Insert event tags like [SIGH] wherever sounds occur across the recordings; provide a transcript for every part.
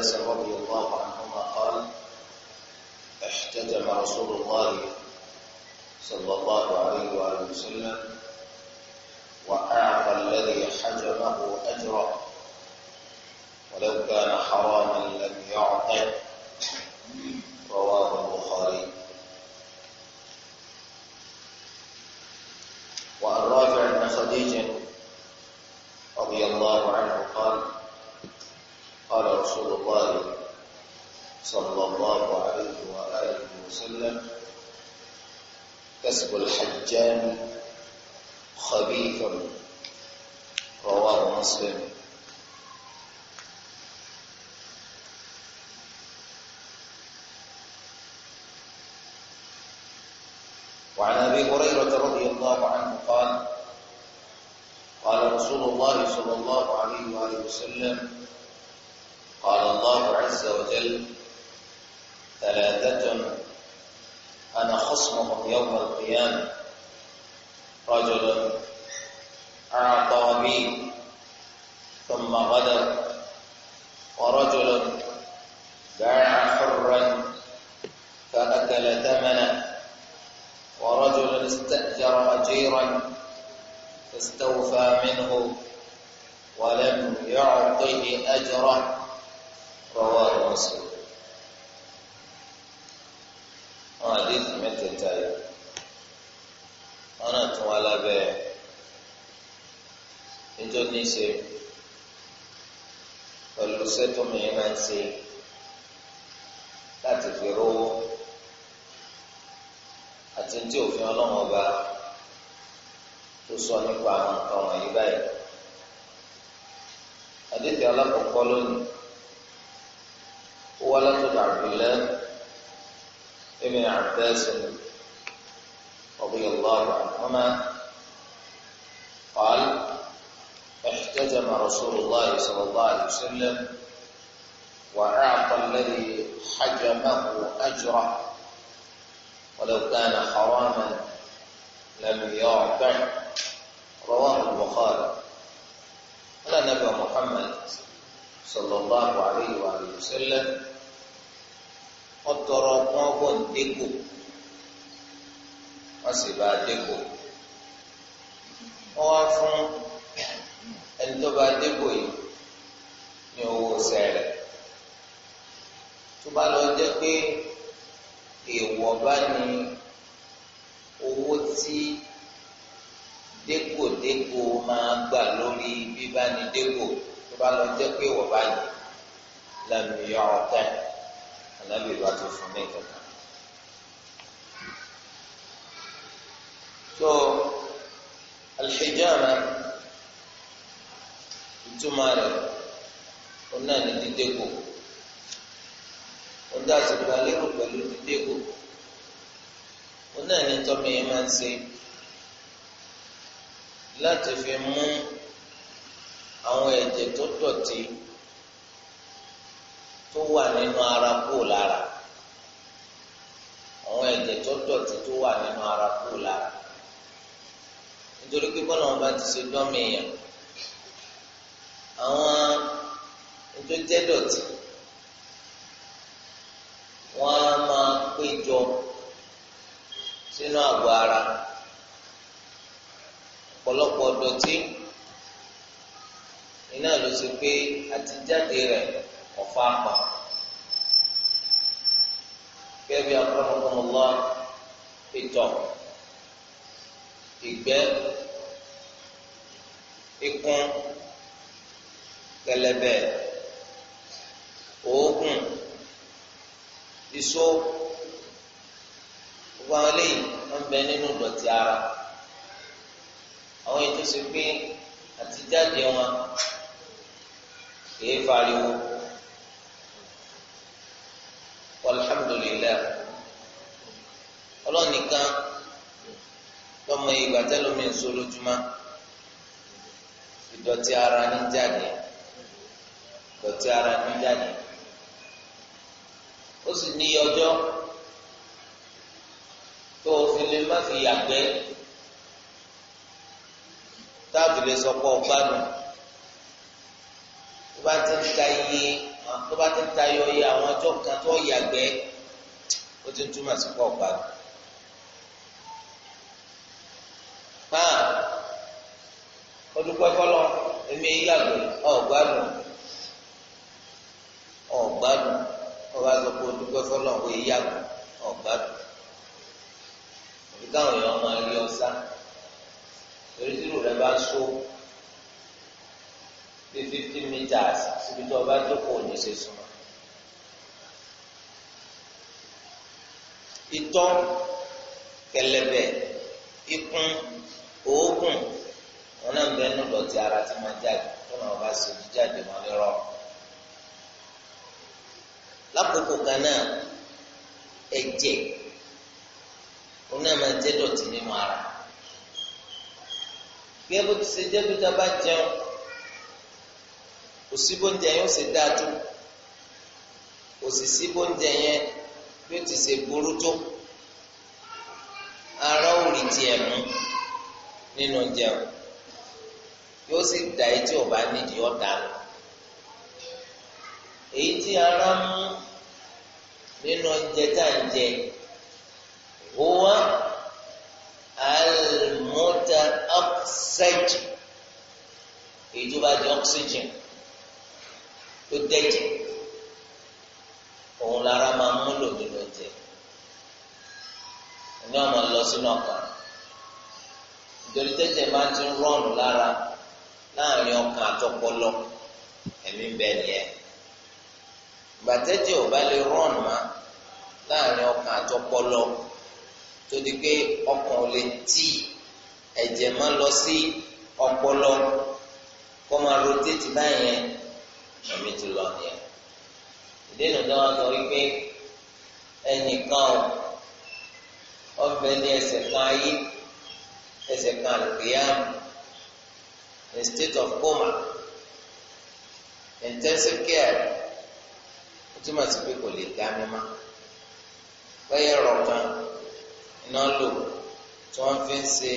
عباس رضي الله عنهما قال احتجم رسول الله صلى الله عليه وآله وسلم وأعطى الذي حجمه أجره ولو كان حراما لك يكسب الحجام خبيث رواه مسلم وعن ابي هريره رضي الله عنه قال قال رسول الله صلى الله عليه واله وسلم قال الله عز وجل ثلاثه أنا خصمهم يوم القيامة رجل أعطى بي ثم غدر ورجل باع حرا فأكل ثمنه ورجل استأجر أجيرا فاستوفى منه ولم يعطه أجره رواه مسلم wọn àdéhùn mẹ́tẹ̀ẹ̀ta yìí wọn náà tún wá lábẹ́ níjọ́ ní í ṣe pẹ̀lú sẹ́tọ́mì yìí máa ń ṣe láti fi rówó àti tí òfin ọlọ́run ọba tó sọ nípa àwọn nǹkan wọ̀nyí báyìí àdéhùn alákọ̀ọ́kọ́ lónìí ó wá látọ̀dọ̀ àbúlẹ́. ابن عباس رضي الله عنهما قال احتجم رسول الله صلى الله عليه وسلم وأعطى الذي حجمه أجره ولو كان حراما لم يعطع رواه البخاري قال النبي محمد صلى الله عليه وآله وسلم ọtọrọ ọgbọn ọgbọn dẹkọ wọn sì bá dẹkọ wọn wá fún ẹni tó bá dẹkọ yìí ní owó sẹrẹ tó bá lọ jẹ pé èèwọ̀ bá ní owó tí dẹkọ dẹkọ máa gbà lórí bíbá ní dẹkọ tó bá lọ jẹ pé èèwọ̀ bá ní lẹnu yọ ọtẹ ànábì wa tó fún ní nǹkan kan. tó alhijama ìtumọ̀ rẹ̀ òun náà ní dídégò òun dá sí gba lérò pẹ̀lú dídégò òun ní tọ́mọ yẹn máa ń ṣe láti fi mú àwọn ẹ̀jẹ̀ tó dọ̀tí tó wà nínú ara kú lára àwọn ẹ̀jẹ̀ tó dọ̀tí tó wà nínú ara kú lára nítorí pé bọ́lá wọn bá ti ṣe dọ́mìyàn àwọn tó jẹ́ dọ̀tí wọ́n á máa péjọ sínú àgọ́ ara ọ̀pọ̀lọpọ̀ dọ̀tí iná ló ṣe pé àtijáde rẹ̀ ọ̀fáàfà kẹ́bi akọ́nàkọ́nàlá ìtọ̀ ìgbẹ́ ikùn kẹ̀lẹ̀bẹ̀ òógùn iṣó gbogbo àwọn eléyìí wọn bẹ nínú dọ̀tí ara àwọn ètò ṣe pé àtijáde wọn kìí fariwo. ọlọ́run nìkan lọ́mọ ìgbà tẹ́lómi ń so lójúmọ́ ìdọ̀tí ara ní jáde ìdọ̀tí ara ní jáde ó sì ní ọjọ́ tó o fi lè má fi yàgbẹ́ táàbù lè sọ pé ọgbádùn tó bá ti ń ta iye tó bá ti ń tayọ iye àwọn ọjọ́ kan tó yàgbẹ́ ó ti ń túmọ̀ sí pé ọgbádùn. ọ̀gbádùn ọ̀gbádùn ọba sọ pé odúgbò fọlọ́ wọ eyín àgbà ọ̀gbádùn òbí káwọn èèyàn máa rí ọsá torí tí rò rẹ bá sọ bí fifty meters síbi tí ọba jókòó òní ṣe súnmọ́. itọ́ kẹlẹbẹ ikùn òógùn wọn náà ń nù lọ ti ara ti máa jáde náà bá ṣe jíjáde wọn lérò lákòókò kan náà ẹ̀jẹ̀ òun náà máa jẹ́ dọ̀tí nínú ara bí ẹ bó ti ṣe jẹ́ pété bá jẹun kò sí bóúnjẹ yẹn ó sì dáa kò sì sí bóúnjẹ yẹn bí ó ti ṣe burú tó ara ò rí tiẹ̀ mú nínú oúnjẹ yóò sì da èyí tí ọba nídìí ọ̀dà lọ èyí tí ara mú nínú oúnjẹ tá à ń jẹ huwa almuta oxygen èyí tó bá di oxygen tó dẹ̀jẹ̀ òun lára máa múlò nínú oúnjẹ ní ọmọ lọ sínú ọkàn nítorí máa ti rọrùn lára láàrin ọkàn àtọpọlọ ẹ̀mí bẹ́ẹ̀ nìyẹn gbàtẹ́jì ò bá lè rán ma láàrin ọkàn àtọpọlọ tó di pé ọkàn ò lè tì ẹ̀jẹ̀ má lọ sí ọpọlọ kó máa rotéètì báyẹn ẹ̀mí ti lọ nìyẹn ìdènà tí wọn sọ wípé ẹnìkan ọbẹ̀ ní ẹsẹ̀ kan ayé ẹsẹ̀ kan àlùkìyàmù in state of coma intensive care ó túmọ̀ sí pé kò lè dá mímá wáyé rọ̀kan iná lò tí wọ́n fi ń ṣe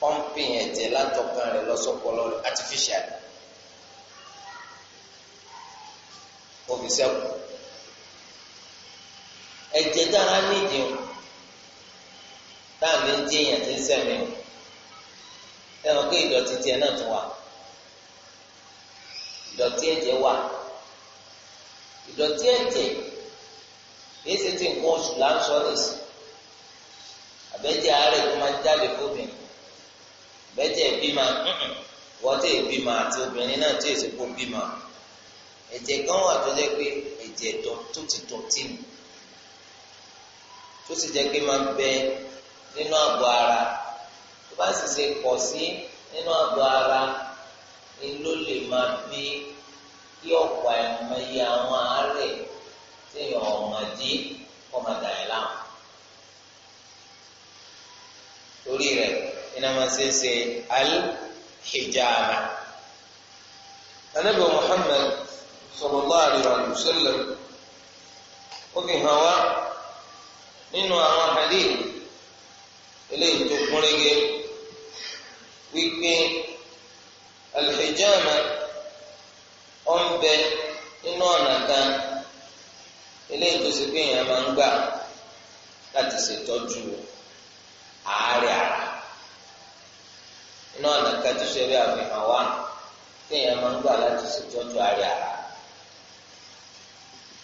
pumping ẹ̀jẹ̀ látọkàn rẹ̀ lọ́sọ̀pọ̀lọ́ artificial òfìsẹ́kù ẹ̀jẹ̀ dára nídìí o táà ní dín ẹ̀jẹ̀ sẹ́mi ẹran pé ìdọ̀tí tiẹ̀ náà tún wà ìdọ̀tí ẹ̀jẹ̀ wà ìdọ̀tí ẹ̀jẹ̀ ṣe ti nǹkan oṣù là ń àbẹ́jẹ́ àárẹ̀ tó máa jáde fóbìn àbẹ́jẹ́ ìbímọ wọ́n ìbímọ àti obìnrin náà tó èsì kó bímọ ẹ̀jẹ̀ kan wà tó jẹ́ pé ẹ̀jẹ̀ tó ti dọ̀tí je tó sì jẹ́ pé máa bẹ ara. bá sì ṣe pọ̀ sí nínú àgọ́ ara ni ló lè máa bí kí ọ̀pọ̀ àìmọye àwọn àárẹ̀ téèyàn ọ̀mọ̀dé kọ́ máa dà ẹ́ láwọn. torí rẹ̀ iná máa ṣe ń ṣe al-hijama. Ànábì Muhammad sallallahu alaihi wa ó fi hàn wá nínú àwọn hadith eléyìí tó kún régé. wípé alhijama ọ̀nbẹ nínú ọ̀nà kan eléyìí tó ṣe pé èèyàn máa ń gbà láti ṣètọ́jú àárẹ̀ ara nínú ọ̀nà kan tó ṣe rí àfihàn wa téèyàn máa ń gbà láti ṣètọ́jú àárẹ̀ ara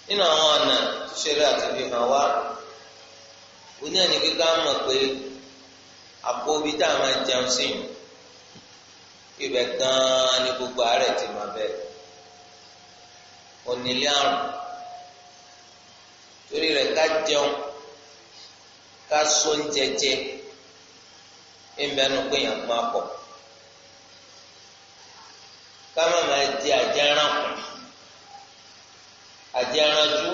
nínú àwọn ọ̀nà tó ṣe rí àfihàn oní ẹni kíkà mọ̀ pé àpò ibẹ̀ gan ni gbogbo àárẹ̀ ti ma bẹ̀ onílé àrùn torí rẹ ká jẹun ká sóúnjẹ jẹ ìmẹ́nu pé yàn máa pọ̀ ká má máa di àjẹrán kù àjẹránjú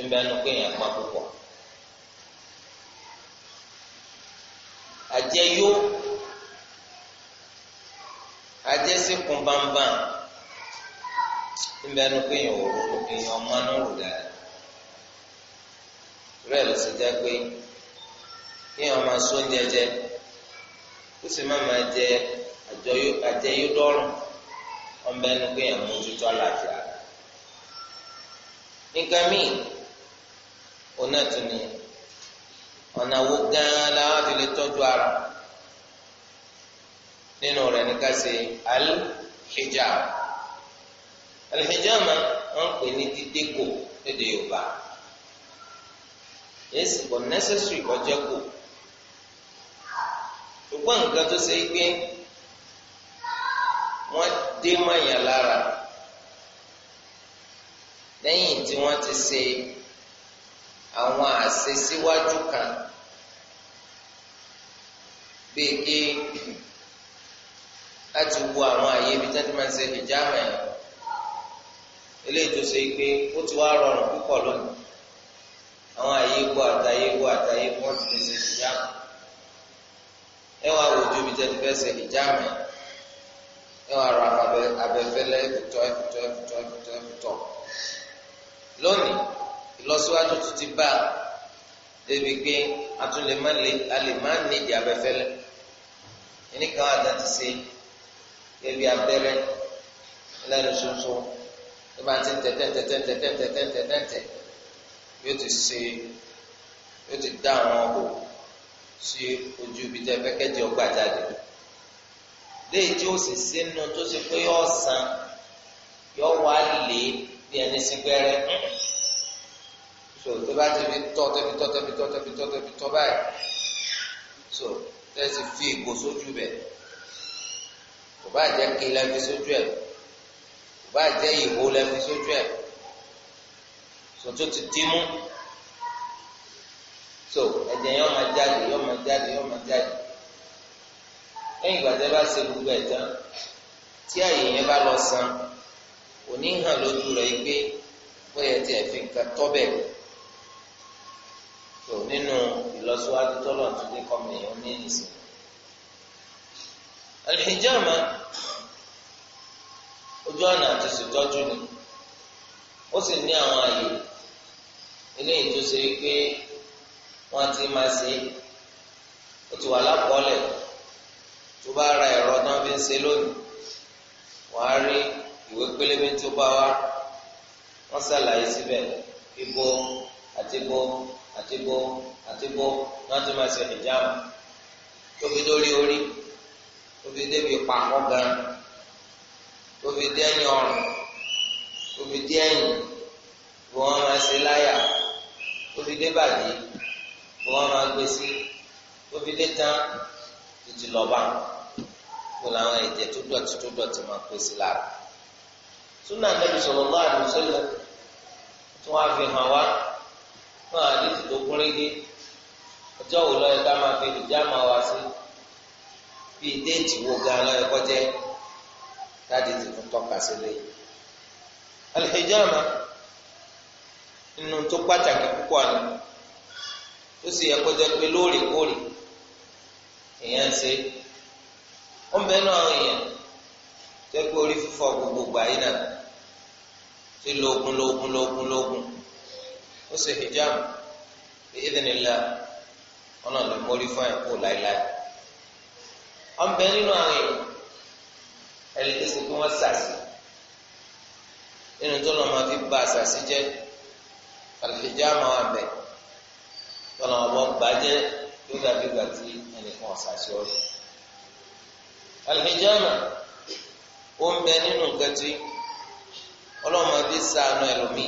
ìmẹ́nu pé yàn máa púpọ̀ àjẹyó. ajẹsí kun bámbám níbẹ̀ ni pé èèyàn òru èèyàn mánú rò dáadáa ló sì jẹ́ pé kéèyàn máa só oúnjẹ jẹ ó sì má máa jẹ àjẹyódọ́rùn ọ̀nbẹ ni kéèyàn mójútó àlàáfíà nǹkan míì ọ̀nà tún ni ọ̀nà wo gan-an nínú rẹ̀ ní ká ṣe alhijab alhijama wọ́n pè ní dídégò lédè Yorùbá èsì kò nẹ́sẹ̀sì kọjá kò ṣùgbọ́n nǹkan tó ṣe é gbé wọ́n dé mọ̀nyàn lára lẹ́yìn tí wọ́n ti ṣe àwọn àṣesíwájú kan bíi kí láti wo àwọn àyè ibi tí wọ́n ti máa ń ṣe ìjàmà yẹn eléyìí tó ṣe pé ó ti wá rọrùn púpọ̀ lónìí àwọn àyè igbó àtàyè igbó àtàyè igbó ti lè ṣe ìjàmà ẹ wá wò ojú ibi tí wọ́n ti fẹ́ ṣe ìjàmà yẹn ẹ wá ra abẹfẹlẹ ẹfutọ ẹfutọ ẹfutọ ẹfutọ ẹfutọ lónìí ìlọsíwájú tún ti bá débi pé a tún lè má nídìí abẹfẹlẹ ẹnìkan àti àti ṣe ebi abẹ́rẹ́ ẹlẹ́nu ṣoṣo tó ti ń yóò ti ṣe yóò ti dá àwọn ọkọ̀ sí ojú ibi tẹ́ fẹ́ kẹ́jẹ ọgbà jáde léyìí tí ó sì sínú tó ṣe pé yọ ọ̀sán yọ wá lè bí ẹni sí gbẹ́rẹ́ so tó bá ti fi tọ́ tẹ́bi tọ́ tẹ́bi tọ́ tẹ́bi tọ́ tẹ́bi tọ́ báyìí so tẹ́sí fi ìgò sójú bẹ́ẹ̀ kò bá jẹ́ ké la fi sójú ẹ̀ kò bá jẹ́ ìwò la fi sójú ẹ̀ sòtó ti dín mú so ẹ̀jẹ̀ yẹn ọmọ jáde yẹn ọmọ jáde yẹn ọmọ jáde lẹ́yìn ìgbà tẹ́ bá ṣe gbogbo ẹ̀ tán tí àyè yẹn bá lọ san òní hàn lójú rẹ̀ gbé bóyá tí ẹ fi nǹkan tọ́ bẹ́ẹ̀ so nínú ìlọsíwájú tọ́lọ̀ tún dé kọ́ èèyàn ní ìsìn الحجامة ojú ọ̀nà àti ṣètọ́jú ni ó sì ní àwọn àyè eléyìí tó ṣe pé wọ́n ti máa ṣe ó ti wà lápọ̀ọ́lẹ̀ tó bá ra ẹ̀rọ tán fi ń ṣe lónìí wàá rí ìwé pélébé tó bá wá wọ́n ṣàlàyé síbẹ̀ ibo àti ibo àti ibo wọ́n ti máa ṣe hijama tóbi lórí orí tó fi débi pàkọ́ gan tó fi dé ẹ̀yìn ọrùn tó fi dé ẹ̀yìn bó wọn máa ṣe láyà tó fi dé bàdí bó wọn máa gbé sí tó fi dé tán títí lọ́ba kó làwọn ẹ̀jẹ̀ tó dọ̀tí tó dọ̀tí máa pè sí lára súnà nàbì sallallahu alaihi wasallam tí wọ́n á fi hàn wá fún àdìsí tó gúnrégé ọjọ́ òwúlọ́ ẹ̀ká máa fi ìjà máa wá sí. bíi déètì wo gan lọ́yẹ kọjẹ́ láti ti fún tọ́ka sílẹ̀ alhijama nínú tó pàtàkì púpọ̀ àná ó sì yẹ kọjá pé lóòrèkóòrè èèyàn ṣe ó ń bẹ náà èèyàn tó pé orí fífọ́ gbogbogbò ayé náà ti lóògùn lóògùn lóògùn lóògùn ó sì hijama bi mórí fún ọ̀nbẹ nínú àwọn èèyàn ẹni tó ṣe pé wọ́n sàṣì nínú tó lọ́ọ́ máa fi ba àṣàṣì jẹ́ àlùfẹ́jọ́ àmọ́ àbẹ̀ tọ́lọ́ ọ̀bọ gbàjẹ́ yóò dàbí gbà tí ẹnìkan ọ̀sàṣì ọ̀rọ̀ àlùfẹ́jọ́ àmọ́ ó ń bẹ nínú nǹkan tí ọlọ́run máa fi ẹlòmíì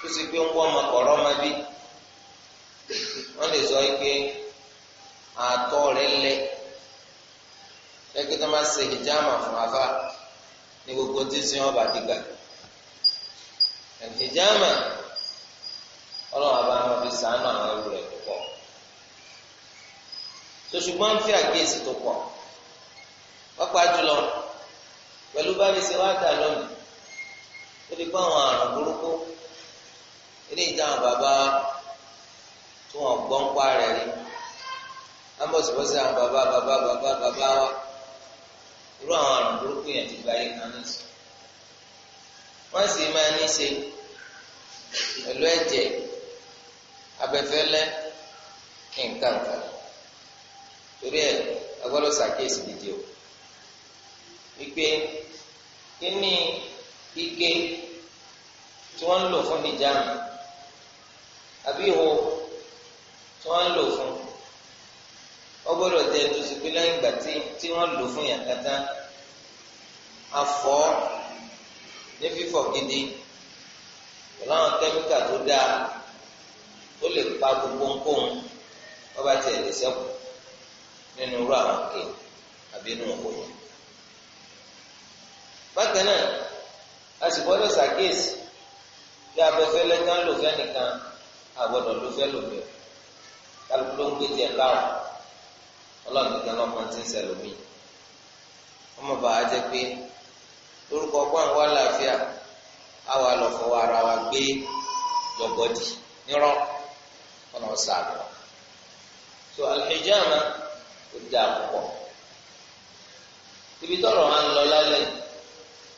tó ṣe pé ń wọ́n ọmọ kọ̀ọ̀rọ̀ máa bí wọ́n lè sọ pé àtọ̀ rẹ̀ lẹ́ẹ̀ ẹgbẹ́ tó máa ṣe hijama fún afa ní gbogbo tí sin ọba dìgbà hijama ọlọ́run àbá wọn fi sànù àwọn ẹrú rẹ̀ púpọ̀ sọ̀sùgbọ́n ń fi àkíyèsí tó pọ̀ pápá jùlọ pẹ̀lú báyìí ṣe wá dà lónìí ó di pé àwọn àrùn burúkú ilé ìdáhùn bàbá tí wọn gbọ́n pa rẹ̀ rí ambọ̀sibọ́sí àwọn bàbá bàbá bàbá bàbá wa irú àwọn àrùn burúkú yẹn ti gba ayé kan ní sùn wọ́n sì máa ní ṣe pẹ̀lú ẹ̀jẹ̀ abẹ́fẹ́lẹ́ kínkankan torí ẹ̀ agbọ́dọ̀ ṣàkíyèsí gidi o wípé kíní ike tí wọ́n ń lò fún nìjáàmù àbí ihò tí wọ́n ń lò fún gbọ́dọ̀ jẹ́ tó sì pé lẹ́yìn ìgbà tí wọ́n lò fún yàn kátá afọ́ ní fífọ̀ gidi pẹ̀lú àwọn kẹ́míkà tó dáa tó lè pa gbogbo nkóhun wọ́n bá tiẹ̀ lè sẹ́kù nínú irú àwọn kè àbí inú òkú yẹn. bákan náà a sì gbọ́dọ̀ ṣàkíyèsí bí abẹ́fẹ́ lẹ́tàn lò fẹ́ nìkan àgbọ̀dọ̀ ló lò bẹ̀rẹ̀ kálukú ló ń gbé tiẹ̀ láwọn. ọlọ́run nìkan lọ́mọ ti ń sẹlómi ọmọ bàá jẹ pé lórúkọ pàǹwá làáfíà àwa lọ fọwọ́ ara wa gbé jọgọdì nírọ ọ̀nà ọ̀sàgbọ̀ so alhijama ó da púpọ̀ ibi tọrọ máa ń lọ lálẹ́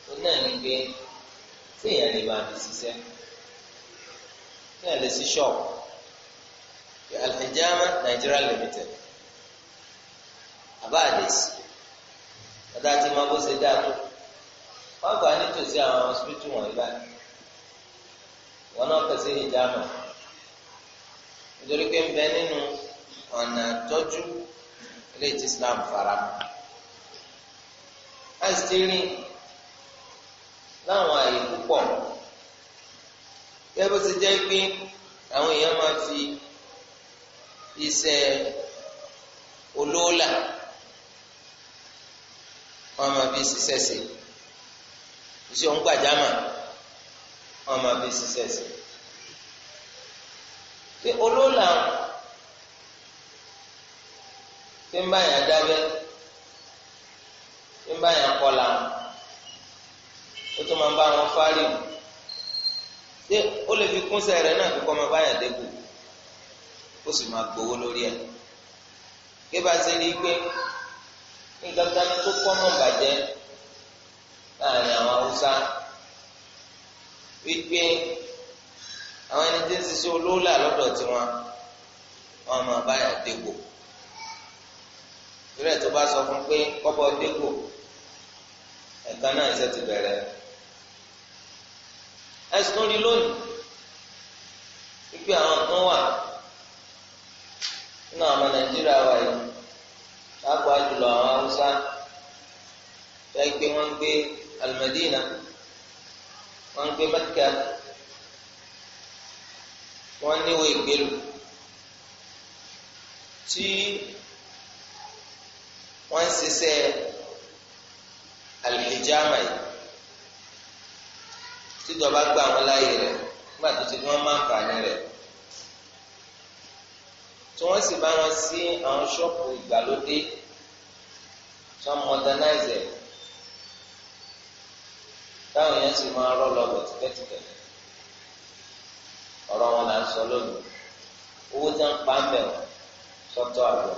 ó náà ní pé téèyàn lè máa fi ṣiṣẹ́ téèyàn lè ṣí ṣọ́ọ̀bù alhijama Nigeria limited. àbá àdèsí ọ̀dà tí mo bó ṣe dáa tó wọ́n gbà nítòsí àwọn ọ̀sìpìtì wọ̀nyí báyìí wọn náà pèsè ìjàmọ̀ nítorí pé ń bẹ nínú ọ̀nà tọ́jú ilé tí Islam fara mọ́ láì sí rí láwọn àyè púpọ̀ gẹ́gẹ́ bó ṣe jẹ́ pé àwọn èèyàn máa fi iṣẹ́ olóòlà wọn máa fi ṣiṣẹ́ ṣe iṣẹ́ òun gbàjámà wọn máa fi ṣiṣẹ́ ṣe pé olóòlà tí ń bá yàn dábẹ́ tí ń bá yàn kọlà ó tún máa bá wọn fárí ṣé ó lè fi kúnṣẹ́ rẹ̀ náà kíkọ́ máa bá yàn ó sì máa gbowó lórí ẹ̀ kí bá ṣe rí i pé nǹkan kan tó kọ́mọ̀ bàjẹ́ láàrin àwọn haúsá wípé àwọn ẹni tí ń ṣiṣẹ́ olóòlà lọ́dọ̀ tiwọn wọn máa báyà dégbò ìrẹ́ tó bá sọ fún pé kọ́bọ̀ dégbò ẹ̀ka náà iṣẹ́ ti bẹ̀rẹ̀ ẹ̀sùn lórí lónìí wípé àwọn kan wà nínú àwọn Nàìjíríà wa pàápàá jùlọ àwọn haúsá fẹ́ gbé wọ́n gbé alimadina wọ́n gbé mẹ́kà wọ́n níwò ìgbélu tí wọ́n ń ṣiṣẹ́ alìlíjàmà yìí tíjọba gba àwọn láàyè rẹ̀ nígbà tó ti ní wọ́n máa ń fà ní rẹ̀ tí wọ́n sì bá wọn sí àwọn ṣọ́ọ̀pù ìgbàlódé tí wọ́n modernize ẹ̀ táwọn èèyàn sì máa rọ́ lọ bọ̀ tipẹ́tipẹ́ ọ̀rọ̀ wọn là ń sọ lónìí owó tí wọ́n pa ń bẹ̀ wọ́n sọ́tọ̀ àgbọ̀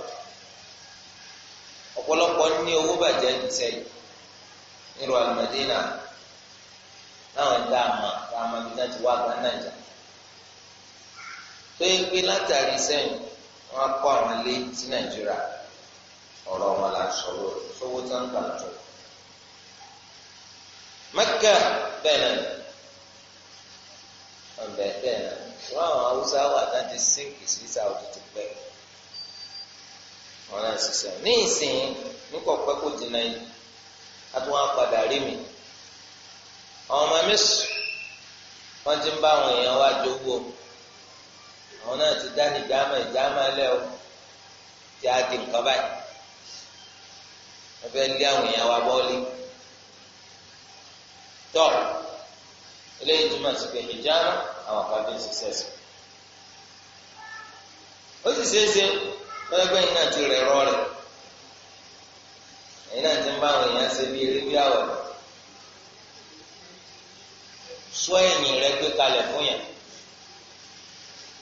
ọ̀pọ̀lọpọ̀ ní owó bàjẹ́ ń sẹ́yìn nírú àlùmọ̀dínà náà dá àmà dá ti wá gánà jà pé pé látàrí sẹ́yìn wọ́n kọ́ àwọn ilé sí nàìjíríà ọ̀rọ̀ wọn là ń sọ̀rọ̀ sówó tó ń gbà tó. mẹ́kà bẹ́ẹ̀ náà ọ̀bẹ bẹ́ẹ̀ náà wọ́n àwọn haúsá wà láti sínkì sí sàwùjọ ti pẹ́ wọn náà ṣiṣẹ́ ní ìsìn ní kò pẹ́ kò dín náà a tún wá padà rí mi ọmọ mi sùn wọ́n ti ń bá àwọn èèyàn wá jogbo. àwọn náà ti dá ní ìjàmà ìjàmà lẹ o tí a di nǹkan báyìí wọn fẹẹ lé àwọn èèyàn wa bọ́ọ̀lì tọ eléyìí túmọ̀ sí pé ìjàmà àwọn kan fi ń ó sì ṣeé pẹ́ẹ́pẹ́ yìí náà ti rẹ̀ rọ́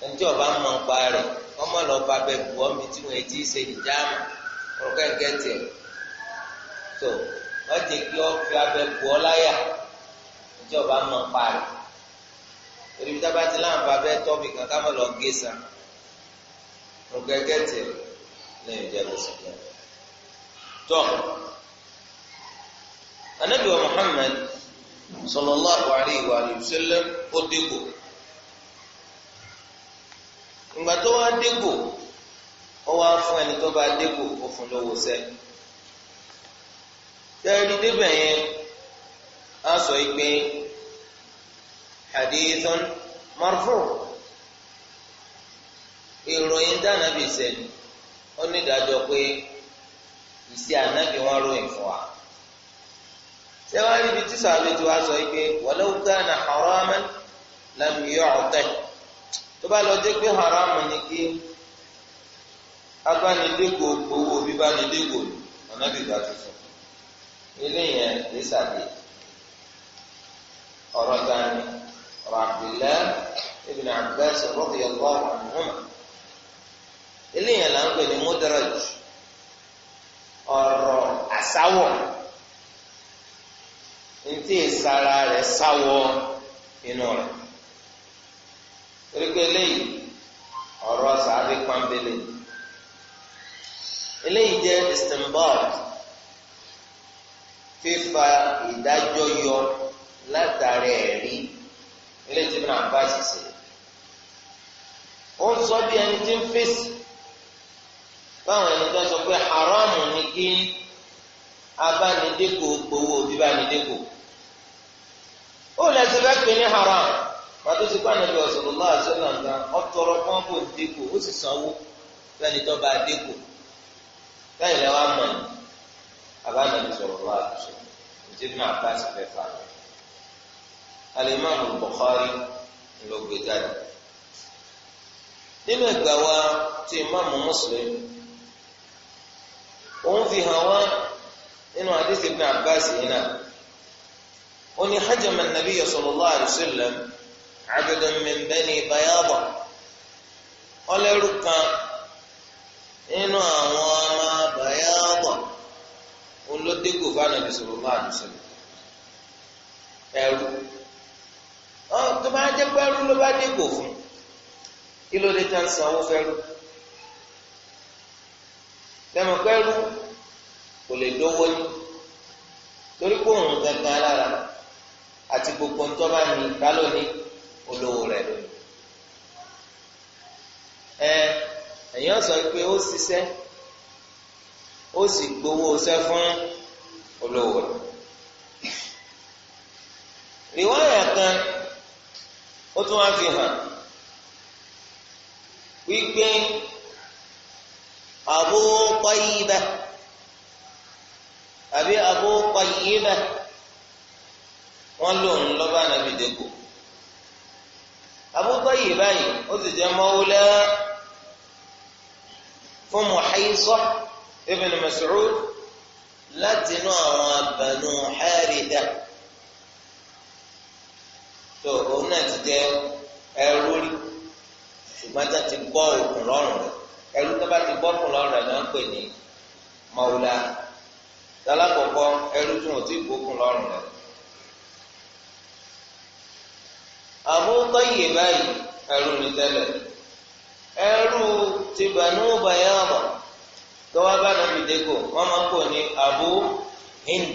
ẹnití ọba mọ npa rẹ ọmọ lọba bẹ bu ọmọ tí wọn ti ṣe ìjàmà ọkọ ẹgẹtì ẹ tó wọn kí ọ fi abẹ bu ọ láyà ẹnití ọba mọ npa rẹ torí bí tábàtì láǹfà bẹ tọ́bi kankan mọ lọ gé sa lọ sí tó alayhi wa sallam ìgbà tó wá dégò ó wá fún ẹni tó bá dégò ó fún lówó sẹ tẹ́lẹ̀ débẹ̀ yẹn á sọ pé hadithun marfu ìròyìn dánàbì sẹ́ni ó ní ìdájọ́ pé ìsì ànábì wọn ròyìn fún wa sẹ́wọ́n rí ibi tí sàbẹ̀ tí wàá sọ pé walau tó bá lọ jẹ́ pé haramu ni kí agbánidégo owó bíbánidégo ọ̀nàbìgbà tuntun eléyẹn lè sàdé ọ̀rọ̀ dání ọ̀rọ̀ Abdullah ibn Abbas radiyallahu anhuma eléyẹn là ń pè ní mudraj ọ̀rọ̀ àsáwọ̀ ntí ìsara rẹ̀ sáwọ̀ inú rẹ̀. torí eleyi ọrọ ọ̀rọ̀ sàábì pọ́nbélé eleyi istanbul fifa ịdajọ yọ látàrí ẹ̀rí eléyìí tí mo náà bá ṣiṣẹ́ ó sọ bí ẹni tí ń fèsì báwọn ẹni tó sọ pé haramu ni kí abánidéko gbowó bíbánidéko ó haram. pàtó sí pàánù bí sallallahu alaihi wasallam nǹkan ọtọrọ pọ́ńpù dínkù ó sì sanwó lẹ́ni tó bá dínkù lẹ́yìn lẹ́wọ́ àmọ́ ni àbámu ni sallallahu alaihi wasallam ìdí ní àbáṣe fẹ́ fà mí. al Bukhari ló gbé jáde nínú ẹgbà wa ti Imam Muslim òun fi hàn wá nínú hadith Ibn Abbas yìí náà ó ní hajjama an-nabiy sallallahu alaihi wasallam. abidun min bani bayaba ọlẹ́rú kan nínú àwọn ọmọ bayaba olódégò bá nàbí sọ̀rọ̀ bá àdùsọ̀rọ̀ ẹrù ọ tó bá jẹ́ pẹ́rú ló bá dégò fún kí ló dé tá ń fẹrù fẹ́rú lẹ́nu pẹ́rú kò lè olówó rẹ̀ lónìí. ẹ èèyàn sọ pé ó ṣiṣẹ́ ó sì gbowó ṣẹ́ fún olówó rẹ̀. kan ó tún wá fi hàn wípé Abu Tayyibah àbí Abu Tayyibah wọ́n lòun Abu Tayyib báyìí ó sì jẹ́ mọ́wúlẹ́ fún Muhaysah ibn Mas'ud láti inú àwọn Banu Haritha tó òun náà ti jẹ́ ẹrú rí ṣùgbọ́n tá ti bọ́ òkun lọ́rùn rẹ̀ ẹrú tó bá ti bọ́ òkun lọ́rùn rẹ̀ náà ń pè ní mọ́wúlá tálákọ̀ọ́kọ́ ẹrú tó wọ́n ti bọ́ òkun lọ́rùn rẹ̀. Abu Tayyiba ẹrú ni tẹlẹ ẹrú ti Banu ya tọ́wọ́ bá nàbì dégò máa ń pò ní Abu Hind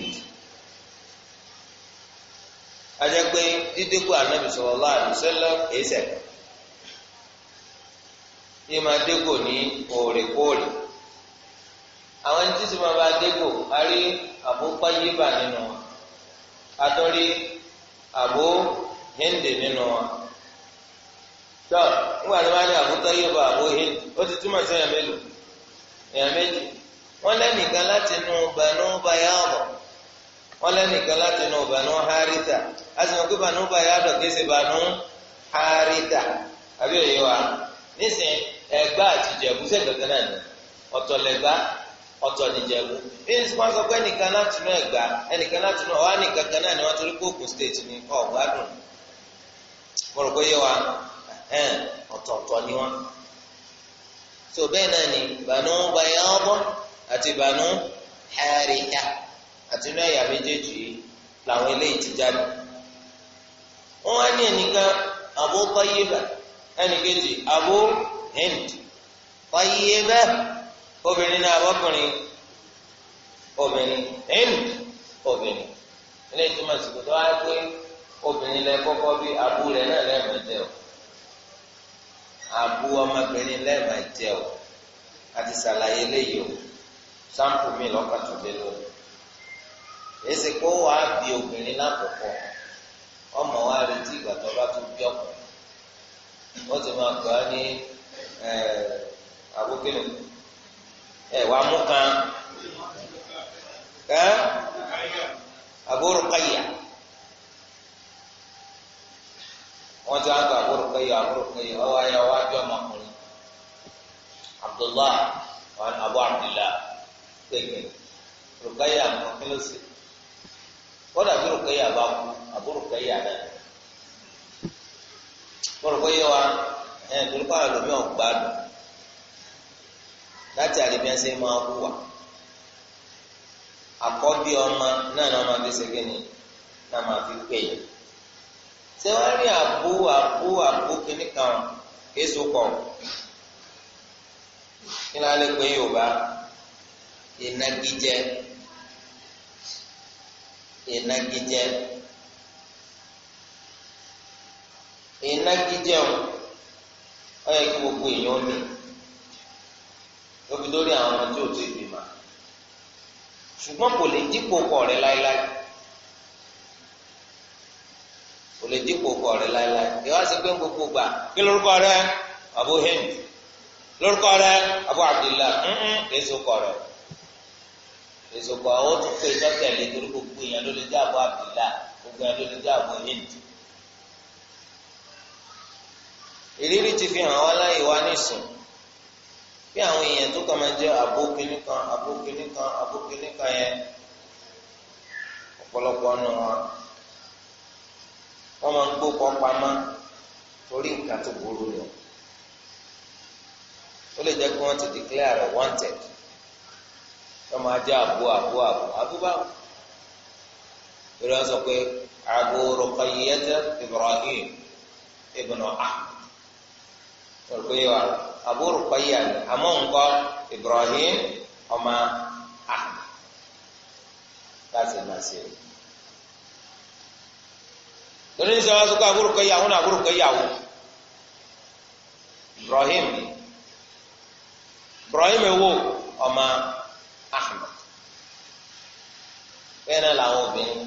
adẹ́gbẹ́ dídégò ànábì sallallahu alaihi wasallam ẹ̀sẹ̀ yìí máa dégò ní òrèkóòrè àwọn tí sì máa a rí nínú hindi nínú wa tọ nígbà tí wọn ní àbútọ yìí bá hindi ó ti túmọ̀ sí méjì wọn lẹ́nìkan láti nu Banu Bayada wọn lẹ́nìkan láti nu Banu Haritha a sì mọ̀ pé Banu ṣe àbí òye wa nísìnyí Ẹ̀gbá àti Ìjẹ̀bú náà ni wọ́n sọ pé ẹnìkan láti nu Ẹ̀gbá ẹnìkan láti nu náà ni wọ́n torí mo rò wa yé wa ni wọn. so bẹ́ẹ̀ náà ni bànú bayọ́bọ́ àti banu hàríyà àti inú ẹ̀yà méjèèjì làwọn eléyìí ti jáde. wọ́n wá ní ẹnìkan Abu Tayyiba ẹnìkejì Abu Hind Tayyiba obìnrin náà abọ́kùnrin obìnrin Hind obìnrin ilé ìtumọ̀ sí kò tó obìnrin lẹ kọ́kọ́ bí abu rẹ náà lẹ́ẹ̀mọ̀ jẹ o Abu ọmọbìnrin jẹ o àti sàlàyé o mi lé lórí èsì kó obìnrin ọmọ wa retí ìgbà tó bá bí ti máa ẹ mú wọ́n ti wá gba àbúrò péye àbúrò péye ọwọ́ ayé ọwọ́ ajọ́ abdullahi wọn abu abdullahi péye rògbáyé àwọn kílósì wọ́n dàbí àbúrò wọ́n péye wa ẹ̀ torí pàrọ̀ lómi ọ̀gbá dùn láti àlebíyànṣe máa hùwà àkọ́bí ọmọ náà ni wọ́n máa fi ṣe kí ni náà máa ṣé wọ́n rí àbú àbú àbú kan kéésù pọ̀ kí a lè pe Yorùbá ìnagijẹ ìnagijẹ ìnagijẹ ó yẹ kí gbogbo èèyàn mi lórí àwọn tí ò tó ìbímọ ṣùgbọ́n kò lè kò lè dípò kọ rẹ láéláé ìwà sí pé gbogbo gbà kí lórúkọ rẹ Abu Hind lórúkọ rẹ Abu Abdillah ǹǹ kì í so kọ rẹ kì í so kọ àwọn tó pè sọ́tẹ̀lẹ̀ torí gbogbo èèyàn ló lè jẹ́ Abu Abdillah gbogbo èèyàn ló lè jẹ́ Abu Hind. ìrírí ti fi hàn wá láyé wa nísìn bí àwọn èèyàn tó kàn máa jẹ́ abókiní kan abókiní kan abókiní kan yẹn ọ̀pọ̀lọpọ̀ nù wọn. wọ́n máa ń gbó kọ́ pamọ́ torí nǹkan tó burú lọ ó lè jẹ́ kí wọ́n ti declare abụọ wanted wọ́n máa jẹ́ àbú àbú àbú torí sọ pé àbú Ibrahim ibn Ahmad wọ́n pè é wa àbú Ruqayya Ibrahim ọmọ torí ní sọ́wọ́ sọ́kọ́ àbúrò ìyàwó náà àbúrò ìyàwó Ibrahim Ibrahim ewo ọmọ Ahmed bẹ́ẹ̀ náà làwọn obìnrin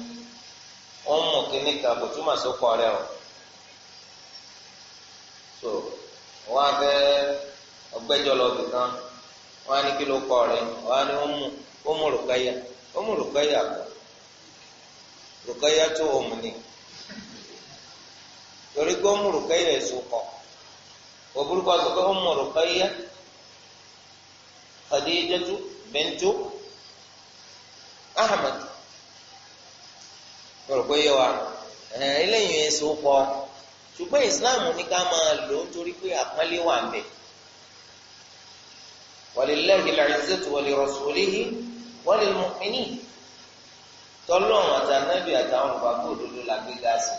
wọ́n mú kínní kan kò so wọ́n á fẹ́ ọgbẹ́jọ́ kan wọ́n á ní kí ló rẹ á ní mú mú torí pé Ummu Ruqayyah èso kọ òbúrúkọ sọ pé Ummu Ruqayyah Khadijatu bintu Ahmad rò pé yẹ wa eléyìí èso kọ ṣùgbọ́n Islam ní ká máa lò ó torí pé àpọ́nlé wà ń bẹ̀ walillahi al-izzatu wa li rasulihi wa lil àtàwọn olùgbàgbọ́ òdodo làgbé gáàsì.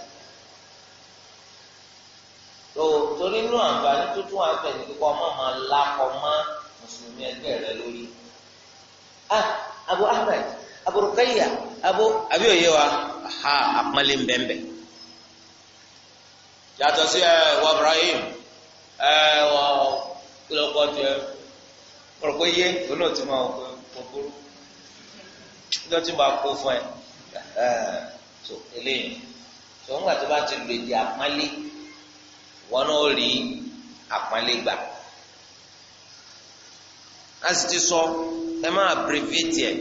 tó torí inú àǹfààní tó tún wà kíkọ́ ọmọ máa lakọ̀ mọ́ mùsùlùmí ẹgbẹ́ rẹ lórí. a ah, ahmed abu rukayya abu wa aha àpọ́nlé ń yàtọ̀ sí ẹ ibrahim ẹ kílọ̀kọ̀ tiẹ̀ yé kúrú so eléyìí tó bá wọn náà rí àpọ́nlé gbà a sì ti sọ ẹ má abbreviate ẹ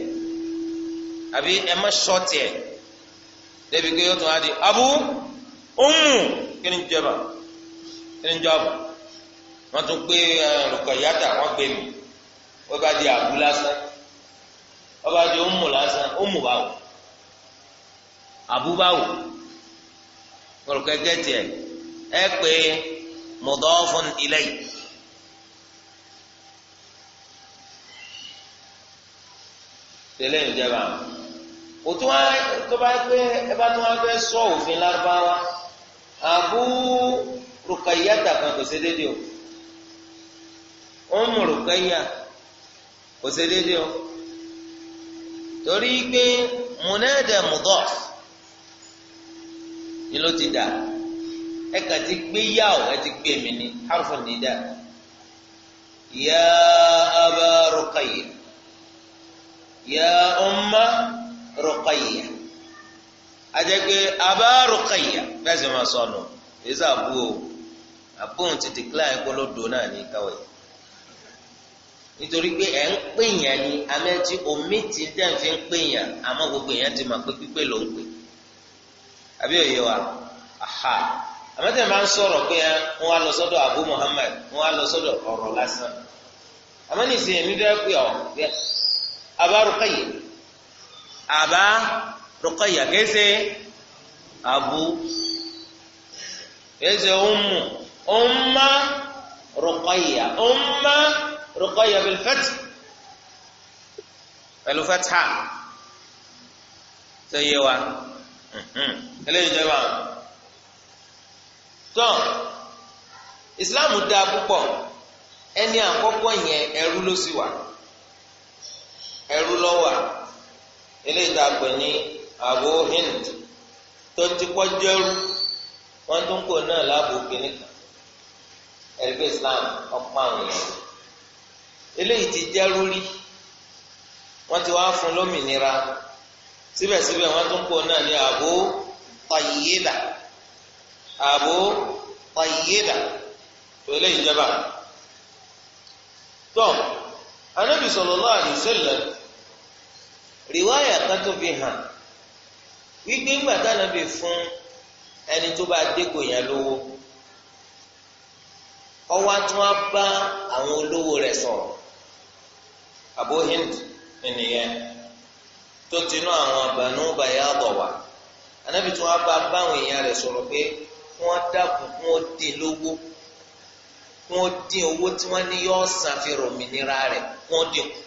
àbí ẹ má short débi pé yóò tún á abu umu kí ni jẹba kí ni jọba wọn tún gbé Ruqayyata wọn gbé mi wọn bá di abu lásán wọn bá di umu lásán umu báwo abu báwo kọlùkọ ẹgẹ tiẹ ẹ pé mudafun ilayhi. tẹ́lẹ̀ ń jẹba òtún wa tó bá gbé ẹ bá tún wa fẹ́ sọ òfin lárúbáwá àbú rukayata kan kò ṣe déédéé o ọmọ rukaya kò ṣe déédéé o torí pé munada mudaf ni ló ti dà. ẹ kàn ti gbé yá o ẹ gbé mi ni harfu ya aba Ruqayya ya umma Ruqayya ajẹgbẹ aba Ruqayya bẹ́ẹ̀ sì sọnù èsì àbú o àbóhùn ti dìklá ìpolódo náà ní káwé nítorí ẹ ń ni omi ti fi ń àmọ́ gbogbo èèyàn ti pé pípé ló ń pè aha. àmọ́tẹ́ máa ń sọ̀rọ̀ pé wọ́n á lọ sọ́dọ̀ Abu Muhammad wọ́n á lọ sọ́dọ̀ ọ̀rọ̀ lásán àmọ́ nìsín èmi dẹ́ pé ọ̀ bẹ́ Aba Ruqayya Aba Ruqayya kése abu kése ummu umma Ruqayya umma Ruqayya bil pẹ̀lú fatha tó yé wa eléyìí jẹ́ báwọn tán ìsìláàmù dáa púpọ̀ ẹni àkọ́kọ́ yẹn ẹrú ló sì wà ẹrú ló wà eléyìí tá a pè ní Abu Hind tó ti kọ́ jẹ́rú wọ́n tún kò náà láàbò kìnnìkan ẹ̀rígbé Islam ọ̀pọ̀ àwọn èèyàn eléyìí ti jẹ́rú rí wọ́n ti wá fún lómìnira síbẹ̀síbẹ̀ wọ́n tún kò náà ní Abu Tayyiba. Abu Tayyiba tó lè jẹba tó anábì sallallahu alaihi wasallam rìwáyà kan tó fi hàn wípé ńgbà tánàbì fún ẹni tó bá dégò yẹn lówó ọwọ́ tí wọ́n àwọn olówó rẹ̀ sọ̀rọ̀ Abu nìyẹn tó tinú àwọn ya Bayadọ̀ wá anábì báwọn èèyàn wọ́n dàkún wọ́n dè lówó wọ́n dín owó tí wọ́n ní yọ ọsàn fi rọmìnira rẹ̀ wọ́n dín kù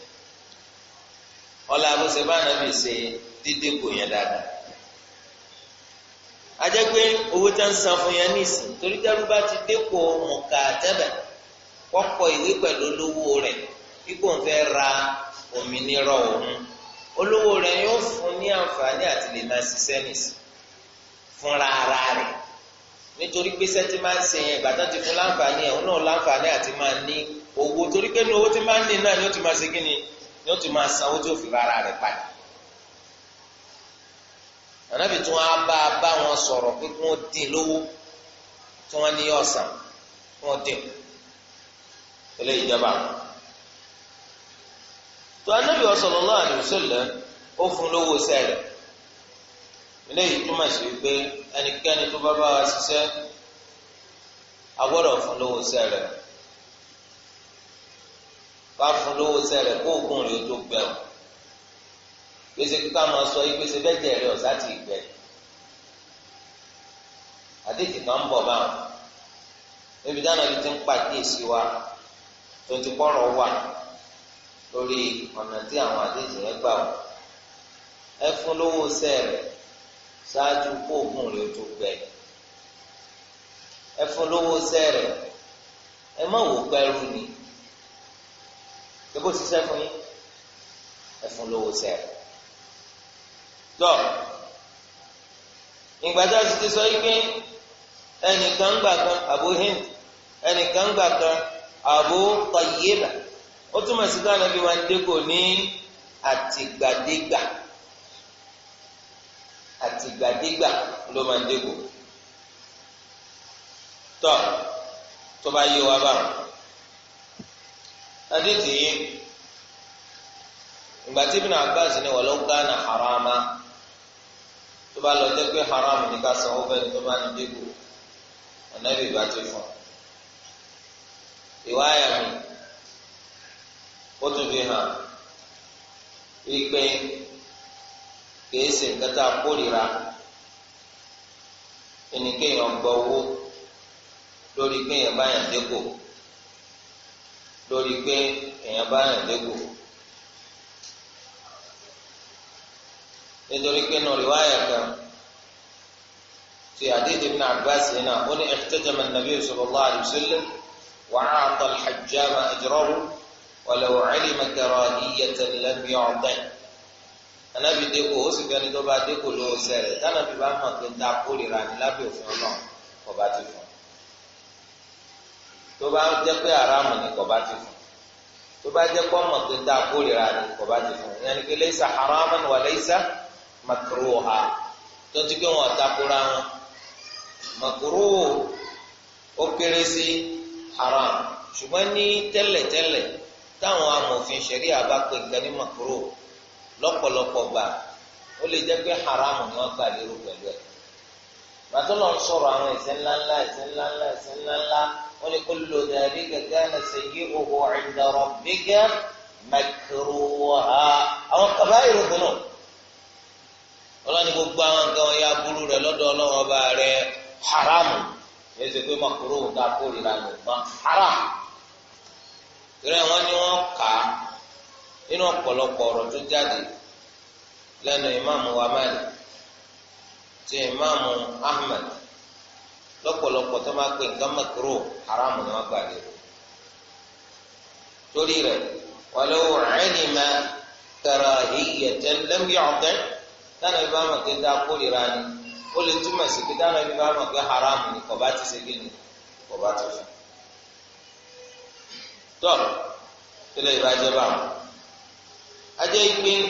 ọlá àbúṣe bá nàbì ṣe dídé kò yẹn dáadáa ajẹ́ pé owó tá ń san fún yẹn nìsín torí dẹ́rú bá ti dépò mọ̀ká tẹ́bẹ̀ kọ́kọ́ ìwé pẹ̀lú olówó rẹ̀ kíkó ń fẹ́ ra òmìnira òun olówó rẹ̀ yóò fún ní àǹfààní àti lè máa ṣiṣẹ́ nìsín fúnra ara rẹ̀ nítorí pé sẹ́ńtì máa ń ṣe yẹn ìgbà tán ti fún láǹfààní ẹ̀ òun náà láǹfààní àti máa ní owó torí pé ní owó tí máa ń ní náà ni ó ti máa ṣe ni ni ó ti máa sanwó tí ó fi rárá rẹ̀ padà. ànábì tí wọ́n á bá a bá wọn sọ̀rọ̀ pé kí wọ́n dín lówó tí wọ́n ní ọ̀sán kí wọ́n dín ilé ìjọba. tó ànábì sallallahu alaihi wasallam ó fún lówó sẹ́rẹ̀ eléyìí túmọ̀ sí wípé ẹnikẹ́ni tó bá bá wa ṣiṣẹ́ a gbọ́dọ̀ fún lówó iṣẹ́ rẹ̀ bá fún lówó iṣẹ́ rẹ̀ kó oògùn rẹ̀ tó gbẹ o gbèsè kíkà máa sọ yìí gbèsè bẹ́ẹ̀ jẹ́ rẹ̀ ọ̀sá ti gbẹ àdéhìí kan ń bọ̀ báwọn níbi dáná bíi ti ń pàkíyèsí wa tó ti kọ́rọ̀ wà lórí ọ̀nà tí àwọn àdéhìí yẹn gbà wọ́n ẹ fún lówó iṣẹ́ rẹ̀. ṣáájú kóògùn rẹ̀ tó gbẹ ẹ fún lówó sẹ́rẹ̀ ẹ má wò ni ebó ṣiṣẹ́ fún yín lówó sẹ́rẹ̀ ìgbàdá ti sọ yí pé ẹnìkan ń kan àbó hind ẹnìkan ń kan ó túmọ̀ sí wa ń àti ìgbàdégbà ló máa ń dégò tọ tó bá yé wa báwọn adétì yìí ìgbà tí Ibn Abbas harama tó bá lọ jẹ́ pé haram ní ká san owó fẹ́ni tó bá ní dégò ànábì ìgbà tó fún ìwà kìí ṣe nǹkan tá a kórìíra ẹni kéèyàn gba owó lórí pé èèyàn bá yàn dégò lórí pé èèyàn bá yàn dégò nítorí pé nù rí wáyà kan ti àdéhùn ibn Abbas yìí náà ó ní ihtajama an-nabiy sallallahu alayhi wa sallam wa'ata al-hajjama ajrahu wa law anabi deko ó sì fẹni tó bá deko ló ń sẹrẹ tànàbí bá hàn pé ta kórìíra ní lábẹ́ òfin Ọlọ́run kọba ti fún tó bá jẹ pé aráàmù ni kọba ti fún tó bá jẹ pé ọmọ pé ta kórìíra ní kọba ti fún ìyẹn ni pé lẹsà haraman wà lẹsà makruha tó ti pé wọn takora wọn makuru ó kéré sí haram ṣùgbọ́n ní tẹ́lẹ̀tẹ́lẹ̀ táwọn amòfin ṣẹ̀ríà bá pè nǹkan ní makuru lọ́pọ̀lọpọ̀ gbà ó lè jẹ́ pé haramu ni wọ́n gbà lérò pẹ̀lú ẹ̀ màtọ́lọ̀ ń sọ̀rọ̀ àwọn ẹ̀ṣẹ̀ ńláńlá ẹ̀ṣẹ̀ ńláńlá ẹ̀ṣẹ̀ ńláńlá wọ́n ní kó lò dàbí gẹ́gẹ́ ẹsẹ̀ yìí òhò ìdọ̀rọ̀ bígẹ́ mẹkìrúwà àwọn kaba ìrògùn náà ọlọ́ni gbogbo àwọn nǹkan ọ̀ya burú rẹ̀ lọ́dọ̀ ọlọ́run ọba rẹ̀ haramu ẹsẹ̀ pé mọ̀kúrò ń ta kórìíra lọ́gbọ́n haramu. ìrẹ̀ wọ́n ní wọ́n kà á nínú ọ̀pọ̀lọpọ̀ ọ̀rọ̀ tó jáde lẹ́nu ìmáàmù wa Malik ti ìmáàmù Ahmad lọ́pọ̀lọpọ̀ tó máa pè nǹkan mẹ́kúrò haramu ni wọ́n gbà dé torí rẹ̀ wàlẹ́ wò ẹni ma kẹrẹ ìyẹ tẹ lẹ́mí ọ̀tẹ́ dáná ibà mọ̀ pé dá kórìíra ni ó lè túmọ̀ sí pé dáná ibà mọ̀ pé haramu ni kò bá ti ṣe kí ni kò bá ti fún. tọ́ ilé ìbàjẹ́ bá wọn ajẹ́ ìpín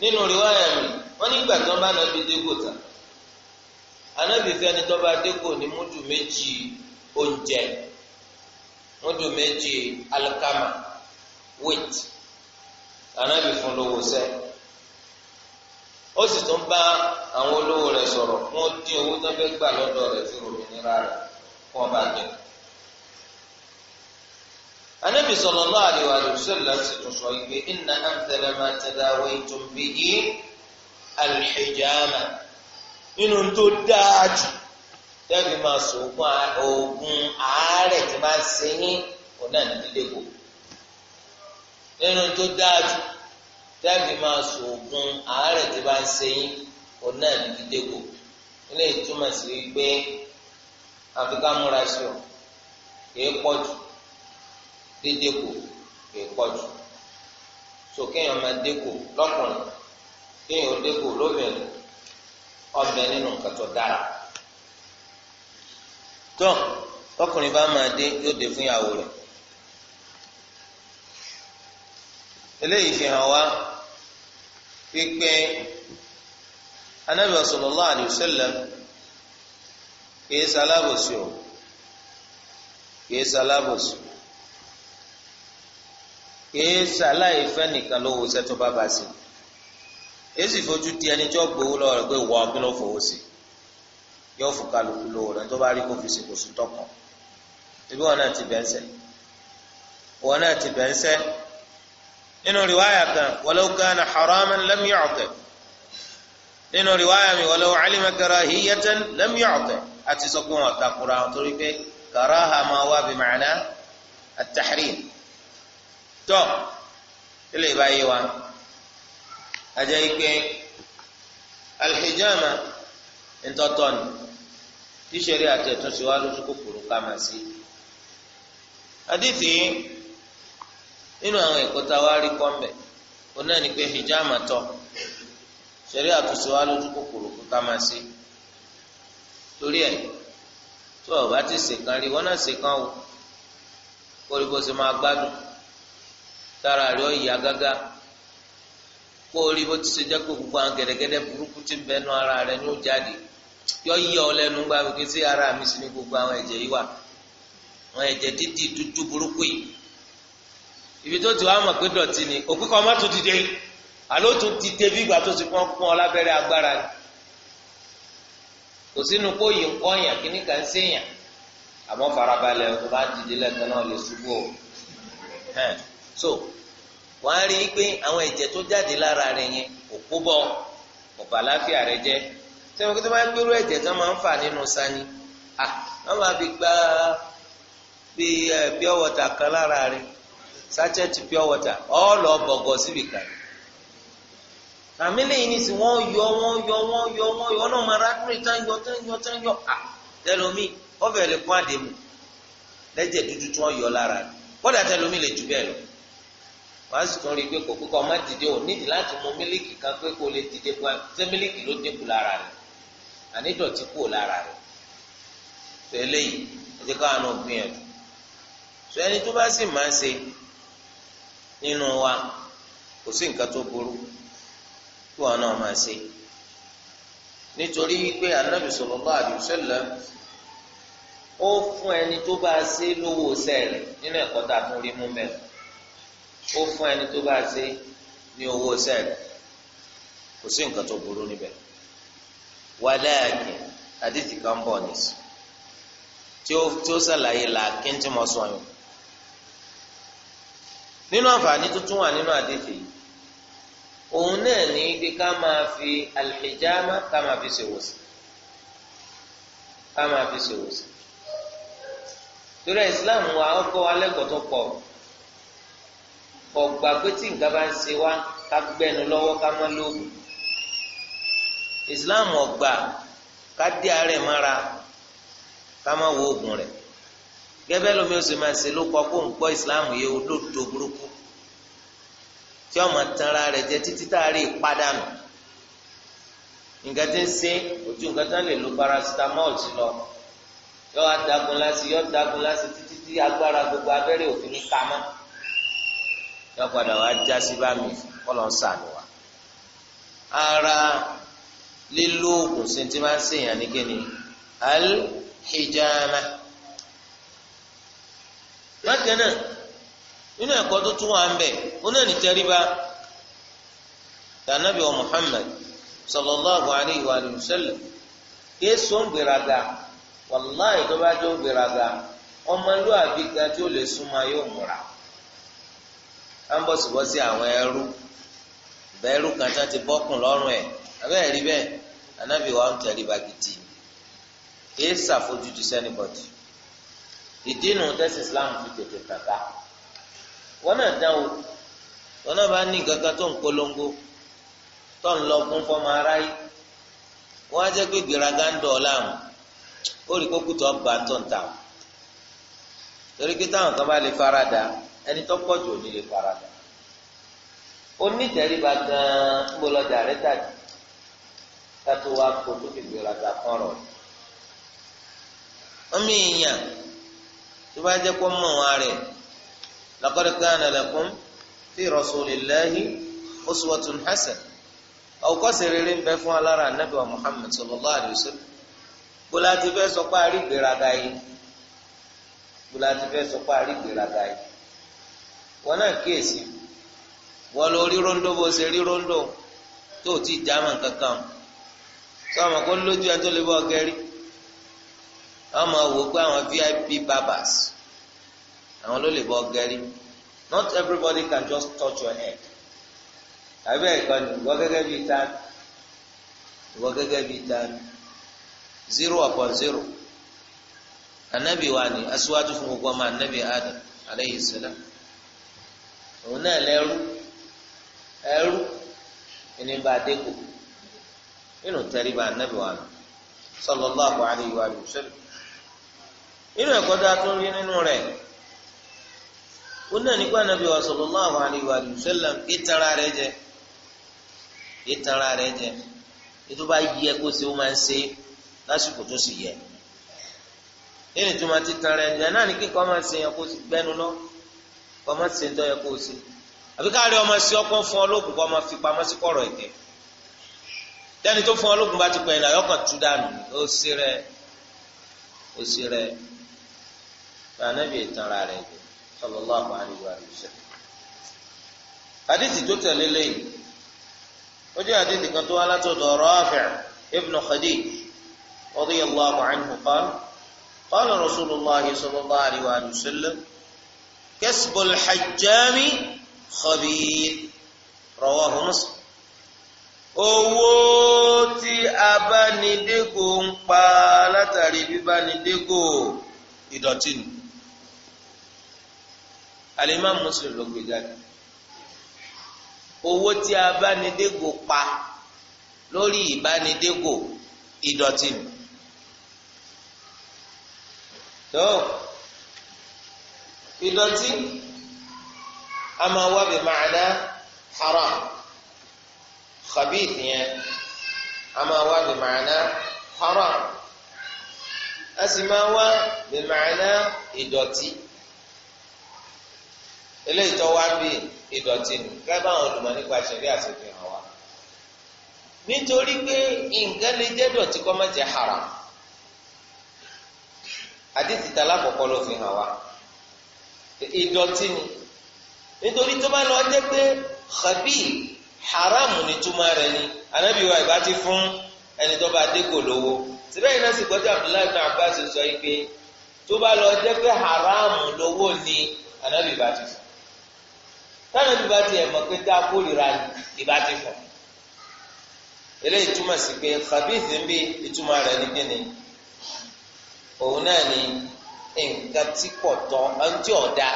nínú riwaya mi wọ́n nígbà tí wọ́n bá nàbí dégò tà anábì fẹ́ni tó bá dégò ní múdù méjì oúnjẹ múdù méjì alikama wheat anábì fún lówó sẹ́ ó sì tún bá àwọn olówó rẹ̀ sọ̀rọ̀ fún dín owó tó fẹ́ gbà lọ́dọ̀ rẹ̀ fi ròmìnira rẹ̀ fún ọba jẹun anabi sallallahu alaihi wa sallam sì tún sọ ìgbé inna amthala ma tadawaytum bihi alhijama nínú tó dáa jù tẹ́bi máa sògùn oògùn àárẹ̀ tí máa ń ṣe yín òun náà ní dídé kò nínú tó dáa jù tẹ́bi máa sògùn àárẹ̀ tí máa ń ṣe yín òun kò ilé ìtumọ̀ sí wípé àfikà múra sí ọ kìí pọ̀ jù. dídínkù kò so kéèyàn máa dínkù lọ́kùnrin kéèyàn dínkù lóbìnrin ọbẹ̀ nínú nǹkan tó dára tó lọ́kùnrin bá máa dé yóò dé fún ìyàwó rẹ̀ eléyìí fi hàn wá pípé anábìyàn sallallahu alaihi kìí o kìí o. kìí ṣàlàyé fẹ́ nìkan lówó iṣẹ́ tó bá bá sí i èsì fojú di ẹni tó gbowó lọ rẹ pé ìwọ ọgbìn ló fowó sí yóò fún kálukú lówó rẹ tó bá rí kó fi ṣe kò sí tọkàn ibi wọn náà ti bẹ̀ ń sẹ́ wọn náà ti bẹ̀ ń sẹ́ nínú riwaayà kan walau kana haraman lam yu'tah nínú riwaayà mi walau alima karahiyatan lam yu'tah àti sọ pé torí pé karaha máa wá bí ma'na at tọ ilé ìbáyé wa ajá ikpe alhijama ntọtọni ni tíṣẹ̀rí wa lóṣù kòkòrò kama máa sí. àdìsí nínú àwọn a rí kọ́ńbẹ̀ òun ni pé hijama tọ ṣẹ̀rí àtúnṣe wa lóṣù torí tó o ti rí wọn náà ṣèkan o kórìkò sì máa tára rẹ̀ ọ̀ yà gágá kó o rí bó ti ṣe jẹ́ pé gbogbo àwọn gẹ̀dẹ̀gẹ̀dẹ̀ burúkú ti bẹnu ara rẹ̀ ní ó jáde yọ yẹ ọ lẹ́nu gba pé sí ara mi sí ní gbogbo àwọn ẹ̀jẹ̀ yìí wà àwọn ẹ̀jẹ̀ dídì dúdú burúkú yìí ibi tó ti wá mọ̀ pé dọ̀tí ni òkú kan má tún dìde àló tún dìde bí ìgbà tó ti pọ́n pọ́n ọ lábẹ́rẹ́ agbára ni kò sínú kó yìí ń kọ́ yàn kíní kan sí yàn àmọ́ farabalẹ̀ tó bá dìde lẹ́tọ̀ náà lè ṣubú o so wàá rí i pé àwọn ẹ̀jẹ̀ tó jáde lára yẹn kò kó rẹ jẹ́ kí tó gbérú ẹ̀jẹ̀ tó nínú sani ah wọ́n máa bí eh, kan lára sachet pure water wàá sì tún rí i pé kò kúkọ má dìde ò nídìí láti mu mílíkì kan pé kò lè dìde pa ṣé mílíkì ló dínkù lára rẹ̀ ànídọ̀tí kù lára rẹ̀ tó eléyìí ẹ jẹ́ káwọn náà gbìyànjú tó ẹni tó bá sì máa ṣe nínú wa kò sí nǹkan tó burú kí wọn náà máa ṣe nítorí pé anabi sallallahu alaihi wasallam ó fún ẹni tó bá ṣe lówó sẹẹrẹ nínú ẹ̀kọ́ tá a tún rí mú mẹ́rin ó fún ẹni tó bá ṣe ní owó sẹ́ẹ̀lì kò sí nǹkan tó burú níbẹ̀ wàlẹ́ẹ̀kì àdìtì kan ń bọ̀ nìsí tí ó tí ó ṣàlàyé làákín tí mo sọ yìí nínú àǹfààní tuntun wà nínú àdìtì yìí òun náà ní pé ká máa fi alhijama ká máa fi ṣèwòsàn ká máa fi ṣèwòsàn torí Islam wa ó kọ́ alẹ́kọ̀ọ́ tó pọ̀ o ọgbà pé tí nǹkan bá ń ṣe wá ká gbẹnu lọ́wọ́ ká mọ́ lóògùn islam ọgbà ká dé ara ẹ̀ mára ká má wo oògùn rẹ̀ gẹ́gẹ́ lómi oṣù máa ṣe ló kọ kó ń gbọ́ islam yẹ olóòótọ́ burúkú tí ọmọ tanra rẹ̀ jẹ títí tá a rí ìpadànù nǹkan tí ń ṣe ojú nǹkan tán lè lo paracetamol sí lọ yọ adágún láti yọ adágún láti títí tí agbára gbogbo abẹ́rẹ́ òfin ká mọ́ yọ padà wá já sí bá mi kọlọ ń sànù wa. ara lílo oògùn sí ti máa ń ṣèyàn ní kíni alhijama. bákan náà nínú ẹ̀kọ́ tó tún wà ń bẹ̀ ó náà ní tẹríba tànàbí wa Muhammad sallallahu alayhi wa sallam kí ń gbéraga wàláhì tó bá jẹ́ ń gbéraga ọmọlúwàbí kan tí ó lè súnmọ́ yóò múra à ń bọ̀sibọ́sí àwọn ẹrú ìbẹ́ ẹrú kan tán ti bọ́kùn lọ́rùn ẹ̀ abẹ́ẹ̀ rí bẹ́ẹ̀ anábì wa ń tẹ̀lé bagidi kìí ṣàfojúdi sẹ́nibọ̀dì ìdínú tẹ́sí Islam fi tètè kàkà wọn náà dáwọ́ wọn náà bá ní gàgà tó ń polongo tó ń lọ fún fọmọ aráyé wọn á jẹ́ pé gbèrágá ń dọ̀ ọ́ láàmú ó rí kókútọ̀ ọba tó ń ta torí pé táwọn kan bá lè farada. ẹni tó pọ̀ jù òní lè faradà onítẹ̀ríba gan-an ń bọ́ lọ́jà rẹ̀ kátó wá kó tó fi gbèrò àgbà kan rọ̀ ọmọ èèyàn tó bá jẹ́ kó mọ̀ wá rẹ̀ rere ń bẹ fún alára anabi wa muhammed wọn náà kíyèsí wọ́n lọ rí bó ṣe rí tó ti jáàmù kankan sọ ma kó lójú ẹni lè bọ́ gẹ́rí máa wò pé vip barbers àwọn ló lè bọ́ gẹ́rí not everybody can just touch your head àbẹ́ ìkànnì ìwọ gẹ́gẹ́ bíi ta ìwọ gẹ́gẹ́ bíi ta zero upon zero anabi wa ni fún gbogbo ọmọ anabi adam aleyhi òun náà lẹ́rú ẹrú ẹni bá a dẹ́kọ̀ nínú tẹríba ànábì wa sallallahu alaihi wa sallam nínú ẹ̀kọ́ tó a tún rí nínú rẹ̀ òun náà nípa ànábì wa sallallahu alaihi wa sallam ìtara rẹ̀ jẹ ìtara rẹ̀ jẹ ètò bá yẹ kó ṣe ó máa ń ṣe lásìkò tó sì yẹ nínú ìtumọ̀ títara ẹ̀ jẹ náà ní kíkọ́ máa ń ṣe yẹn kó gbẹnu lọ́wọ́ kọ́ ọmọ ṣe ń tọ́ yẹ kó o ṣe àbí káàrí ọmọ sí ọkàn fún ọlọ́gùn kọ́ ọmọ fi pamọ́ sí kọ̀rọ̀ ẹ̀kẹ́ dẹ́ni tó fún ọlọ́gùn bá ti pẹ̀yìn náà yọkàn tú dànù ó sí rẹ ó sí rẹ nànẹ́bí ìtanra rẹ sallallahu alaihi wa sallam àdìsí tó tẹ̀lé lẹ́yìn ó jẹ́ àdìsí kan tó wá látọ̀dọ̀ Rafi' ibn Khadij radiyallahu anhu qala qala rasulullahi sallallahu alaihi wa sallam. كسب الحجام خبير رواه مسلم owó tí abánidégò ń pa látàrí bíbánidégò ìdọ̀tí nù alimá muslim ló gbé jáde owó tí abánidégò pa lórí ìbánidégò ìdọ̀tí nù tó ìdọ̀tí a máa wá bí màánà haram khabith yẹn a máa wá bí màánà haram a sì máa wá bí màánà ìdọ̀tí eléyìí tó wá bí ìdọ̀tí nù kẹ́ báwọn olùmọ̀ nípa ṣẹ̀rí àṣẹfihàn nítorí pé nǹkan lè jẹ́ dọ̀tí kọ́ má jẹ́ haram àdìsí ló fi hàn wá ìdọ̀tí ni nítorí tó bá lọ jẹ́ pé khabib haramu ni túmọ̀ rẹ̀ ni anábì wa ìbá ti fún ẹni tó bá dégò lówó síbẹ̀ yìí náà sì gbọ́dọ̀ Abdullahi ibn Abbas sọ yìí pé tó bá lọ jẹ́ pé haramu lówó ni anábì bá ti fún táwọn ibi bá ti ẹ̀ mọ̀ pé tá a kórìíra ìbá ti fún eléyìí túmọ̀ sí pé khabib ń bí ìtumọ̀ rẹ̀ ni kí òun náà ni nǹkan tí kò tọ́ ohun tí ọ̀dà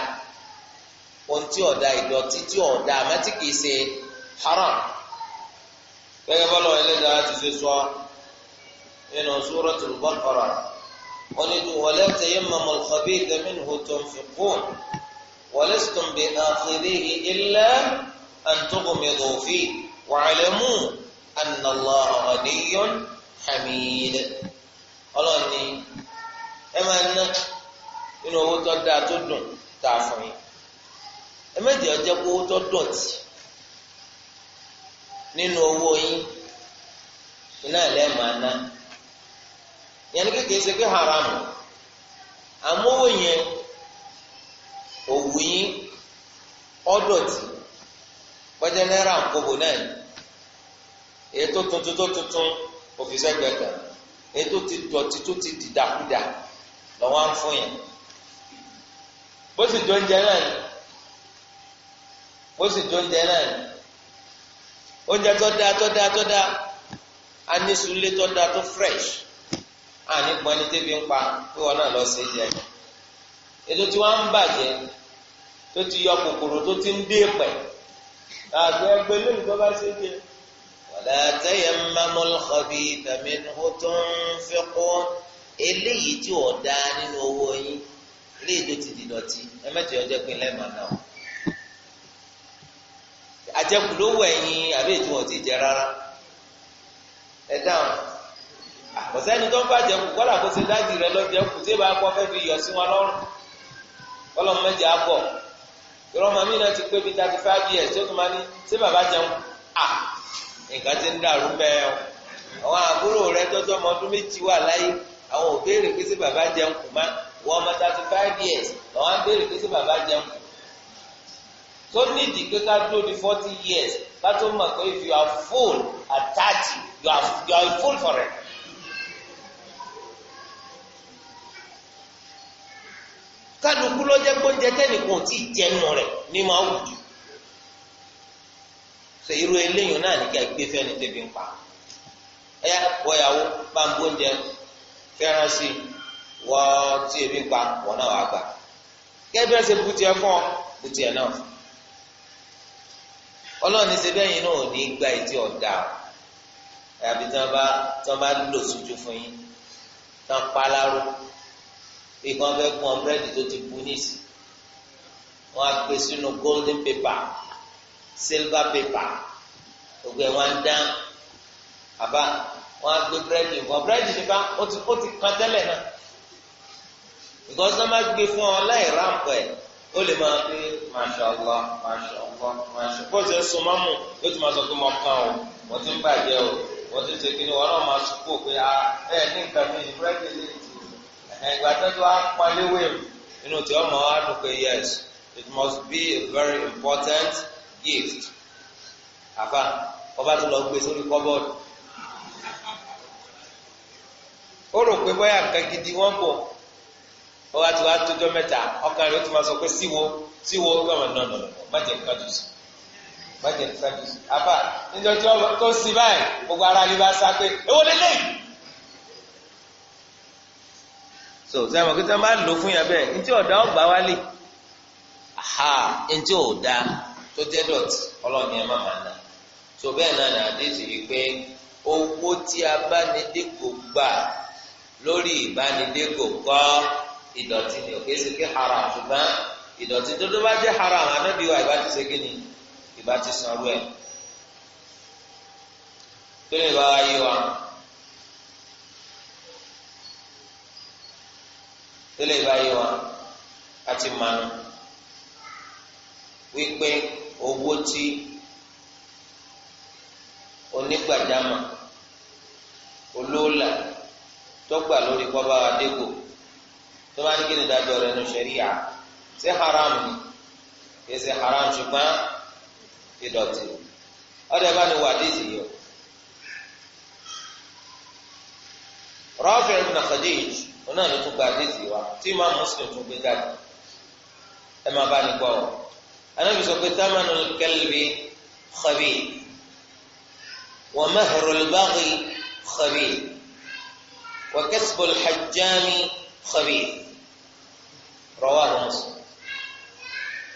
ohun tí ọ̀dà ìdọ̀tí tí ọ̀dà àmọ́ tí kìí ṣe haram gẹ́gẹ́ bọ́lá ẹlẹ́dàá ti ṣe sọ nínú suratul Baqara onídùú wala tayammamul khabitha minhu tunfiqun walastum bi'akhidhihi illa an tughmidu fihi wa'lamu anna Allaha ghaniyyun hamid ọlọ́ni ẹ máa ná nínú owó tó dáa tó dùn tá a fún yín ẹ méjì ọjọ́ pé owó tó dọ̀tí nínú owó yín iná ẹ̀lẹ́ máa ná yẹn ní kékeré ṣe pé haramu àmówó yẹn òwú yín ọ̀dọ̀tí pẹ́jẹ́ náírà kóbó náà èyí tó tuntun tó tuntun òfìsẹ́gbẹ̀ẹ́ kan èyí tó ti dọ̀tí tó ti dìdàkudà lọ́wọ́ à ń fún yẹn bó sì jó oúnjẹ náà ni bó sì jó oúnjẹ náà ni oúnjẹ tó dáa tó dáa tó dáa a ní sulé tó dáa tó fresh a ní pọn ní tẹ́bi ń pa pé wọn náà lọ sí jẹ ètò tí wọn ń bàjẹ́ tó ti yọ kòkòrò tó ti ń dé pẹ̀ àgbẹ̀ ẹgbẹ́ lóyún tó bá ṣe jẹ. wàlá tayammamu al-khabitha minhu tunfiqun eléyìí tí ò dáa nínú owó yín. ilé ìjọ ti di dọ̀tí ẹ mẹ́jọ yọjọ́ pé lẹ́ẹ̀mọ náà àjẹkù ló wọ ẹ̀yìn àbí ètò ọ̀tí jẹ rárá ẹ dáhùn àkọsẹ́ni tó ń bá jẹkù kó rẹ lọ́jọ́ kù tí èèbà kọ́ fẹ́ fi yọ sí wọn lọ́rùn kọ́lọ́ mẹ́jọ á bọ̀ ìrọ̀ náà ti pé bíi thirty five years tó tún máa ní ṣé bàbá jẹun à o àwọn àbúrò rẹ tọ́jú ọmọ ọdún méjì wà láyé àwọn pé ṣé bàbá jẹun máa wọ ọmọ thirty five years lọ́wọ́ ń béèrè pé sí bàbá jẹun tó nídìí pé ká dúró di forty years ká tó mọ̀ pé if you are full at thirty you are you are full for it. kálukú ló jẹ́ gbóúnjẹ tẹ́nìkan tí jẹnu rẹ̀ ní máa wù jù ṣe irú eléyìí náà ní kí a gbé fẹ́ni tẹ́bi ń pa ẹ̀yà wọ̀yàwó bá ń gbóúnjẹ fẹ́ràn sí i wọ́n tí ebi pa wọ́n náà wàá gbà gẹ́gẹ́ bí wọ́n ṣe bùtì ẹ̀ fún ọ bùtì ẹ̀ náà ọlọ́run ní sẹ́bẹ̀ yìí náà ò ní gba ètí ọ̀dà àbí tí wọ́n bá tí wọ́n bá lò sójú fún yín tí wọ́n pa aláró bí wọ́n fẹ́ gun ọ̀bẹ́rẹ́dì tó ti bu níìsì wọ́n á gbé sínú golden paper silver paper gbogbo ẹ̀ wọ́n á dán àbá wọ́n á gbé búrẹ́dì nǹkan búrẹ́dì nípa ó ti kàn tẹ́lẹ̀ náà because wọ́n gbé fún ọ láì ráǹpọ̀ ẹ̀ ó lè máa pé masha allah masha bó ṣe ń sun mọ́mù ó ti máa sọ pé mo kàn ó mo ti ń bàjẹ́ ó mo ti ṣe kí ni wọn náà máa sùpò pé a ẹ ní nǹkan mi ní búrẹ́dì ti ìgbà tó tó á paléwé inú tí ọmọ wa dùn pé yes it must be a very important gift àbá ọba tó lọ gbé sórí kọ́bọ́ọ̀dù ó rò pé bóyá nǹkan wọ́n bọ̀ ó wá ti wá tójọ́ mẹ́ta ọkàn rẹ̀ ó ti máa sọ pé síwo síwo gbọ̀mọ̀ náà nọ̀ má jẹ́ nǹkan dùn má jẹ́ nǹkan dùn sí apá tí wọ́n tó sí báyìí gbogbo ara yìí bá sá pé èwo lélẹ̀ so sẹ́wọ̀n kí sẹ́wọ̀n máa lò fún yẹn bẹ́ẹ̀ ntí ọ̀dà ọgbà wálé aha ntí ọ̀dà tó jẹ́ dọ̀tí ọlọ́ọ̀ni ẹ̀ má máa ná so bẹ́ẹ̀ náà nà adé ti rí pé owó tí abánidégò gbà lórí ìbánidégò kọ́ ìdọ̀tí ni òkè ṣe kí haram ṣùgbọ́n ìdọ̀tí tó tó bá jẹ́ haram anábì wa ìbá ti ṣe kí ni ìbá ti sanwó ẹ̀ tó lè bá wa yé wa tó lè bá yé wa àti mànú wípé owó tí onígbàjámọ̀ olóòlà tó gbà lórí kọ́ bá wa dégò tó bá ní kí ni ìdájọ́ rẹ̀ nu ṣẹ̀ríyà ṣé haram ni kì í ṣe haram ṣùgbọ́n ìdọ̀tí ọdẹ bá ní wàdíìsì yìí o. Rafi' ibn Khadij òun náà ló tún gba àdéhìí wa tí Imam Muslim tún gbé jáde ẹ máa bá ní gbọ́ ọ. anábì sọ pé thamanul kalbi khabith wa mahrul baghi khabith wa kasbul hajjami. خبير رواه مسلم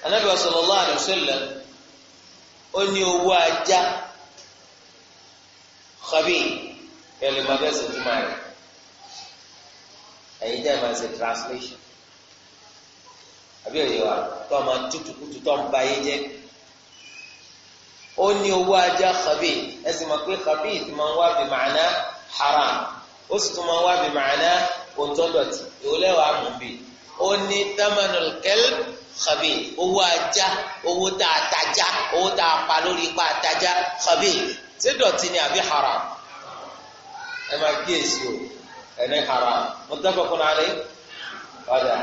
النبي صلى الله عليه وسلم أني واجا خبير يعني ما بس تماري أي ده ما زي translation àbí òye wa tó a máa tutù kutù tó a ń ba yé jẹ ó ní owó ajá xabi ẹ sì máa pé xabi ti máa ń wá bí màánà haram ó sì tún máa ń wá bí màánà ohun tó dọ̀tí ìwọlẹ́ wàá mú bi ó ní tamanul kelb xabi owó ajá owó tá a tajá owó tá a pa lórí ipa tajá xabi ṣé dọ̀tí ni àbí haram ẹ máa kíyèsí o ẹni haram muttafaqun alayhi padà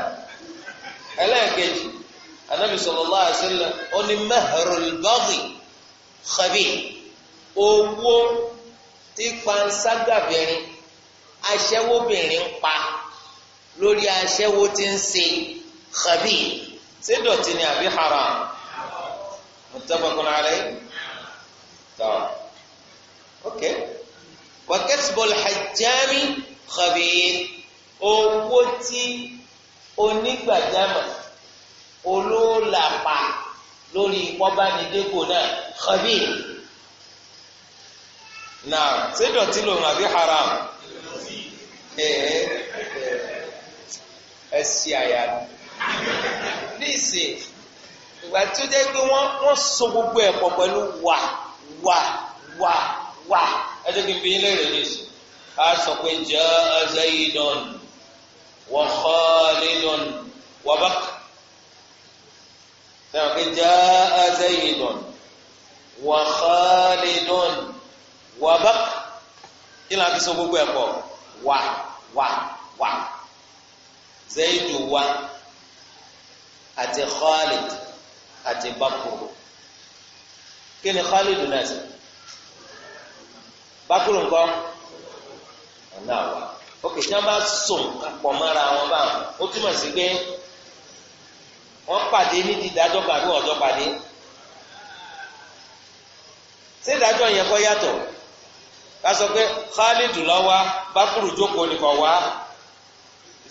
ẹlẹ́ẹ̀kejì anabi sallallahu alaihi wasallam ó ní mahrul xabi owó tí panṣágàbẹ̀rin aṣẹ́wóbìnrin ń pa lórí aṣẹ́wó tí ń ṣe xabi ṣé dọ̀tí ni àbí haram muttafaqun alayhi tọ́ ok wa kasbul hajjami xabi owó tí onígbàjámọ̀ olóòlàpà lórí ìpọ́bánidéko náà xabi náà ṣé dọ̀tí lòun àbí haram ẹsì àyà ni níìsín ìgbà tí ó jẹ́ pé wọ́n so gbogbo ẹ̀ pọ̀ pẹ̀lú wà wà wà wà ẹjọ́ kí n bí ilé rẹ̀ níìsín a sọ pé jẹ́ Zaidun wa Khalidun wa Bakr sẹ́wọ̀n pé jẹ́ Zaidun wa Khalidun wa Bakr kí ni a fi so gbogbo ẹ̀ pọ̀ wà wà wà zayidu wà àti Khalid àti Bakuru kí ni Khalid náà sè Bakuru nǹkan ọ̀nà wà ok tí wọn bá so nǹkan pọ̀ mọ́ra wọn bá ó túmọ̀ sí pé wọ́n pàdé ní dídájọ́ pàdé ọ̀jọ́ pàdé ṣé ìdájọ́ yẹn kọ́ yàtọ̀ ká sọ pé Khalid lọ wá bákùrù jókòó ni kò wá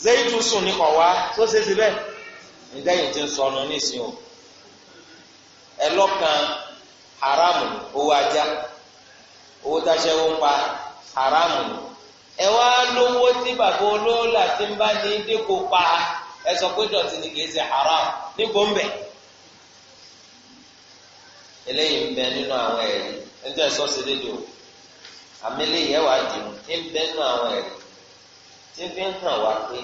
zayidu sùn ni kò wá tó ṣe sí bẹ́ẹ̀ níjẹ́ yìí ti ń sọnù nísìnyí o ẹlọ́kan haramu owó ajá owó táṣẹ́wó ń pa haramu ẹ wá lówó tí bàbá olóòlà ti ń bá ní dẹ́kọ̀ pa ẹ sọ pé dọ̀tí ni kìí ṣe haram ní bọ́m̀bẹ̀ eléyìí ń bẹ nínú àwọn ẹ̀rí ẹjọ́ ẹ̀sọ́ sí lédè o àmẹlẹ yẹ wàá dìrún tí ń bẹnu àwọn ẹrí tí fi ń hàn wá pé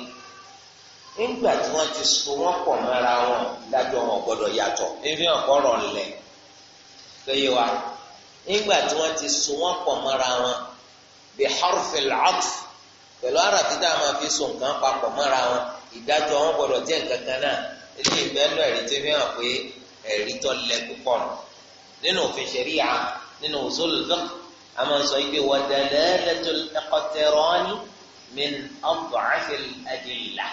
nígbà tí wọn ti so wọn pọ̀ mọ́ra wọn ìdájọ́ wọn gbọ́dọ̀ yàtọ̀ ebi ọgbọrọ lẹ péye wa nígbà tí wọn ti so wọn pọ̀ mọ́ra wọn bí harfil atf pẹ̀lú ara tí dáa máa fi so nǹkan papọ̀ mọ́ra wọn ìdájọ́ wọn gbọ́dọ̀ jẹ́ nǹkan náà ilé ìbẹ́nu ẹ̀rí tí fi hàn pé ẹ̀rí tọ́ lẹ púpọ̀ nínú òfin ṣẹ̀ríà nínú usul fiqh a máa sọ pé wadalalatul iqtirani min ad'afil adillah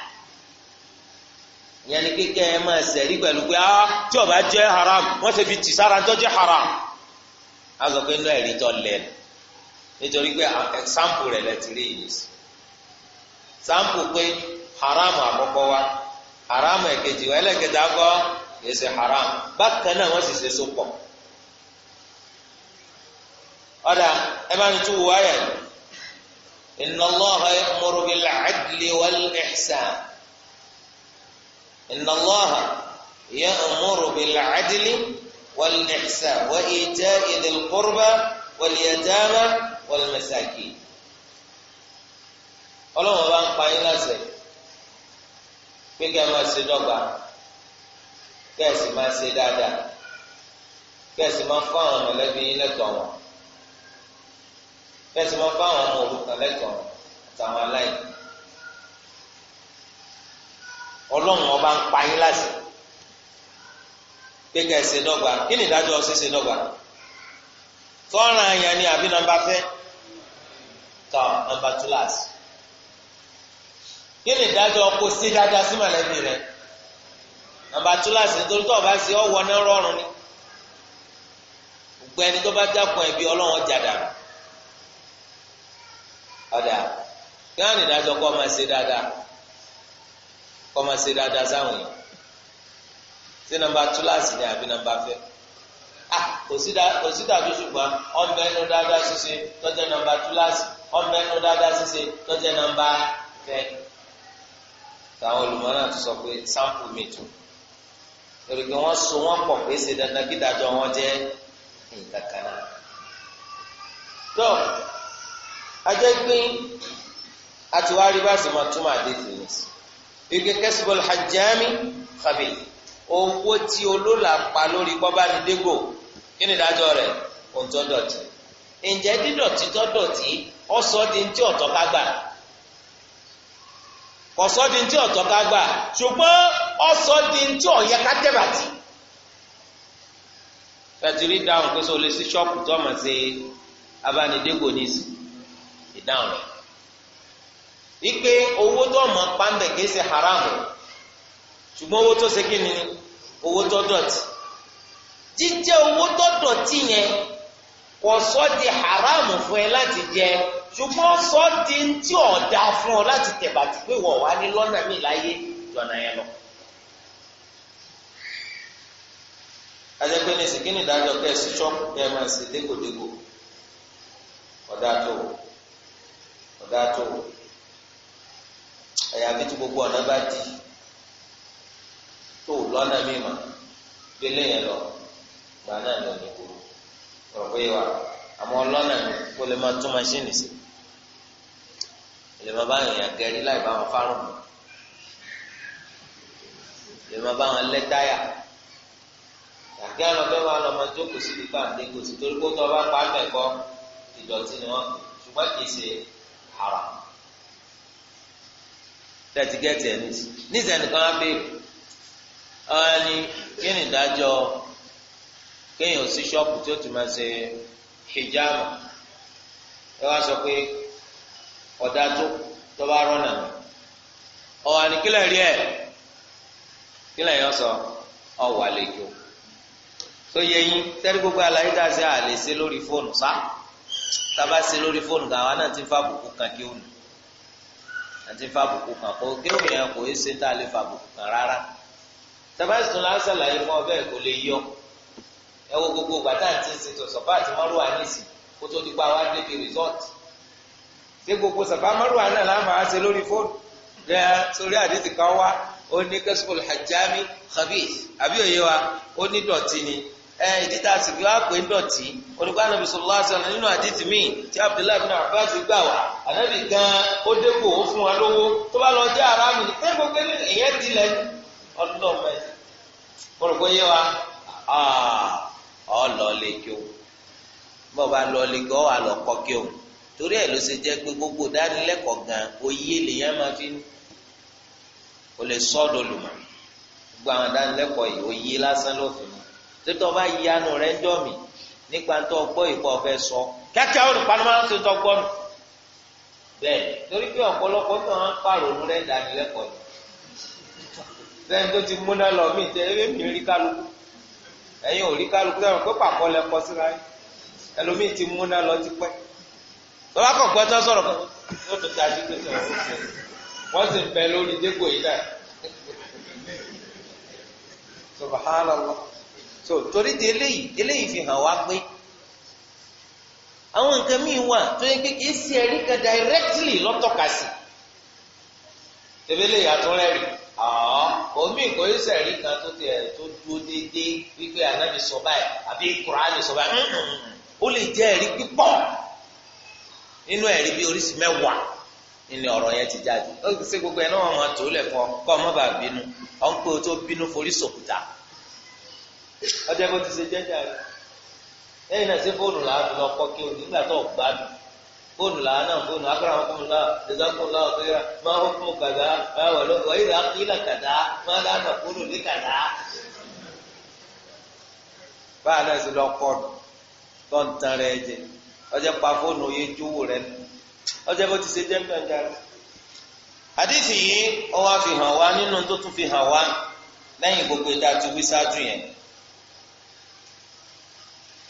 ìyẹn ni kíkẹ́ ẹ máa sẹ̀rí pẹ̀lú pé ah tí ó bá jẹ́ haram wọ́n ṣe fi tì sára tó jẹ́ haram a sọ pé inú ẹ̀rí tó lẹ́nu nítorí pé ẹ̀sáǹpù rẹ̀ lẹ́ ti rí yìí sí sáǹpù pé haram àkọ́kọ́ wa haram ẹ̀kejì wa ẹlẹ́kẹta kọ́ kìí ṣe haram bákan náà wọ́n sì ṣe sopọ̀. So ọ̀dà ẹ bá mi tún wò ayà yìí inna Allaha ya'muru bil 'adli wal ihsan inna Allaha ya'muru bil 'adli wal ihsan wa ita'i dhil qurba wal yatama wal ọlọ́wọ́n bá ń pa yín láṣẹ pé máa ṣe dọ́gba kẹ́ máa ṣe dáadáa kẹ́ máa fún àwọn mọ̀lẹ́bí yín lẹ́tọ̀ọ́ wọn bẹ́ẹ̀ sì máa bá àwọn ọmọ òrukàn lẹ́tọ̀ọ́ àtàwọn aláìní ọlọ́run ọba ń pa yín láti pé ká ẹsẹ̀ dọ́gba kí ni ìdájọ́ ṣíṣe dọ́gba tọ́ran àyàn ni àbí nàmbà fẹ́ tọ́ nàmbà túláàsì kí ni ìdájọ́ kó sí dáadáa sí mọ̀lẹ́bí rẹ̀ nàmbà túláàsì nítorí tó o bá ṣe ọwọ́ náà rọrùn ni gbogbo tó bá dákun ẹ̀bi ọlọ́run ọjà dànù ọ̀dà kí wọ́n á nìdájọ́ kọ́ máa ṣe dáadáa kọ́ máa ṣe dáadáa sáwọn yìí ṣé nàmbà túláàsì ni àbí nàmbà fẹ́ ah kò sí dàbí ṣùgbọ́n ọmọ ẹnu dáadáa ṣíṣe tọ́jú nàmbà túláàsì ọmọ ẹnu dáadáa ṣíṣe tọ́jú nàmbà fẹ́ táwọn olùmọ̀ náà sọ pé sáǹpù mi tù torí pé wọ́n so wọ́n pọ̀ pé ṣe dandan kí dájọ́ wọn jẹ́ nǹkan kan ajẹ́ pé àti wá rí báàsì máa túmọ̀ àdéhùn yẹn sí ike kẹsìbọ̀lù hajjami kàbí owó tí olólà pa lórí kọ́bánidégò kí ni ìdájọ́ rẹ̀ ohun tó dọ̀tí ǹjẹ́ dídọ̀tí tó dọ̀tí ọ̀sọ́ di ní tí ọ̀tọ̀ ká gbà ọ̀sọ́ di ní tí ọ̀tọ̀ ká gbà ṣùgbọ́n ọ̀sọ́ di ní tí ọ̀yẹ ká tẹ̀bàtì tẹ̀tìrí dáhùn pé sọ lè sí ṣọ́ọ̀pù tó ọmọ sí abánidégò ní ìsìn ìdáhùn rẹ̀ wípé owó tó ọmọ pàǹbẹ̀ kìí ṣe haramu ṣùgbọ́n owó tó ṣe kí ni owó tó dọ̀tí jíjẹ owó tó dọ̀tí yẹn kò sọ di haramu fún ẹ láti jẹ ṣùgbọ́n sọ di tí ọ̀dà fún ọ láti tẹ̀bàtì pé wọ̀ wà ní lọ́nà mi láyé lọ́nà yẹn lọ. adẹ́gbẹ́ni sìkínì dájọ́ kẹ́ ẹ sí ṣọ́ọ̀kù kẹ́ ẹ máa ṣe dégbòdégbò ọ̀dà tó wọ̀. ọ̀gá tó àyàfi tí gbogbo ọ̀nà bá di tó lọ́nà mímọ́ gbélé yẹn lọ gbà náà lọ ní kúrò ọ̀rọ̀ pé wà àmọ́ lọ́nà mi kó lè máa tún maṣíìnì sí lè máa bá èèyàn gẹ̀rí láì bá wọn fárùn lè máa bá wọn lẹ́ táyà àti àwọn ọbẹ̀ wa lọ́mọ tó kò sí ipa àdéhùn sí torí kó tó ọba pa ìdọ̀tí ni wọ́n ṣùgbọ́n kì í ṣe haram tẹ̀tí gẹ́tì ẹ̀ nísì nísì ẹnìkan á béèrè ọ̀hún ni kí ni ìdájọ́ kéèyàn tí ó ti máa ṣe hijama ẹ sọ pé ọ̀dà tó tó bá rọ́nà ọ̀hún ni kílẹ̀ rí ẹ̀ kílẹ̀ yẹn sọ ọ̀wà lè jò tó yẹ yín tẹ́lẹ̀ gbogbo àlàyé sí àlè sí lórí fóònù sáà. tába ṣe lórí fóònù kan àwa náà ti ń fa àbùkù kan kí ó nù àti ń fa àbùkù kan kó kí ó yẹn kò í ṣe tá a lè fa àbùkù kan rárá tába sì tún fún ọ kò lè yọ ẹ wo gbogbo gbàtà àti ìṣètò sọ̀fà àti mọ́rùwà níìsì kó tó di wá débi resort ṣé gbogbo sọ̀fà mọ́rùwà náà láàmú àá ṣe lórí fóònù rẹ sórí àdìsí kan wá ó ní kẹ́sùkùl hajjami khabith àbí òye wa ó ní dọ̀tí ni ìdí tá a sì gbé wá pé dọ̀tí olùkọ́ ànábì sallallahu alaihi wasallam nínú àdìtì míì tí abdullahi bin abbas gbà wá ànábì gan ó dépò ó fún wa lówó tó bá lọ jẹ́ aráàlú ní pé gbogbo ìyẹn dilẹ̀ ọdún ọmọ ẹ̀ olùkọ́ yé wa ọlọ́ọ̀lẹ̀ kí o bọ́ bá lọ́ọ̀lẹ̀ kí ọ wà lọ́kọ́ kí o torí ẹ̀ ló ṣe jẹ́ pé gbogbo dánilẹ́kọ̀ọ́ gan oyé lèyàn máa fi kò lè sọ́ọ̀dọ̀ lùmọ̀ gbogbo àwọn dánilẹ́kọ̀ọ́ yìí oyé lásán ló fi m tètò bá yanu rẹ̀ ń jọ nípa tó gbọ́ ìkọ́ ọ̀fẹ́ sọ kíákíá ó ní panama tó tọ́ nù. bẹ́ẹ̀ torí pé ọ̀pọ̀lọpọ̀ tó ń ti múná lọ mí tẹ mi rí kálukú ò rí kálukú pé ti múná lọ ti kọ̀ pẹ́ tó sọ̀rọ̀ tó tó tó sọ̀rọ̀ so torí di eléyìí eléyìí fi hàn wá pé àwọn nǹkan míì wà tó yẹ pé kì í kan directly lọ́tọ̀ka sí ebile yàtúrẹ́rì àá omi kò í ṣẹ̀rí kan tó tiẹ̀ tó dúró déédéé wípé ànábì sọ báyìí àbí kùránì sọ báyìí ó lè jẹ́ ẹ̀rí pípọ̀ nínú ẹ̀rí bí oríṣi mẹ́wàá nínú ọ̀rọ̀ yẹn ti jáde ó sì gbogbo ẹ̀ náà wọ́n tó ọ má bàa o tó ọjọ́ bó ti ṣe jẹ́jà rẹ̀ lẹ́yìn náà ṣé fóònù làánù lọ kọ́ kí o nígbà tó gbádùn fóònù làánù fóònù akọ́ràn fóònù náà ẹ̀sánfóònù náà ọ̀gbẹ́rẹ́ máa ń fún wà máa fóònù ní báyà náà ṣe lọ tó ń tan jẹ pa fóònù ti ṣe àdìsí yìí nínú tó tún lẹ́yìn gbogbo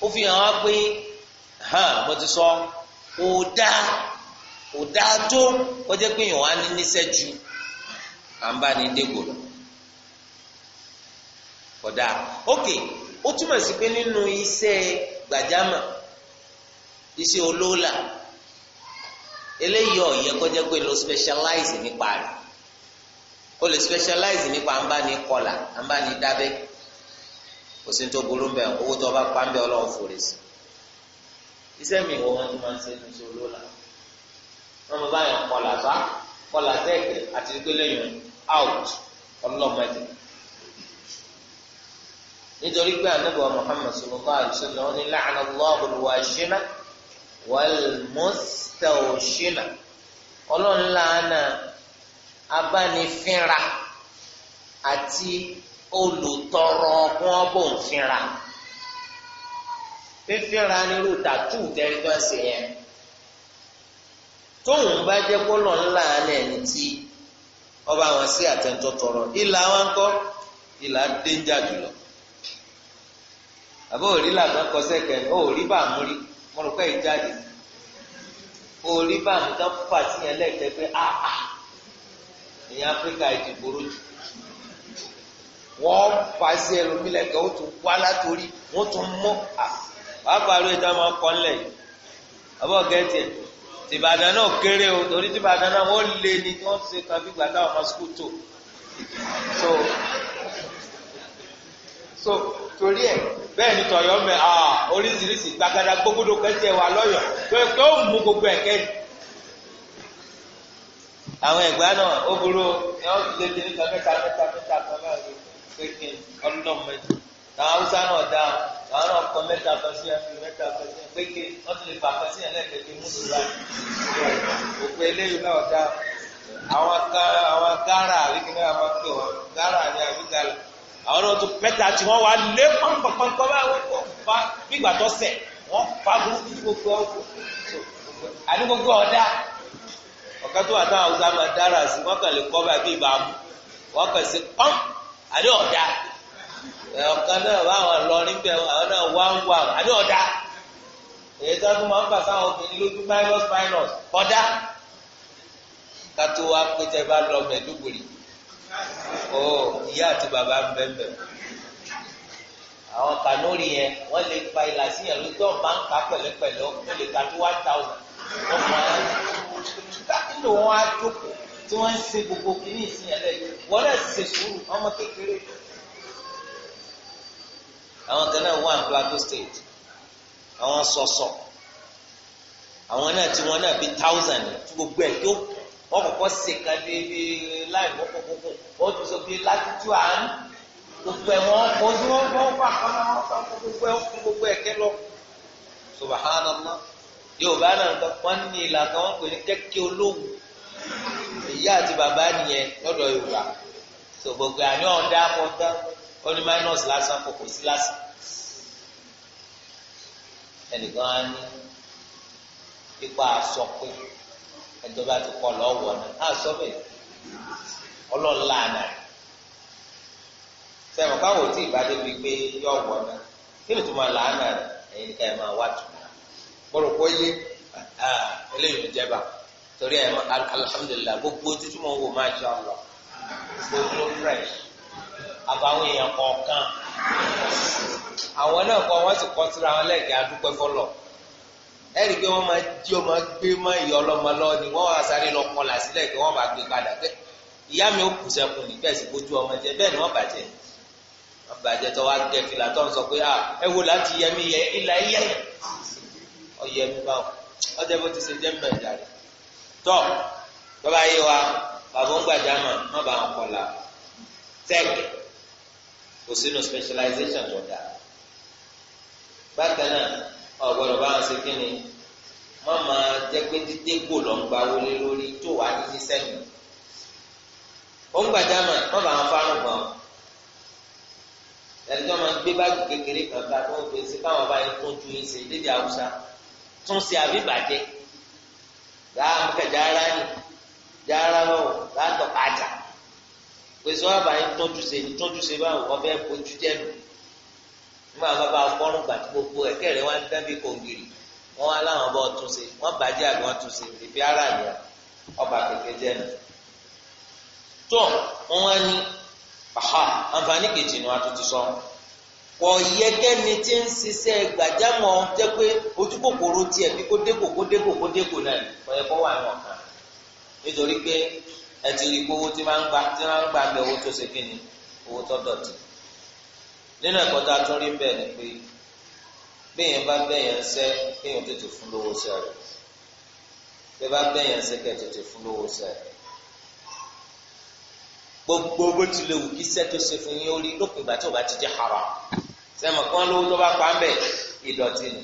ó fi hàn wá pé hàn mo ti sọ kò dáa kò dáa tó kọjá pé ní níṣẹ́ ju à ń bá ní dégò lọ kò ok ó túmọ̀ sí pé nínú iṣẹ́ iṣẹ́ olóòlà eléyìí ọ̀yẹ́ kọjá pé lo specialize nípa rẹ̀ o lè specialize nípa à ń bá ní kọlà à kò sí tó burú bẹ́ẹ̀ owó tó bá pa ń bẹ́ẹ̀ ọlọ́run fòrè sí iṣẹ́ mi ìwọ wọn tó máa ń ṣe ní oṣù lóla wọn bá yàn kọlà fa kọlà tẹ́ẹ̀kì àti gbẹlẹ́yìn out ọlọ́mọdé nítorí pé anábìwá Muhammad sallallahu alaihi wasallam ní la'ana Allahu al-washina wal-mustawshina ọlọ́run làánà abánifínra àti olùtọrọ kún ọbọ òfinra fífínra nírú tàtú tẹ́rí tó ń ṣe yẹn tóun bá jẹ́ kólọ̀ ńlá ẹni tí ọba wọn sí àtẹ̀ntọ́ tọrọ ìlà wọn ń kọ́ ìlà dénjà jùlọ àbó òrí làtọ́ kọ sẹ́kẹ̀ ó òrí bàmú rí mo rò pé ìjáde òrí bàmú tán fà sí yẹn lẹ́ẹ̀kẹ́ pé áà ní áfíríkà ìdìbò rojú wọ́n fà sí ẹlòmí lẹ́kẹ̀ẹ́ ó tún wá látòrí wọ́n tún mú àpárò ìta máa kọ́ ńlẹ̀ yìí àbọ̀ gẹ́tì ẹ̀ tìbàdàn náà kéré o torí tìbàdàn náà wọ́n lé ní tí wọ́n ṣe kan fìgbà táwọn ọmọ sukùl tó so so torí ẹ bẹ́ẹ̀ ni tọ̀yọ̀ mẹ́ à oríṣiríṣi gbàgádà gbogbo kẹ́tì ẹ̀ wà lọ́yọ̀ pé pé ó mú gbogbo ẹ̀ kẹ́ni àwọn ẹ̀gbá náà ó burú ẹ̀ ọ́ ti lé ní mẹ́ta mẹ́ta mẹ́ta mẹ́ta kan náà kéèké ọlọ́mọdé àwọn haúsá náà dá àwọn náà kọ mẹ́ta kan sí ẹ̀fí mẹ́ta kan sí ẹ̀fí kéèké wọ́n ti lè fà kan sí ẹ̀lẹ́gbẹ̀ẹ́ múlò láì òpè eléyìí náà dá àwọn gára àwọn gára àríkìní àwọn pè wọn gára ni àbígalà àwọn náà tún pẹ́ta tí wọ́n wá lé pọ́npọ́npọ́ báwọn kò fa gbígbà tó sẹ̀ wọ́n fa burúkú gbogbo ọkọ̀ àní gbogbo ọ̀dá ọ̀kẹ́ tó wà táwọn haúsá máa dára sí wọ́n kàn lè kọ́ báyìí bí ìbámu wọ́n kàn sí pọ́npọ́ àdé ọ̀dà ọ̀kan náà báwọn lọrin bẹ àwọn náà wá ń wà àdé ọ̀dà èyí tó tún máa ń fà sáwọn obìnrin lójú minus minus ọ̀dà kátó wa pété bá lọ mẹ́dúgbòrì ó ìyá àti bàbá ń bẹ́ẹ̀ bẹ́ẹ̀ àwọn kanóri yẹn wọ́n lè pa ìlà sí yẹn lójú ọ̀bá ń ka pẹ̀lẹ́pẹ̀lẹ́ wọ́n lè ka tó one thousand wọ́n máa ń lò wọ́n á jókòó tí wọ́n ń ṣe gbogbo kìíní ìsìn ẹ̀lẹ́ yìí wọ́n náà ti ṣe sùúrù ọmọ kékeré. àwọn kan náà wà ní Plateau State àwọn sọ̀sọ̀ àwọn náà tí wọ́n náà bí thousand tí gbogbo ẹ̀ tó wọ́n kọ́kọ́ ṣe kan bí bí láì wọ́n kọ́kọ́ kọ́ wọ́n tún sọ bí látijọ́ àánú gbogbo ẹ̀ wọ́n kọ́ sí wọ́n fọ́ fà kọ́ náà wọ́n kọ́ gbogbo ẹ̀ kẹ́ lọ subahánàlá yóò bá náà nǹkan ní ìlànà wọn pè ní kẹ́kẹ́ olóhùn ìyá àti bàbá nìyẹn lọ́dọ̀ Yorùbá tó gbogbo àyàn ọ̀dà kọ́tà ó minus lásán kò kò sí lásán ẹnìkan á ní ipa àsọ pé ti kọ́ lọ́wọ́ náà àsọ ọlọ́ọ̀la náà sẹ́wọ̀n tí pé yọ wọ̀ náà kí ẹ̀ torí ẹ̀ alhamdulilah gbogbo títí mo wò máa jọ àlọ́ gbogbo fresh àbáwọn èèyàn kọ̀ọ̀kan àwọn náà kọ́ wọ́n sì kọ́ síra wọn lẹ́gẹ̀ẹ́ adúpẹ́ fọlọ́ ẹ̀rí pé wọ́n máa jí ọmọ gbé mọ́ ìyá ọlọ́mọ lọ ni wọ́n wá sáré lọ kọlà sílẹ̀ pé wọ́n bá gbé padà pé ìyá mi ò kù sẹ́kùn ní bẹ́ẹ̀ sì bójú ọmọ jẹ bẹ́ẹ̀ ni wọ́n bàjẹ́ wọ́n bàjẹ́ tó wá gẹ fìlà tó ń sọ pé ẹ wo láti yẹmi yẹ ìlà ẹ̀yẹ ọ̀yẹ́mi báwo ọjọ́ bó ti ṣe jẹ́ mẹ́rin dàrí tọ́ tọ́ba yé wa bàbá ń gbàdámà má bàa ń kọ́la tech kò sínú specialization tó dáa bákan náà ọ̀gbọ́dọ̀ bá wọn ṣe kí ni wọ́n máa jẹ́ pé dídé kò lọ́n gba wọlé lórí tó wà ní sísẹ́yìn ó ń gbàdámà má bàa ń fárùn gan ẹni tó máa ń gbé báàgì kékeré kan ká tó ń gbèsè káwọn bá yẹn tó ju yín ṣe tún ṣe àbí za maka gyara ne gyara báwo za ta ɓata pèsè wà báyìí tọ́jú ṣe ní tọ́jú ṣe báwo ọbẹ̀ kojú jẹ́ nu nígbà wọn bá kọ́rùn gbà tí gbogbo ẹ̀kẹ́ rẹ̀ wọ́n dábì kòǹgìrì wọ́n wá láwọn bọ́ tún ṣe wọ́n bàjẹ́ àbí wọ́n tún ṣe ìfi ara yẹn ọba kẹ̀kẹ́ jẹ́ nu tó wọ́n wá ní àǹfààní kejì ni wọ́n tún ti sọ. So kò yẹ kẹ́ni tí ń ṣiṣẹ́ gbàjámọ̀ jẹ́ pé ojú kòkòrò tiẹ̀ bí kó dégò kó dégò kó dégò náà kò yẹ kó wà ní ọ̀kan nítorí pé ẹ ti tí máa ń gbà tí máa ń gbà bẹ owó tó ṣe kí ni owó tó dọ̀tí nínú ẹ̀kọ́ tá a rí bẹ́ẹ̀ ni pé béèyàn bá bẹ́ẹ̀yàn ṣẹ́ kéèyàn tètè fún lówó ṣẹ́ rẹ̀ bẹ́ẹ̀ bá bẹ́ẹ̀yàn ṣẹ́ kẹ́ tètè fún lówó ṣẹ́ rẹ̀ gbogbo bó tilẹ̀ wù iṣẹ́ tó ṣe fún yín ó rí lópin ìgbà tí ò bá ti jẹ́ haram. sẹ́mi kí wọ́n lówó tó bá pa ń bẹ̀ ìdọ̀tí ni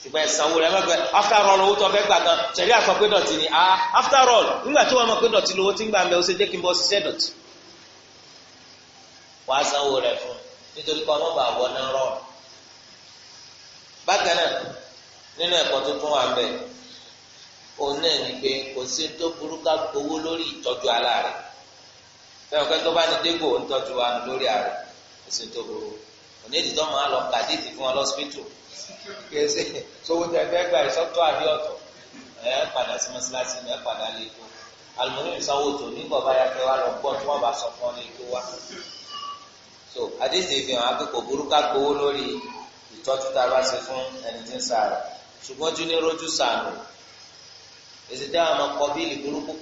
ṣùgbọ́n ìsanwó rẹ̀ mẹ́gbẹ́ after all owó tó fẹ́ gbà ṣẹ̀rí pé dọ̀tí ni ah after all tí wọ́n pé dọ̀tí lówó tí ń gbà ń bẹ̀ ó ṣe jẹ́ kí n bọ́ fún nítorí kọ́ ọmọ náà rọrùn. bákan tuntun wà òun náà kò sí tó burú lórí ìtọ́jú onídìí tó máa lọ kàdé ìdí fún wọn lọ́sípítù kèsè sowó tẹ fẹ́ gba ìsọ́tọ̀ àbí ọ̀tọ̀ ẹ̀ padà sí mọ́sálásí ẹ̀ padà lè kó àlùmọ́nì ìsanwó ní bàbá ya kẹ́ lọ gbọ́ tí wọ́n bá sọ fún ọ lè kó wa. so àdéhìí fi hàn akókò burúkú gbowó lórí ìtọ́jú tá a bá ṣe fún ẹni tí ń sàrò ṣùgbọ́n tún ní rojú sànù èsì tí àwọn ọkọ bíìlì burúkú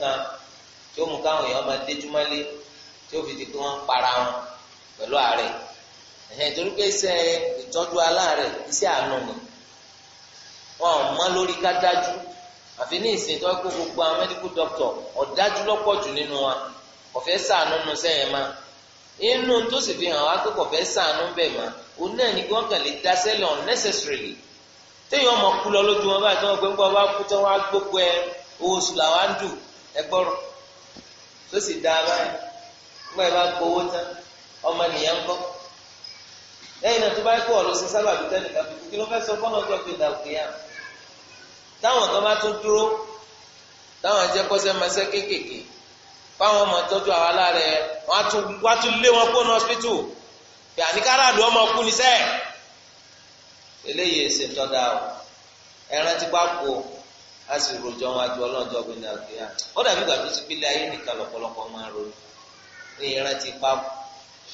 ẹ̀hìn torí pé iṣẹ́ ìtọ́jú aláàárẹ̀ iṣẹ́ àánú ni wọn ò mọ lórí ká dájú àfi ní ìsìn tó kó gbogbo àwọn medical doctor ọ̀dájú lọ́pọ̀ jù nínú wa kò fẹ́ ṣàánú nu sẹ́yìn má inú tó sì fi hàn wá pé kò fẹ́ ṣàánú bẹ́ẹ̀ má òun náà ní kí wọ́n kàn lè dá sẹ́lẹ̀ unnecessarily téèyàn ọmọ kú lọ lójú wọn báyìí tó wọn pé ń bọ wá kú tó wá gbogbo ẹ owó oṣù làwa ń dù ẹ gbọ́rọ̀ tó sì dáa báyìí nígbà yìí bá gbowó tán ọmọ nìyẹn ń kọ́ lẹ́yìn náà tó bá kó ọ̀rọ̀ sí sábà bí tẹ́nìkan kúkú kí ló fẹ́ sọ fọ́nà ọjọ́ pé ìdá òkè yá táwọn kan bá tún dúró táwọn jẹ́ kọ́ṣẹ́mọṣẹ́ kéékèèké fáwọn ọmọ tọ́jú àwọn aláàrẹ wọn á tún lé wọn kó ní ọsibítù pé àníkáràdù ọmọ kú ní sẹ́ẹ̀ eléyìí èsè tọ́da o ẹran ti bá kó a sì rojọ́ wọn àjọ ọlọ́jọ́ pé ìdá òkè yá ó dàbí ìgbà tó ti pílẹ̀ ayé nìkan lọ́pọ̀lọpọ̀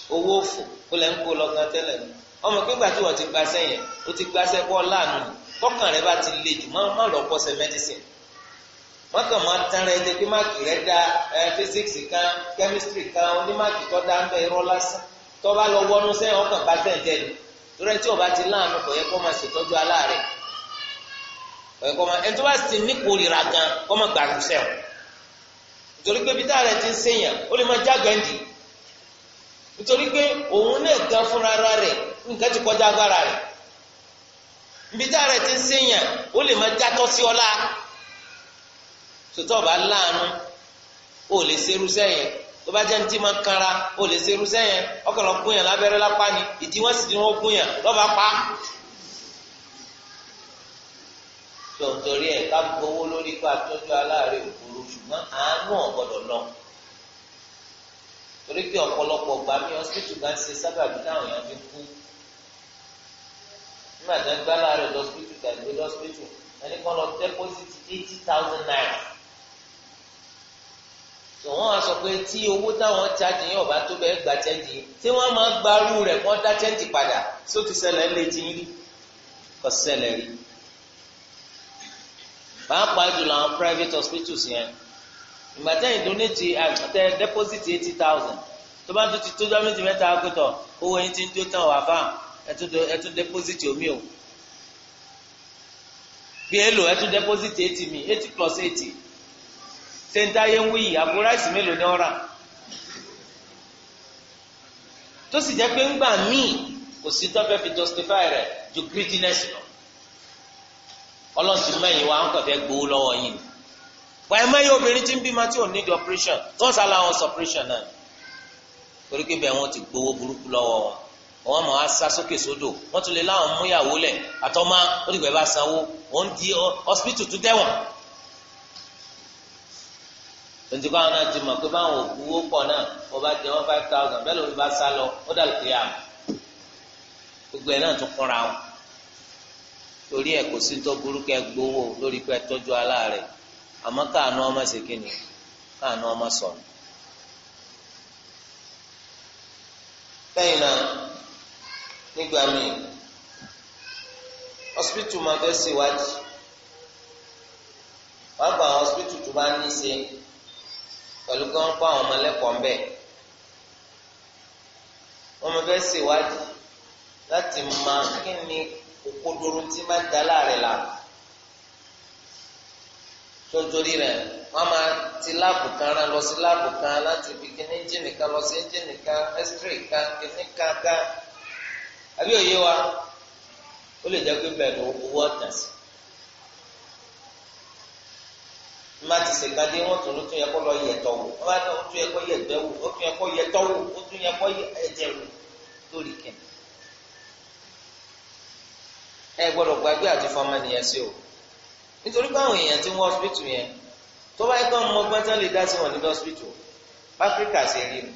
owó òfò ó lẹ́ ń kó lọ́gán tẹ́lẹ̀ ni ọmọ pé gbàtí wọ́n ti gbaṣẹ́ yẹn ó ti gbaṣẹ́ kọ́ láàánú ni kọ́kàn rẹ bá ti le jù má má lọ pọ́sẹ̀ mẹ́dísìn wọ́n kàn máa tán rẹ jẹ́ pé máàkì rẹ da físíkìsì kan kẹ́mísítírì kan onímáàkì tó dá ń bẹ irọ́ lásán tó bá lọ wọnú sẹ́yìn ọkàn bá tẹ̀ jẹ́ ni torí tí o bá ti láàánú kò yẹ kó máa ṣètọ́jú aláàrẹ̀ kò bá ti níkórira gan kó máa gbàgbọ́ sẹ́wọ̀n nítorí pé bí táà rẹ ti ń sèyàn ó lè máa jágẹ̀ǹdì nítorí pé òun náà gan fúnra rẹ̀ nǹkan ti kọjá agbára rẹ̀ ibi tá rẹ̀ ti ń ṣèyàn ó lè máa játọ́ sí ọlá sòtọ́ ọba láàánú ó lè ṣerú sẹ́yìn tó bá jẹ́ ní tí máa kanra ó lè ṣerú sẹ́yìn ọkọ̀lọ́ gúnyàn lábẹ́rẹ́ lápá ni ìdí wọ́n sì ti wọ́n gúnyàn lọ́ba pa. tòǹtòrí ẹ̀ ká gbowó lórí pé àtọ́jú aláàárẹ̀ òkúru ṣùgbọ́n àánú ọ̀gbọ́dọ̀ náà torí pé ọ̀pọ̀lọpọ̀ gbà mí hospital bá ń ṣe sábàbí táwọn èèyàn fi kú nígbà tó ń gbá láàárọ̀ lọ́spítù tàbí lọ́spítù ẹni kan lọ dẹ́pọ́sìtì eighty thousand naira tò wọ́n á sọ pé tí owó táwọn chájì yẹn ọba tó bẹ́ẹ̀ gbà chájì tí wọ́n máa gbarú rẹ̀ kọ́ dá chájì padà sótì ṣẹlẹ̀ ń lè ti rí kò ṣẹlẹ̀ rí pàápàá jùlọ àwọn private hospitals yẹn. Yeah ìgbà tẹ́yìn donate àtẹ deposit eighty thousand tó bá tún ti tó dọ́mẹ́tì mẹ́ta pẹ̀tọ̀ owó yín ti ń tó tán wà bá ẹtún deposit omi o bí èlò ẹtún deposit eighty mi eighty plus eighty ṣé ń táyé ń wí yìí àpò ráìsì mélòó ni ọ̀rà tó sì jẹ́ pé ńgbà míì kò sí tọ́fẹ́ fi justify rẹ̀ ju greediness lọ ọlọ́sìn mẹ́yìn wa ń kọ̀fẹ́ gbowó lọ́wọ́ yìí wàá mẹ́yẹ obìnrin tí ń bímọ tí ò ní di operation tó ń sálọ àwọn operation náà torí pé bẹ́ẹ̀ wọ́n ti gbowó burúkú lọ́wọ́ wọn wọ́n mọ̀ á sá sókè sódò wọ́n tún lè láwọn múyàwó lẹ̀ àtọ́mọ́ ó dìgbà bá sanwó wọ́n di hospital tún tẹ̀wọ̀n. tontigbà wọn náà ti mọ̀ pé báwọn òkú ó pọ̀ náà wọ́n bá jẹ wọ́n five thousand bẹ́ẹ̀ lómi bá sá lọ ó dà lókè àmọ́ gbogbo ẹ̀ náà tún kúnra wọn torí ẹ̀ kò sí tó burúkú ẹ gbowó lórí pé ẹ tọ́jú aláàrẹ̀ àmọ́ káànú ọmọ ṣe kí ni káànú ọmọ sọ̀rọ̀. lẹ́yìn náà nígbà míì hospital máa fẹ́ ṣèwádìí wọ́n gba àwọn hospital tó bá ní í ṣe pẹ̀lú kí wọ́n kó àwọn ọmọ lẹ́kọ̀ọ́ wọ́n máa fẹ́ ṣèwádìí láti mọ kí ni òkodoro tí máa ń da láàrin làwọn tó torí rẹ̀ wọ́n máa ti láàbù kan rán lọ sí láàbù kan láti fi kíní ẹ́ńjìnì kan lọ sí ẹ́ńjìnì kan ẹ́sítírì kan kíní kan kan àbí òye wa ó lè jẹ́ pé bẹ́ẹ̀ ló owó ọ̀tà sí má ti ṣèkadé wọn tún ló tún yẹ kó lọ yẹtọ wò wọn bá tún ó tún yẹ kó yẹgbẹ wò ó tún yẹ kó yẹtọ wò ó tún yẹ kó ẹ̀jẹ̀ wò lórí kẹ ẹ gbọ́dọ̀ gbàgbé àti fọmọ nìyẹn sí o nítorí pé àwọn èèyàn tí wọ́n hospital yẹn tó bá yẹ kó ọmọ ọgbọ́n tán lè dá sí wọn ní hospital áfíríkà ṣe rí nu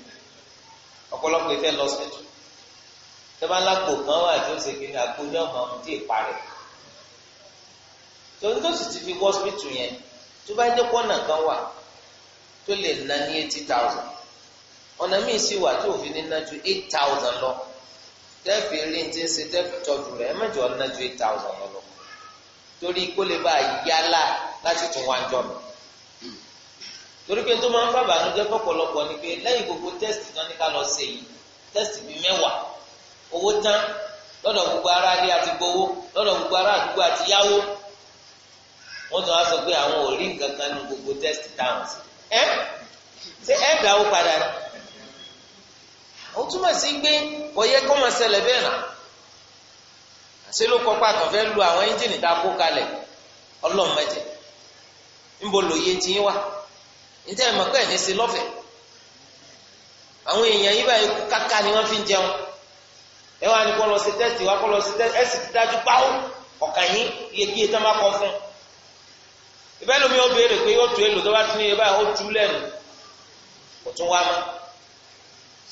ọ̀pọ̀lọpọ̀ ìfẹ́ lọ hospital tó bá lápò kan wà tó ṣe kí ni àkójọ ọmọ ọmọ tí ì parẹ́ tòun tó sì ti fi wọ́ hospital yẹn tó bá jẹ́ pọ́nà kan wà tó lè ná ní eighty thousand ọ̀nà míì sì wà tó òfin ní ná ju eight thousand lọ tẹ́ẹ̀fì rí ní ti ń ṣe tẹ́ẹ̀fì tọ́jú rẹ̀ ẹ mẹ́jọ ná ju eight thousand lọ lọ́kọ̀ torí kó lè bá yálà láti tún wá jọ mi torí pé tó máa ń fàbà nu jẹ́ pọ̀pọ̀lọpọ̀ ni pé lẹ́yìn gbogbo tẹ́sítì náà ní ká lọ ṣe yìí tẹ́sítì bíi mẹ́wàá owó tán lọ́dọ̀ gbogbo ará ilé àti gbowó lọ́dọ̀ gbogbo ará àdúgbò àti yáwó wọ́n tún wá sọ pé àwọn ò rí nǹkan kan nu gbogbo tẹ́sítì táwọn sí ẹ́ ṣé ẹ́ dáwó padà ó túmọ̀ sí gbé kò yẹ kó máa ṣẹlẹ̀ bẹ́ẹ̀ náà se ló kọ́ pàtó fẹ́ lu àwọn ẹ́ńjìnì tá a kó kalẹ̀ ọlọ́run mẹ́jẹ níbo lòye ti wá níta ìmọ̀ pé ẹ̀ní ṣe lọ́fẹ̀ẹ́ àwọn èèyàn yìí báyìí káká ni wọ́n fi ń jẹun ẹ wá ní kọ́ lọ sí tẹ́sì wá kọ́ lọ sí tẹ́sì ẹ̀sì ti dájú báwò ọ̀kàn yín kí bá fún un ìbẹ́ lómi ó béèrè pé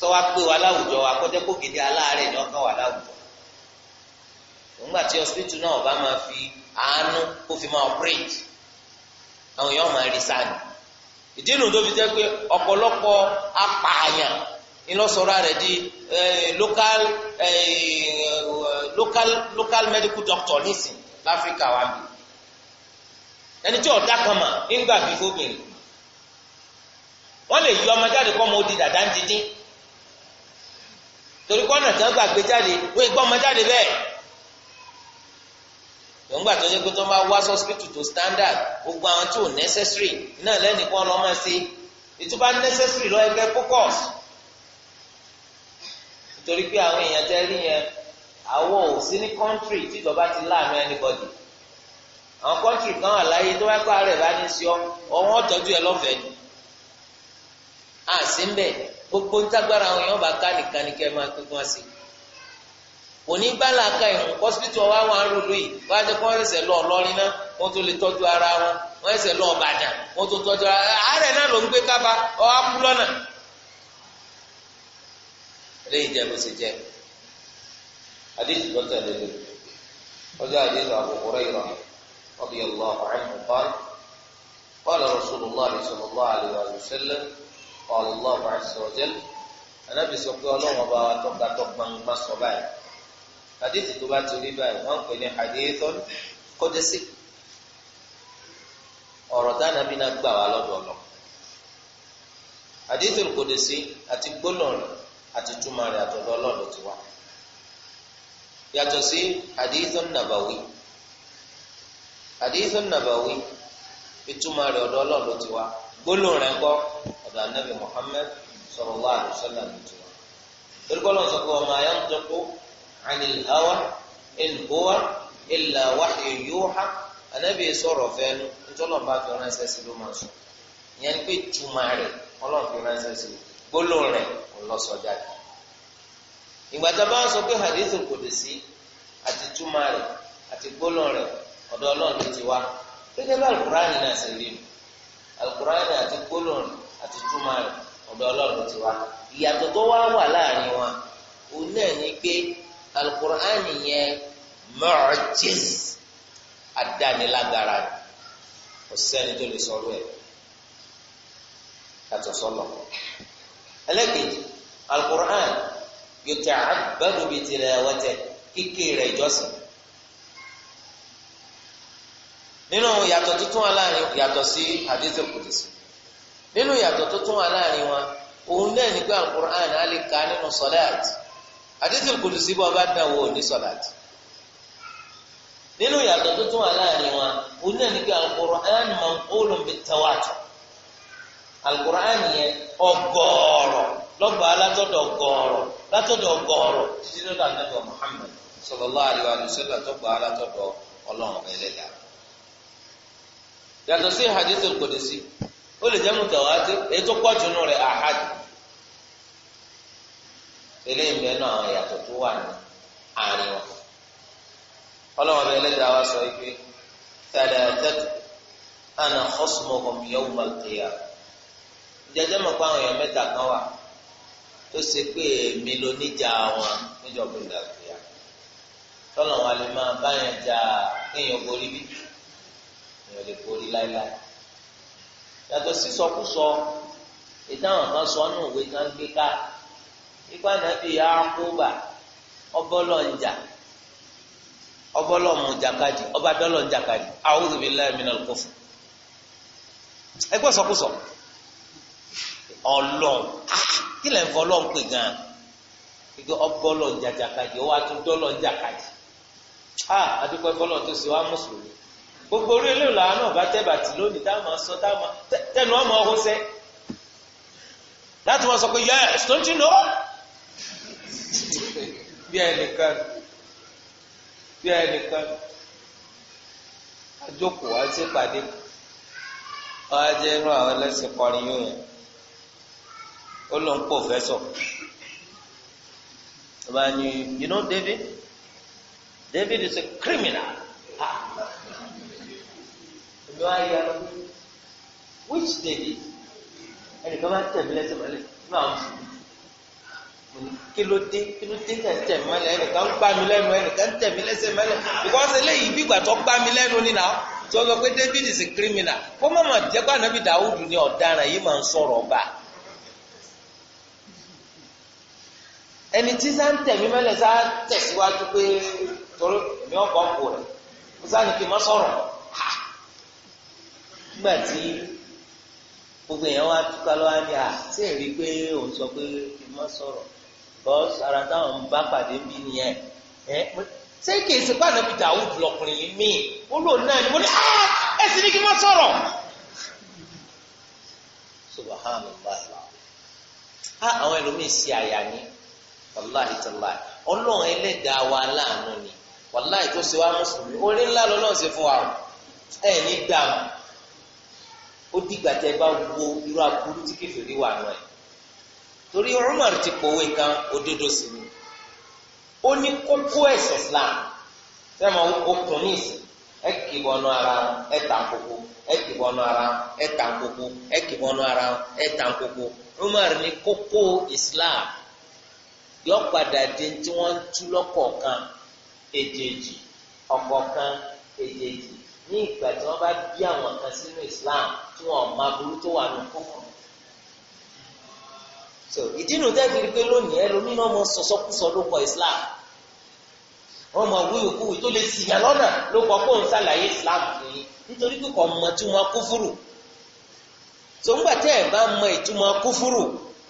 sọ wá pé wà láwùjọ ni wà nígbà tí hospital náà bá máa fi àánú kó fi máa operate àwọn èèyàn máa rí sáàni ìdí nu tó fi jẹ́ pé ọ̀pọ̀lọpọ̀ apààyàn ńlọsọ̀rọ̀ rẹ̀ di eh, local eh, local local medical doctor nísìn láfíríkà wa mi ẹni tí ọ̀dà kan mà ńgbà bí fóbìnrin wọ́n lè yọ ọmọ jáde kọ́ ọmọ odi dàda ń dídín torí kọ́nà tí wọ́n gbà gbé jáde wọ́n gbọ́ ọmọ bẹ́ẹ̀ ìgbà tó yẹ pé tó máa wá sọ́sìkìtù tó standard gbogbo àwọn tó necessary náà lẹ́nu kan lọ́ máa ṣe ìtúbà necessary lọ́ ẹgbẹ́ focus nítorí pé àwọn èèyàn tẹ́ rí yẹn àwọn ò sí ní country tí ìjọba ti láàánú anybody àwọn country kan wà láyé tó bá kọ́ ààrẹ bá ní sí ọ ọ̀hún ọ̀tọ́jú ẹ lọ́fẹ̀ẹ́ ni àsìmbẹ̀ gbogbo ń tágbára àwọn èèyàn bá ká nìkan ní kẹ́ máa pín wọn sí i onígbàlà ka ìhùn hospital ọwọ́ àwọn arúgbó yìí wọ́n á jẹ́ kó wọ́n ẹsẹ̀ lọ ọlọ́rin náà wọ́n tó lè tọ́jú ara wọn wọ́n ẹsẹ̀ lọ ọ̀bàdàn wọ́n tó tọ́jú ara àárẹ̀ náà ló ń gbé kábà ọ̀ á kú lọ́nà. eléyìí jẹ́ bó ṣe jẹ́ àdéhùn tó tẹ̀lé lé ọjọ́ àdéhùn Abu Hurairah radiyallahu anhu qala qala Rasulullah sallallahu alaihi wasallam qala Allahu azza wa jalla hadithi tó bá ti rí báyìí wọ́n ń pè ní hadithun qudsi ọ̀rọ̀ tá nàbí náà gbà wá lọ́dọ̀ lọ hadithul qudsi àti gbólóhùn àti túmọ̀ rẹ̀ àtọ̀dọ̀ ọlọ́dọ̀ ti wá yàtọ̀ sí hadithun nabawi hadithun nabawi ìtumọ̀ rẹ̀ ọ̀dọ̀ ọlọ́dọ̀ ti wá gbólóhùn rẹ̀ kọ́ anabi Muhammad sallallahu alaihi wasallam ti wá torí gbólóhùn ọmọ ayé ń tọ́kọ́. anil hawa in huwa illa wahyu yuha anabi sọ̀rọ̀ fẹnu ntọ́lọ́ba fi ránṣẹ́ sí ló máa sọ ìyẹn pé tuma rẹ̀ ọlọ́run fi ránṣẹ́ sí gbólóhùn rẹ̀ ọlọ́sọjá ìgbà tá a bá sọ pé hadith qudsi àti tuma rẹ̀ àti gbólóhùn rẹ̀ ọ̀dọ̀ ọlọ́run ló ti wá gẹ́gẹ́ alukurani náà ṣe rí alukurani àti alukur'an yẹn mu'jiz adánilágara kò sẹ́ni tó lè sọ̀rọ̀ ẹ̀ kàtọ́ sọ́lọ̀ ẹlẹ́kejì alukur'an yuta'abbadu bi tilawati kíké rẹ̀ ìjọsìn nínú yàtọ̀ tuntun aláàrin yàtọ̀ sí hadithul qudsi nínú yàtọ̀ tuntun aláàrin wa òun náà nígbà alukur'an alika nínú sọláàtì àdéhùn kùdùsí bọ́ bá dàn wò ní sọ̀láàtì nínú ìyàtọ̀ tó tún wà láàrin wa òun náà ní pé alukur'an manqulun bit-tawatur alukur'an yẹn ọgọ́ọ̀rọ̀ lọ́gbà látọ̀dọ̀ ọgọ́ọ̀rọ̀ látọ̀dọ̀ ọgọ́ọ̀rọ̀ títí lọ́dọ̀ àtọ̀dọ̀ Muhammad sallallahu alaihi wa sallam tọ́gbà látọ̀dọ̀ ọlọ́run ẹlẹ́dàá yàtọ̀ sí hadith al-qudsi ó lè jẹ́ mutawatir èyí tó pọ̀ jù nù rẹ̀ àhádìí tẹ́lẹ̀ ń bẹ́ẹ̀ náà ìyàtọ̀ tó wà ní àárín wọn. ọlọ́wọ́n bẹ́ẹ̀ lẹ́dàá wa sọ pé tàdà tẹ́tù àná khasmuhum yawm al-qiyamah. ìjẹ́jẹ́ mọ̀ pé àwọn èèyàn mẹ́ta kan wà tó ṣe pé èmi ló níjà wọn níjọba ìdàgbéyà. tọ́lọ̀ wọn lè máa báyàn já kéèyàn borí bí èèyàn lè borí láéláé. yàtọ̀ sísọkúsọ ìdáhùn kan sọ ọ́nà òwe kan gbé káà ikú na Yakuba ọbọlọnjà ọbọlọmùjàkadì ọba dọlọnjàkadì a'udhu billahi minal kufr ẹgbẹ sọkúsọ Ọlọ́run kí lẹ ń fọ Ọlọ́run pè gan ike ọbọlọnjàkadì ọwọ àtúndọlọnjàkadì àdúgbò ẹfọlọ tó ṣe wá mùsùlùmí gbogbo orí eléyìí làwọn náà bá tẹ́bàtì lónìí táwọn máa sọ táwọn tẹnu ọmọ ọhún sẹ láti wọn sọ pé yes don't you know bí ẹnìkan bí ẹnìkan àjókòó àti pàdé ọ̀hà jẹ́ inú àwọn ẹlẹ́sìn kọrin yóò yẹn ó lọ ń pò fẹ́sọ̀ ọba ni you know David David is a criminal ha ayé ara which David ẹnìkan bá tẹ̀lé ẹsẹ̀ balẹ̀ ní àwọn mùsùlùmí kí ló dé kí ló dé tẹ̀ tẹ̀ mọ́lẹ̀ ẹnìkan gbá mi lẹ́nu ẹnìkan tẹ̀ mí lẹ́sẹ̀ mọ́lẹ̀ because eléyìí bí ìgbà tó gbá mi lẹ́nu ni nà tó sọ pé David is a criminal kó má mà jẹ́ pé ànábì Dàwùdù ni ọ̀daràn yìí máa ń sọ̀rọ̀ ọba. ẹni tí sá ń tẹ̀ mí mọ́lẹ̀ sá tẹ̀síwájú pé torí mi ò kàn kú rẹ̀ kó sá ni kí n má sọ̀rọ̀ ha nígbà tí gbogbo èèyàn wá túká lọ́wọ́ á ní à sí èrí pé òun sọ pé kí n má sọ̀rọ̀ bọ́s ara táwọn bá pàdé bí nìyẹn ẹ ṣé kìí ṣe pé ànábì Dawud lọkùnrin yìí mí ó lò náà ni mo ní ah, ẹ sì ní kí a àwọn ẹlòmíì sí àyà ni wàláhi tàláhi ọlọ́run ẹlẹ́dàá wa láàánú ni wàláhi tó ṣe wá mùsùlùmí orí ńlá ṣe fún wa ẹ ní ó dìgbà tẹ bá wo torí Umar ti pòwe kan òdodo sí ni ó ní kókó ẹ̀sìn Islam sẹ́mi okùn ní ìsìn ẹ kì í bọnú ara ẹ tà ń koko ẹ kì í ara ẹ tà ń ẹ kì í ara ẹ tà ń Umar ní kókó Islam yọ padà di tí wọ́n ń tú lọ́kọ̀ọ̀kan èjèèjì ọ̀kọ̀ọ̀kan èjèèjì ní ìgbà tí wọ́n bá bí àwọn kan sínú Islam tí wọ́n máa burú tó wà ní kókó so ìdínú tẹ́kiri pé lónìí ẹlòmíín náà mọ sọsọkúsọ ló kọ islam wọn mọ wíwíkúwí tó lè sìyà lọ́nà ló kọ kó ń sàlàyé islam fún yín nítorí pé kò mọ tí wọn kúfúrù tó ń gbà tẹ́ ẹ̀ bá mọ ìtumọ̀ kúfúrù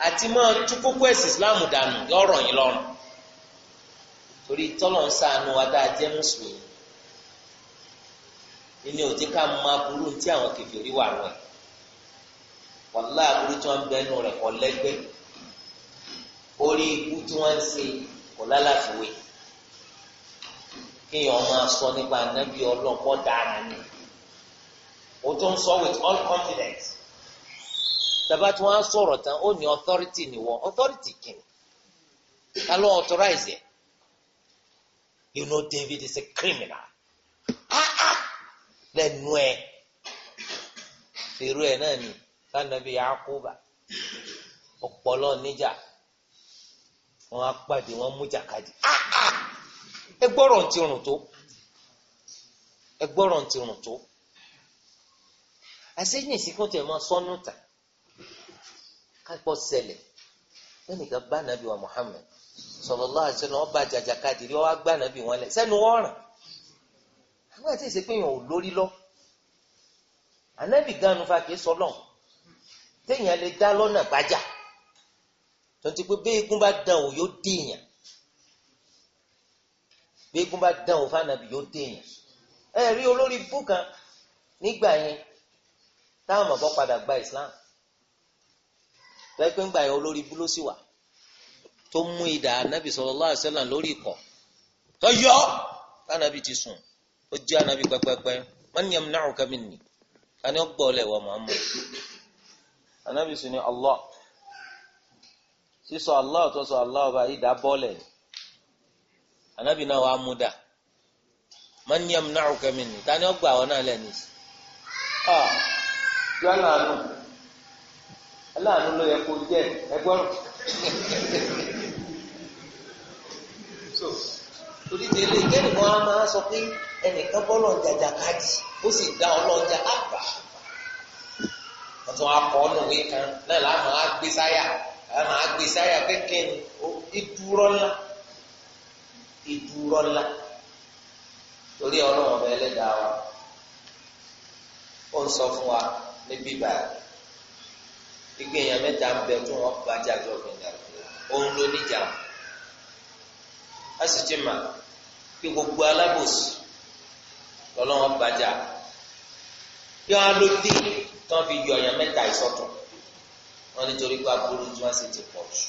àti mọ tukúkú ẹ̀sìn islam dànù yọ̀rọ̀ yín lọ́rùn torí tọ́lọ̀ ń sànù wa dáa jẹ́ mùsùlùmí nínú òjì ká máa burú tí àwọn kèfèrí wà rẹ̀ wàlá àbúrú tí wọ́n ń bẹ́ẹ̀ nù rẹ̀ kọ́ lẹ́gbẹ̀ẹ́ orí ikú tí wọ́n ń ṣe kò lálàfiwé kéèyàn máa sọ nípa ànábì ọlọ́pọ̀ dára ni o tó ń sọ with all confidence tàbá tí wọ́n á sọ̀rọ̀ tán ó ní authority nìwọ authority kìnnì ká ló authorize yẹ you know David is a criminal ah ah lẹ́nu ẹ̀ fèrè ẹ̀ náà ni sanabi Yakuba ọpọlọ níjà. wọn á pàdé wọn mú jàkadì ah, ah! ẹ gbọ́rọ̀ ti rùn tó ẹ gbọ́rọ̀ ti rùn tó àṣeyìn ìsìnkú tà kápọ̀ sẹlẹ̀ lẹ́nìkan bá nàbí wa lọ́wọ́ sallallahu Sẹ́nu ọba jàjàkadì rí ọwọ́ gbà nàbí wọn lẹ sẹ́nu ọ̀ràn àwọn àti ò lórí lọ ànábì ganu fa sọ lọ́n tó ń ti pé bí egun bá dàn ò yóò dèèyàn bí egun bá dàn ò fànàbì yóò dèèyàn ẹ rí olórí ibú kan nígbà yẹn táwọn ọmọ bọ́ padà gba Islam pẹ́ẹ́pẹ́ ńgbà yẹn olórí ibú ló sì wà tó mú idà anabi sallallahu alaihi wasallam lórí ikọ̀ tó yọ anabi ti sùn ó jí anabi pẹpẹpẹ man yamna'uka minni ká ní ó gbọ́ ọ lẹ́wọ̀ Muhammad anabi sùn ní Allah sísọ Allah tó sọ Allah ọba yìí dá bọ́ọ̀lẹ̀ ni anabi náà wàá mú dà man yamna'uka minni tani ọgbà àwọn náà lẹ́nu sí. ọ yọ láàánú aláàánú ló yẹ kó jẹ ẹgbọràn so torí délé kẹ́nìkan á máa sọ pé ẹnìkan bọ́ lọ́n jàjà káàdì ó sì dá ọlọ́jà àgbà wọ́n tún akọ ọ́nùwé kan náà láàmú á gbé sáyà àmà agbèsè ayà kékeré ni ìdúró ńlá ìdúró ńlá torí ọlọ́run ọba ẹlẹ́dàá wa ó ń sọ fún wa ní bíbá igbe èèyàn mẹ́ta ń bẹ tó wọn bá jà lọ gbẹ̀ngà òun ló níjà a sì ti mà kí gbogbo alábòsí lọ́lọ́run bá jà kí wọn á ló dé tán fi yọ èèyàn mẹ́ta ìsọ̀tún wọn nítorí pé aburú tí wọn sì ti pọ̀ jù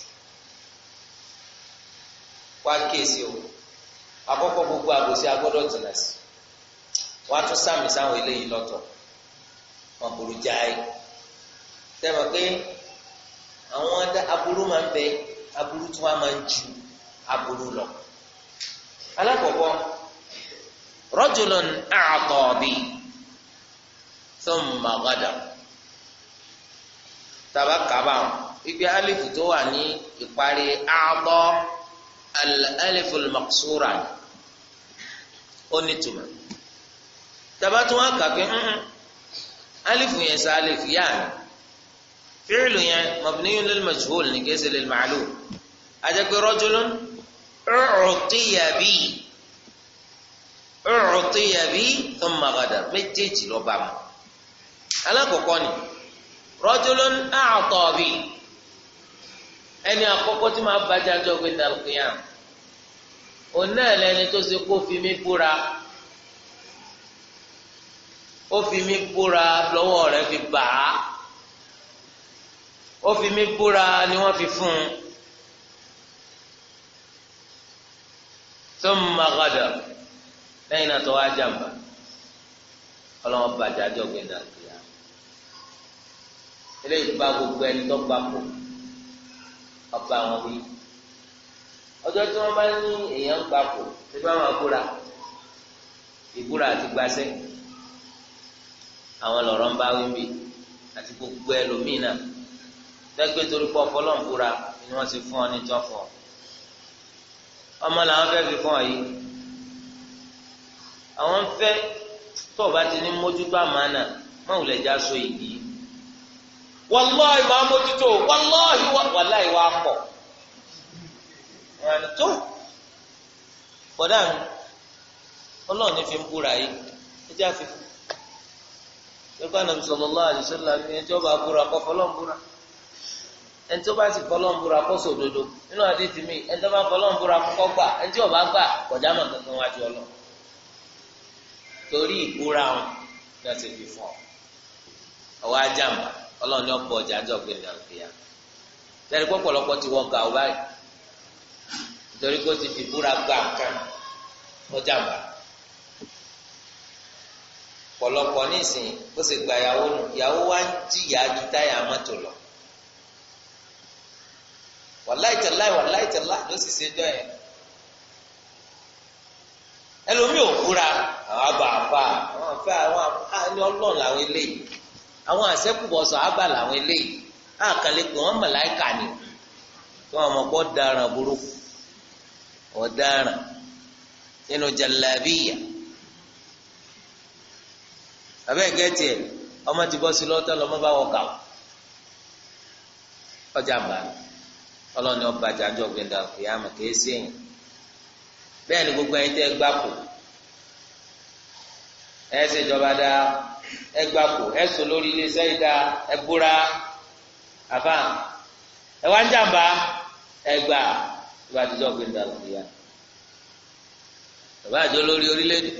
wá kéèsì o àkọ́kọ́ gbogbo àgòsí agbọ́dọ̀ jìnnà sí wọn tún sàmì sáwọn eléyìí lọ́tọ̀ wọn burú jáì sẹmọ pé àwọn aburú máa ń bẹ aburú tí wọn máa ń ju aburú lọ alákọ̀ọ́kọ́ rajulun a'ta bi thumma ghadar tàbá kaba wọn wípé alifu tó wà ní ìparí àbọ alifu maksura ó ní tuma tàbá tó wọn kà pé alifu yẹn sá alifu yá ni fíìlù yẹn mabniyun lil majhul ní kẹsì lil ma'lum àjẹpẹ rajulun u'tiya bi u'tiya bi thumma méjèèjì lọ alákọ̀ọ́kọ́ ni rọ́júlọ́n àtọ̀bì ẹni àkọ́kọ́ tí máa bàjẹ́ àjọ pé dàlùkìyàm òun náà lẹni tó ṣe kó fi mí búra ó fi mí búra lọ́wọ́ rẹ̀ fi bà á ó fi mí búra ni wọ́n fi fún un tó ń magàdà lẹ́yìn náà tó wá jàmbá ọlọ́wọ́n bàjẹ́ àjọ pé dàlùkìyàm eléyìí bá gbogbo ẹni tó gbà pọ̀ ọba àwọn wí ọjọ́ tí wọ́n bá ní èèyàn gbà pọ̀ ṣé bá wọn búra ìbúra àti gbasẹ́ àwọn lọ̀rọ̀ ń bá wí bí àti gbogbo ẹlòmíì náà dẹ́gbẹ́ torí pọ̀ fọlọ́ǹbúra ni wọ́n ti fún ọ ní tán ọmọ làwọn fẹ́ fi fún ọ yìí àwọn fẹ́ tó o bá ti ní mójútó àmàna mọ̀wùlẹ̀ já so ìdí yìí wàláì máa mójútó wàláì wàláì wà pọ̀ tó bọ̀dá mi fi ń búra yìí pẹ̀lú ní ẹjọ́ bá búra kọ́ fọlọ́n búra ẹni tó bá sì fọlọ́n búra kọ́ sòdodo nínú àdéhìí mi ẹni tó bá fọlọ́n búra kọ́ gbà a ọ ọlọ́run ní ọ̀pọ̀ ọjà ń jọ̀gbìn ní àgbéyà sẹ́ni pọ̀pọ̀lọpọ̀ ti wọ gàù báyìí nítorí pé ó ti fi búra gba ọjà pọ̀lọpọ̀ nísìnyí ó sì gba ìyàwó nù wa ń jìyà ju táyà mọ́tò lọ wàláì tẹ̀láì wàláì tẹ̀láì ló sì ṣe jọ yẹn ẹlòmíì ò kúra àwọn àgbà àfa àwọn àfa àwọn àfa àwọn àṣẹkùbọsọ àbá àwọn eléyìí àkàlẹkùn wọn màláìkà ni kí wọn mọ pọ ọ̀daràn nínú jalabiya abẹ́ gẹ́tì ẹ̀ ọmọ ti bọ́ sí lọ́tọ́ lọ́mọ bá wọ kàwọ́ ọjà ń bà ní ọlọ́ni ọba bẹ́ẹ̀ ni ẹ gbapò lórí iléeṣẹ́ ìdá ẹ àbá ẹ ń jàǹbá ẹ gbà àtijọ́ gbé ní àlùkò àjọ lórí orílẹ̀-èdè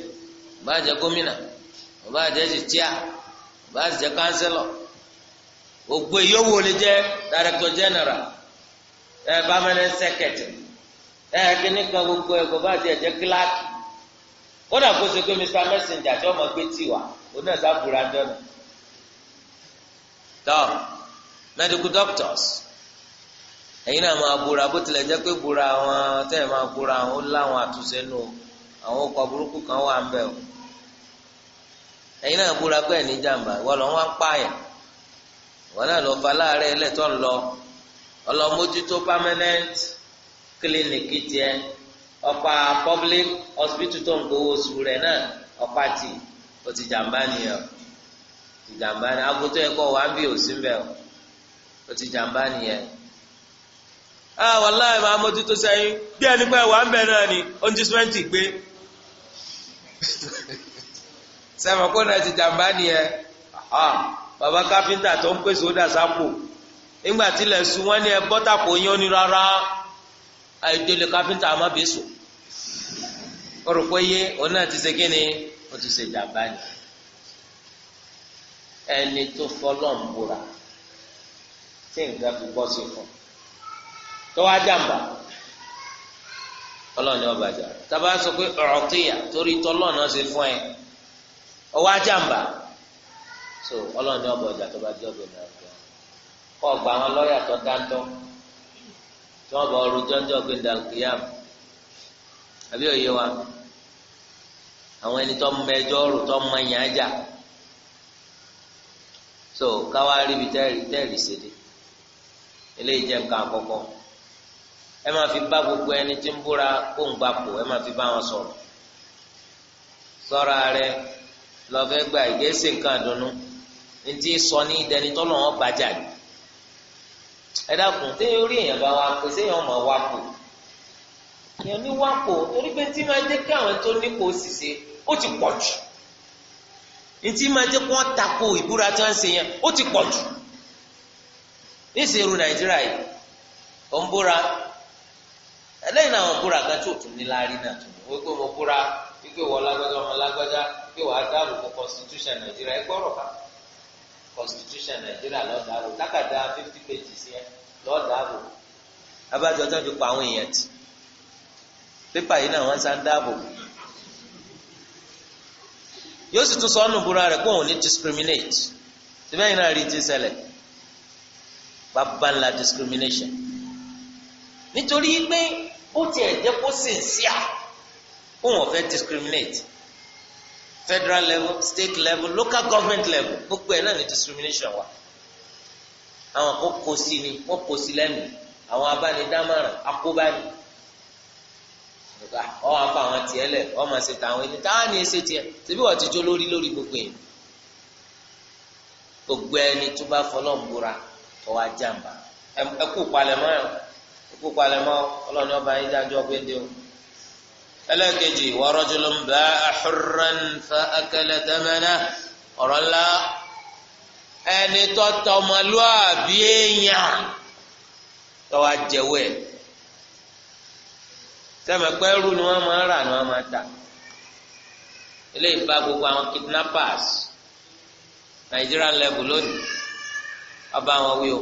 àjọ gómìnà bàbá àjọ ìṣìṣíà bàbá àjọ kánsẹ́lọ̀ gbogbo ìyówó lè jẹ́ director general ẹ permanent secretary ẹ kíní gbogbo ẹ bá kíláàkì kódà kó ṣe pé mr messenger tí ọmọ gbé tì wá òun náà sáfùrà jọ́nà. tọ́ medical doctors ẹ̀yin náà máa búra bó tilẹ̀ jẹ́ pé búra àwọn tẹ́lẹ̀ máa búra àwọn láwọn àtúnṣe nù àwọn ọkọ̀ burúkú kan wà ń bẹ̀ o ẹ̀yin náà búra pé ní jàǹbá ìwọ lọ́n wá ń ìwọ náà lọ́ọ́ fa láàárẹ̀ ẹlẹ́tọ́ ń lọ ọlọ́mójútó permanent clinic tiẹ̀ ọ̀pá public hospital tó ń gbowó oṣù náà ọ̀pá tì ó ti jàmbá nìyẹn ọ ti jàmbá o ti jàmbá a wàláì máa mójútó sẹ́yìn bí ẹni pé wàá bẹ náà ni ó gbé [LAUGHS] sẹ́wọ̀n kó náà ti jàmbá nìyẹn bàbá káfíńtà tó ń pèsè ó dà sápò nígbà tí ilẹ̀ sùn wọ́n ní ẹ bọ́tà kò ti ṣe kí ó ti ṣe jàmbá ni ẹni tó fọlọ́ǹbùrà tí nǹkan fi bọ́ sí fún tó wá jàmbá ọlọ́run ni wọ́n bàjá tábà sọ pé ọ̀rọ̀ tíyà torí tọ́lọ́run náà ṣe fún ẹ ọwọ́ àjàmbá so ọlọ́run ni wọ́n bàjá tó bá jẹ́ ọ̀bẹ náà gbọ́ kọ́ ọgbà àwọn lọ́ọ̀yà tó dáńtọ́ tí wọ́n bọ̀ ọ́ rojọ́ ń jọ́ gbé dàlùkìyàm àbí òye wa àwọn ẹni tó mọ ẹjọ́ rò tó mọ ẹ̀yìn ajá so káwá ríbi tẹ́rì tẹ́rì ṣèdè eléyìí jẹ́ nǹkan àkọ́kọ́ ẹ máa fi bá gbogbo ẹni tí ń búra kó ń gbapò ẹ máa fi bá wọn sọ̀rọ̀ sọ́ra rẹ lọ́fẹ́ gba ìgbésẹ̀ nǹkan àdùnnú ní ti sọ ní ìdẹni tọ́lọ̀ wọn bàjá yìí ẹ dákun téèyàn orí èèyàn bá wa pèsè èèyàn mọ̀ wá kù èèyàn ní wá kù torí pé tí máa jẹ́ kí àwọn tó nípò òṣìṣẹ́ ó ti pọ̀ jù ntí máa jẹ́ kó tako ìbúra tí wọ́n ń se yẹn ó ti pọ̀ jù níṣẹ́rù nàìjíríà yìí ó ń búra ẹlẹ́yìn na búra kan tí ò tún ní láàrin náà tún wọ́n pé mo búra wípé wọ́n lágbájá lágbájá dáàbò constitution nàìjíríà ẹ gbọ́rọ̀ ká constitution nàìjíríà lọ́ọ́ tákàdá fifty pages yẹn yóò sì tún sọ ọ́nù búra rẹ̀ pé òun ní discriminate síbẹ̀ yìí náà rí ti ṣẹlẹ̀ bàbá discrimination nítorí pé ó tiẹ̀ jẹ́ kó sincere òun ò discriminate federal level state level local government level gbogbo ẹ̀ náà ní discrimination wa. àwọn kò kó sí ni wọ́n kó sí lẹ́nu àwọn abánidámọ̀ràn akóbáni ọ wà fún àwọn tiẹ̀ lẹ̀ ọ mà ṣe tàwọn ẹni táwọn ni ṣe tiẹ̀ síbí wọ́n ti jó lórí lórí gbogbo yẹn gbogbo ẹni tó bá fọlọ́ búra ọwọ́ ajàmbá ẹ kú palẹ̀mọ́ ẹ kú palẹ̀mọ́ ọlọ́ni ọba yín dájọ́ gbéńdé o ẹlẹ́kejì wa rajulun ba'a hurran fa akala thamanahu ọ̀rọ̀ ńlá ẹni tọ́tọ́ ọmọlúwàbí èèyàn tọ́wọ́ ajẹ́wọ́ ẹ̀. sẹ́mi pé ẹrú ni wọ́n máa ń rà ni wọ́n máa tà gbogbo àwọn kidnappers Nigerian level lónìí ọba àwọn wí o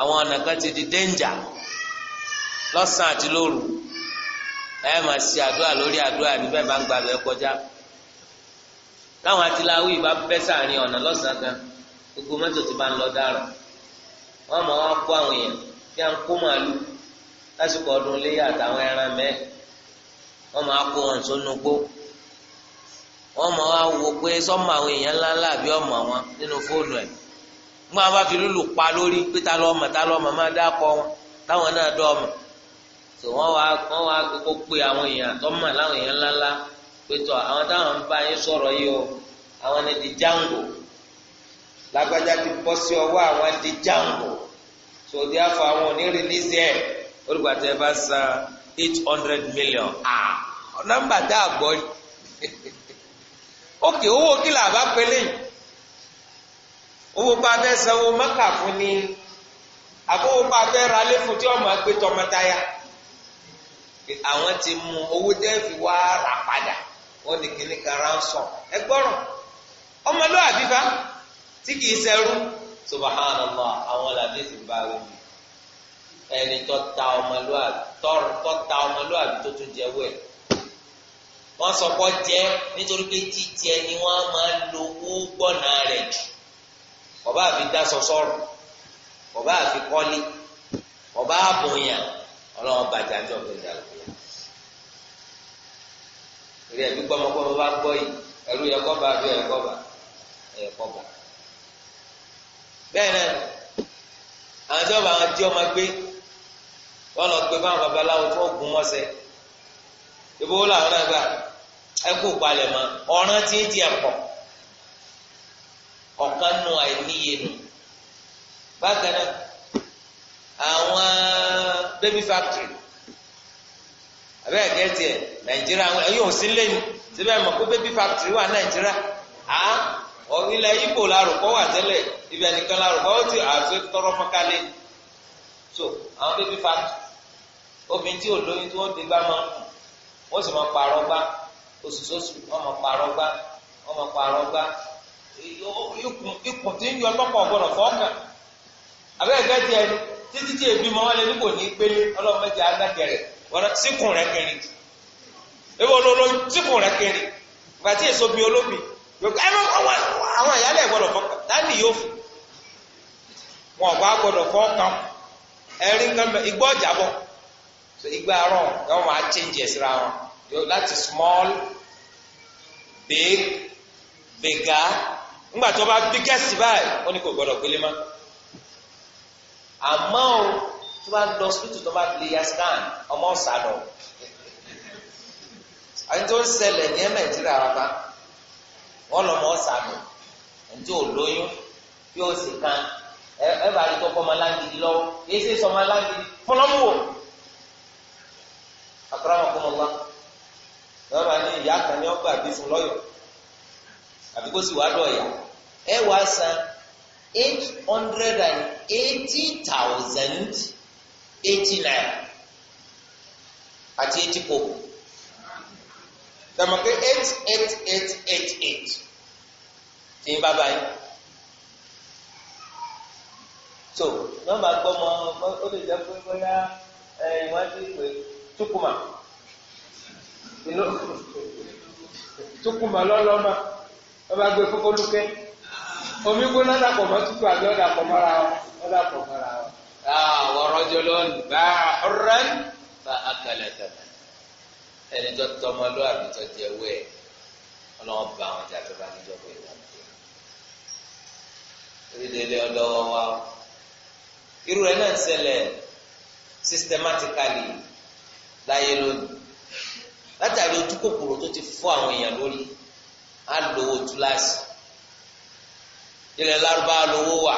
àwọn ọ̀nà kan ti di danger lọ́sàn àti lóru ẹ máa ṣe àdúrà lórí àdúrà ní bẹ́ẹ̀ bá ń gbàgbé kọjá táwọn atiláwí bá bẹ́ sàárín ọ̀nà lọ́sàn kan gbogbo mọ́tò ti ń lọ dára wọ́n mọ̀ kó àwọn èèyàn lásìkò ọdún léyà àtàwọn ẹran mẹ́ẹ̀ wọ́n máa kó wọn sónú gbó wọ́n máa wá wò pé sọ́mọ àwọn èèyàn ńláńlá àbí ọmọ wọn nínú fóònù ẹ̀ mú àwọn afi lùlù pa lórí pé ta lọ́mọ ta lọ́mọ máa dá kọ wọn táwọn náà dọ́ ọmọ tó wọ́n wá wọ́n wá kókó pé àwọn èèyàn àtọ́mọ láwọn èèyàn ńláńlá pé tọ́ àwọn táwọn ń bá yín sọ̀rọ̀ yìí o àwọn ni di Django lágbájá ti bọ́ sí ọwọ́ àwọn di Django so therefore àwọn ò ní ẹ̀ orúkọ àti ẹ san eight hundred million ah nọ́mbà tá a ókè owó kílà bá pélé owó bá fẹ́ sanwó maka fún ni àbówó pa fẹ́ ra fún tí ọmọ gbé tọmọtaya àwọn ti mú owó dẹ́ẹ̀fì wá rà padà wọn ní kíní kan ránṣọ ọmọlúwàbí tí kìí ẹni tó ta ọmọlúwàbí tó ta ọmọlúwàbí tó tún jẹ wẹ̀ wọ́n sọ pé jẹ́ nítorí pé jíjẹ ni wọ́n máa ń lo owó gbọ́nà rẹ̀ jù bàbá àfi dáṣọ sọ̀rọ̀ bàbá àfi kọ́lé bàbá àbòyàn ọlọ́run bàjá ń jọ gbẹ̀dẹ̀ àgbẹ̀ rí ẹbí gbọ́mọgbọ́mọ bá gbọ́ yìí ẹrú yẹ kọ́ bá bí ẹ kọ́ bá ẹ náà àwọn tí wọ́n bá wọn jí ọmọ gbé wọ́n lọ gbé fáwọn babaláwo tó gùn mọ́sẹ̀ ibo làwọn náà gbà ẹ kó palẹ̀ mọ́ ọ̀ràn tí ń tiẹ̀ pọ̀ ọ̀kan nu àìníye nù bákan náà àwọn baby factory abẹ́ ẹ̀gẹ́ tiẹ̀ nàìjíríà ẹ̀yìn ò sí lẹ́nu síbẹ̀ mọ̀ pé baby factory wà nàìjíríà á ilẹ̀ ibo larùkọ́ wà tẹ́lẹ̀ ibẹ̀ nìkan larùkọ́ ó ti àfi tọrọ fọ́nkálẹ̀ so àwọn baby factory obìnrin tí ò tí wọ́n dé máa ń kù wọ́n sì máa pààrọ̀ gbá oṣù sóṣù máa pààrọ̀ gbá máa gbá ikùn tí ń yọ lọ́pọ̀ ọ̀gbọ́dọ̀ fọ́ọ̀kàn abẹ́ẹ̀gẹ́ tiẹ̀ títí tí ní ọlọ́run mẹ́jẹ síkùn rẹ̀ kiri ewu síkùn rẹ̀ kiri bàtí èso ẹnu àwọn ìyálẹ̀ gbọ́dọ̀ fọ́ọ̀kàn táàmì yóò fún wọn fọ́ọ̀kàn ẹ̀rí nǹkan so igba arọ yọọ wá changes ra wọn small big bigger ńgbà tó bá biggest báyìí ó ní kò gbọdọ̀ gbélé o hospital bá lè ya scan ọmọ ọ̀sà àyìn tó ń ṣẹlẹ̀ ní nàìjíríà rárá wọ́n lọ́mọ ọ̀sà lọ ẹni lóyún bí ó sì kan ẹ bá rí tó ọmọ sọ akramakumullah wọn máa ní ìyá kan ní ọgbà bí fún lọyọ àbí kó sì wá dọ̀yà ẹ wá san eight hundred and eighty thousand eighty nine àti eighty kobo tẹmọkẹ eight eight eight eight eight tí n bá báyìí so nọ́mbà gbọmọ ó lè jẹ pé bóyá ẹ ìwádìí pé tukuma inú tukuma lọ́lọ́mà ọba gbé kókólúkẹ́ omi gbóná dàpọ̀ mọ́ tukù àbí ọ̀dà pọ̀ mọ́ra ọ ọ̀dà pọ̀ mọ́ra ọ. àwọn ọ̀rọ̀jọ lónìí bá ọ̀rẹ́ fa akalẹ̀ tẹ̀lé ẹni tó tọmọ ló àbí tó jẹ wẹ̀ ọlọ́wọ́ bá àwọn jà tó bá níjọ́ pé ìlànà orílẹ̀-èdè ọlọ́wọ́ wa irú rẹ̀ náà ń ṣẹlẹ̀ systematically láyé lónìí látàrí ojú kòkòrò tó ti fọ́ àwọn èèyàn lórí á lówó túláàsì ilẹ̀ lárúbáwá lówó wà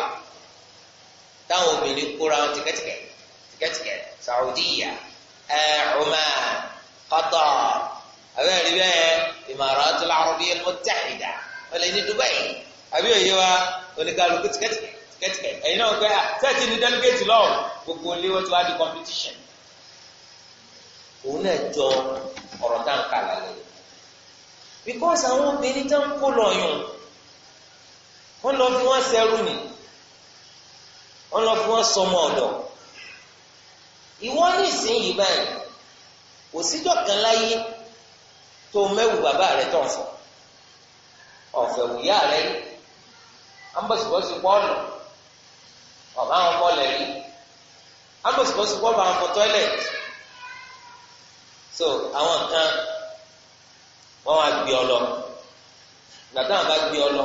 táwọn obìnrin kóra wọn tìkẹ́tìkẹ́ tìkẹ́tìkẹ́ Saudiya ẹ̀ Oman Qatar abẹ́rẹ́ bẹ́ẹ̀ Imaratul Arabiya Al-Muttahida wọ́n lè ní Dubai àbí òye wa oníkàlùkù tìkẹ́tìkẹ́ tìkẹ́tìkẹ́ ẹ̀yin náà gbé à sẹ́ẹ̀tì ní dẹ́lígẹ́tì lọ́wọ́ gbogbo ilé wọn ti wá di competition òun náà jọ ọ̀rọ̀ tá à ń kà lálẹ́ because àwọn obìnrin tó ń kó lọ yùn wọ́n lọ fi wọ́n ṣẹrú ni wọ́n lọ fi wọ́n sọmọ ọ̀dọ̀ ìwọ nísìnyí báyìí kò síjọ́ kan láyé tó mẹ́wù bàbá rẹ̀ tó ń fọ̀ ọ̀fẹ́ wùyá rẹ̀ rí ambọ̀sibọ́sí pọ́ọ̀lù ọ̀bá àwọn ọmọ lẹ̀ rí ambọ̀sibọ́sí pọ́ọ̀lù àwọn ọmọ tọ́ẹ̀lẹ̀tì so àwọn kan wọ́n wá gbé ọ lọ ìgbà táwọn bá gbé ọ lọ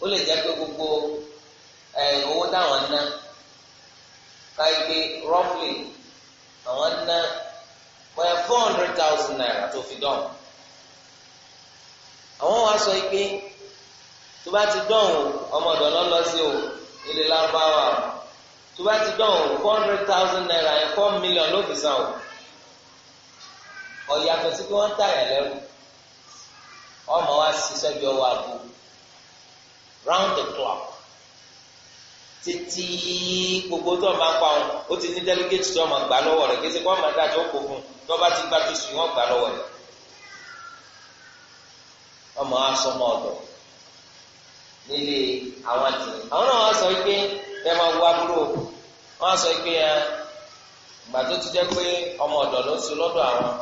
ó lè jẹ́ pé gbogbo owó táwọn ná káyipé roughly àwọn ná bóyá four hundred thousand naira tó fi dán àwọn wá sọ pé tó bá ti dán o ọmọ ọ̀dọ̀ lọ lọ sí o ilé lárúbáwá o tó bá ti dán o four hundred thousand naira yẹn four million ló fi san o ọ̀yàtọ̀ sí kí wọ́n ń tàyà lẹ́rù ọmọ wa ṣiṣẹ́ bí ọwọ́ abo round the clock títí gbogbo tó o máa ń pa wọn ó ti ní delegate tó o máa gbà lọ́wọ́ rẹ̀ kí ṣe kó o máa dájọ́ kó fún un tó o bá ti gbà tó sùn wọ́n gbà lọ́wọ́ rẹ̀ ọmọ wa sọ ọmọ ọ̀dọ̀ nílé àwọn àti àwọn náà wọ́n sọ pé ẹ máa wá búrò wọ́n sọ pé ẹ gbà ti jẹ́ pé ọmọ ọ̀dọ̀ ló ń sọ lọ́dọ̀ àwọn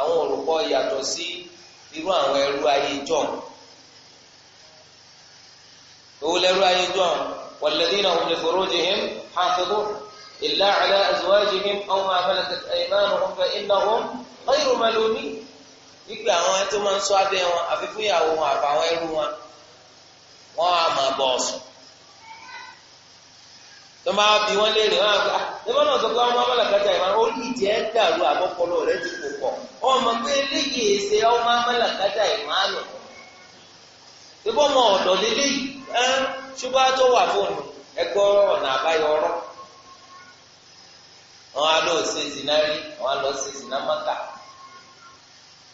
àwọn òrùkọ yàtọ̀ sí irú àwọn ẹrú ayé jọ̀n owó lẹ́rú ayé jọ̀n walladhina hum li furujihim hafidhun illa ala azwajihim aw ma malakat aymanuhum fa innahum ghayru malumin wípé àwọn ẹni tó máa ń ṣọ́ abẹ́ wọn àfi fún ìyàwó wọn àfàwọn ẹrú wọn wọn á máa bọ̀ ọ̀sùn. tó máa bí wọn léèrè wọn á gbà ẹgbẹ́ ah, náà sọ pé ọmọ amálàkàtà ìmọ̀ ó lì jẹ́ dàrú àbọ̀pọ̀lọ rẹ̀ ti kò pọ̀ ọmọ pé eléyìí ọmọ amálàkàtà ìmọ̀ ọmọ ẹ wà àbáyọ wọn á lọ sí wọn á lọ sí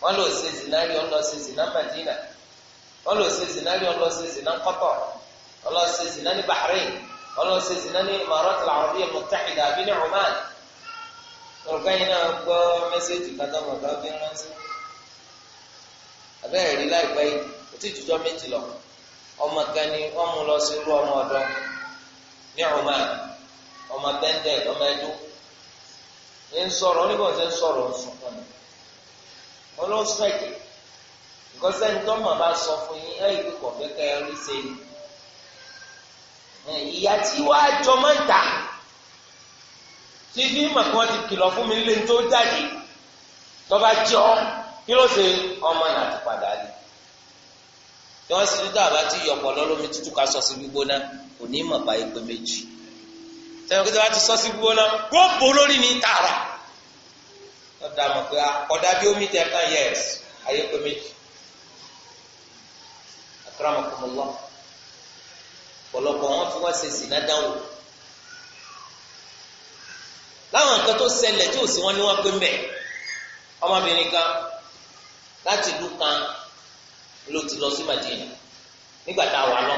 wọn lọ sí wọn lọ sí wọn lọ sí wọn lọ sí wọn lọ sí ọlọ́run ṣe zina ní imarat al-arabiyya al-muttahida àbí ní Oman olùkọ́ yìí náà gbọ́ mẹ́sẹ́jì kátàmọ̀ tó fi ránṣẹ́ abẹ́rẹ́ rí láìpẹ́ yìí kò tí ìtújọ́ méjì lọ ọmọ kan ni wọ́n mú ìyá tí wàá jọ máa ń tà tí bí màkàn ti kìlọ̀ fún mi lé tó jáde tọ́ba jọ kí ló ṣe ọmọ náà ti padà lé tí wọ́n sì ní dàbá tí ìyọ̀pọ̀ lọ́lọ́mi tútù ká sọ sí gbígbóná kò ní mọ̀ bá ipe méjì tẹ́lẹ̀ kí tí wọ́n ti sọ sí gbígbóná wọ́n bò lórí ní tààrà ọ̀dà mọ̀ pé ọ̀dà ah, bí omi tẹ̀ kan yẹ̀ ayé pé méjì àtúrà mọ̀ kọ́ mọ́ lọ́wọ́ ọ̀pọ̀lọpọ̀ wọn fi wá ṣe zina dáwò láwọn nǹkan tó ṣẹlẹ̀ tí ò sí wọn ni wọ́n pé mẹ́ ọmọbìnrin kan láti ìlú kan ló ti lọ sí Madina nígbà tá a wà lọ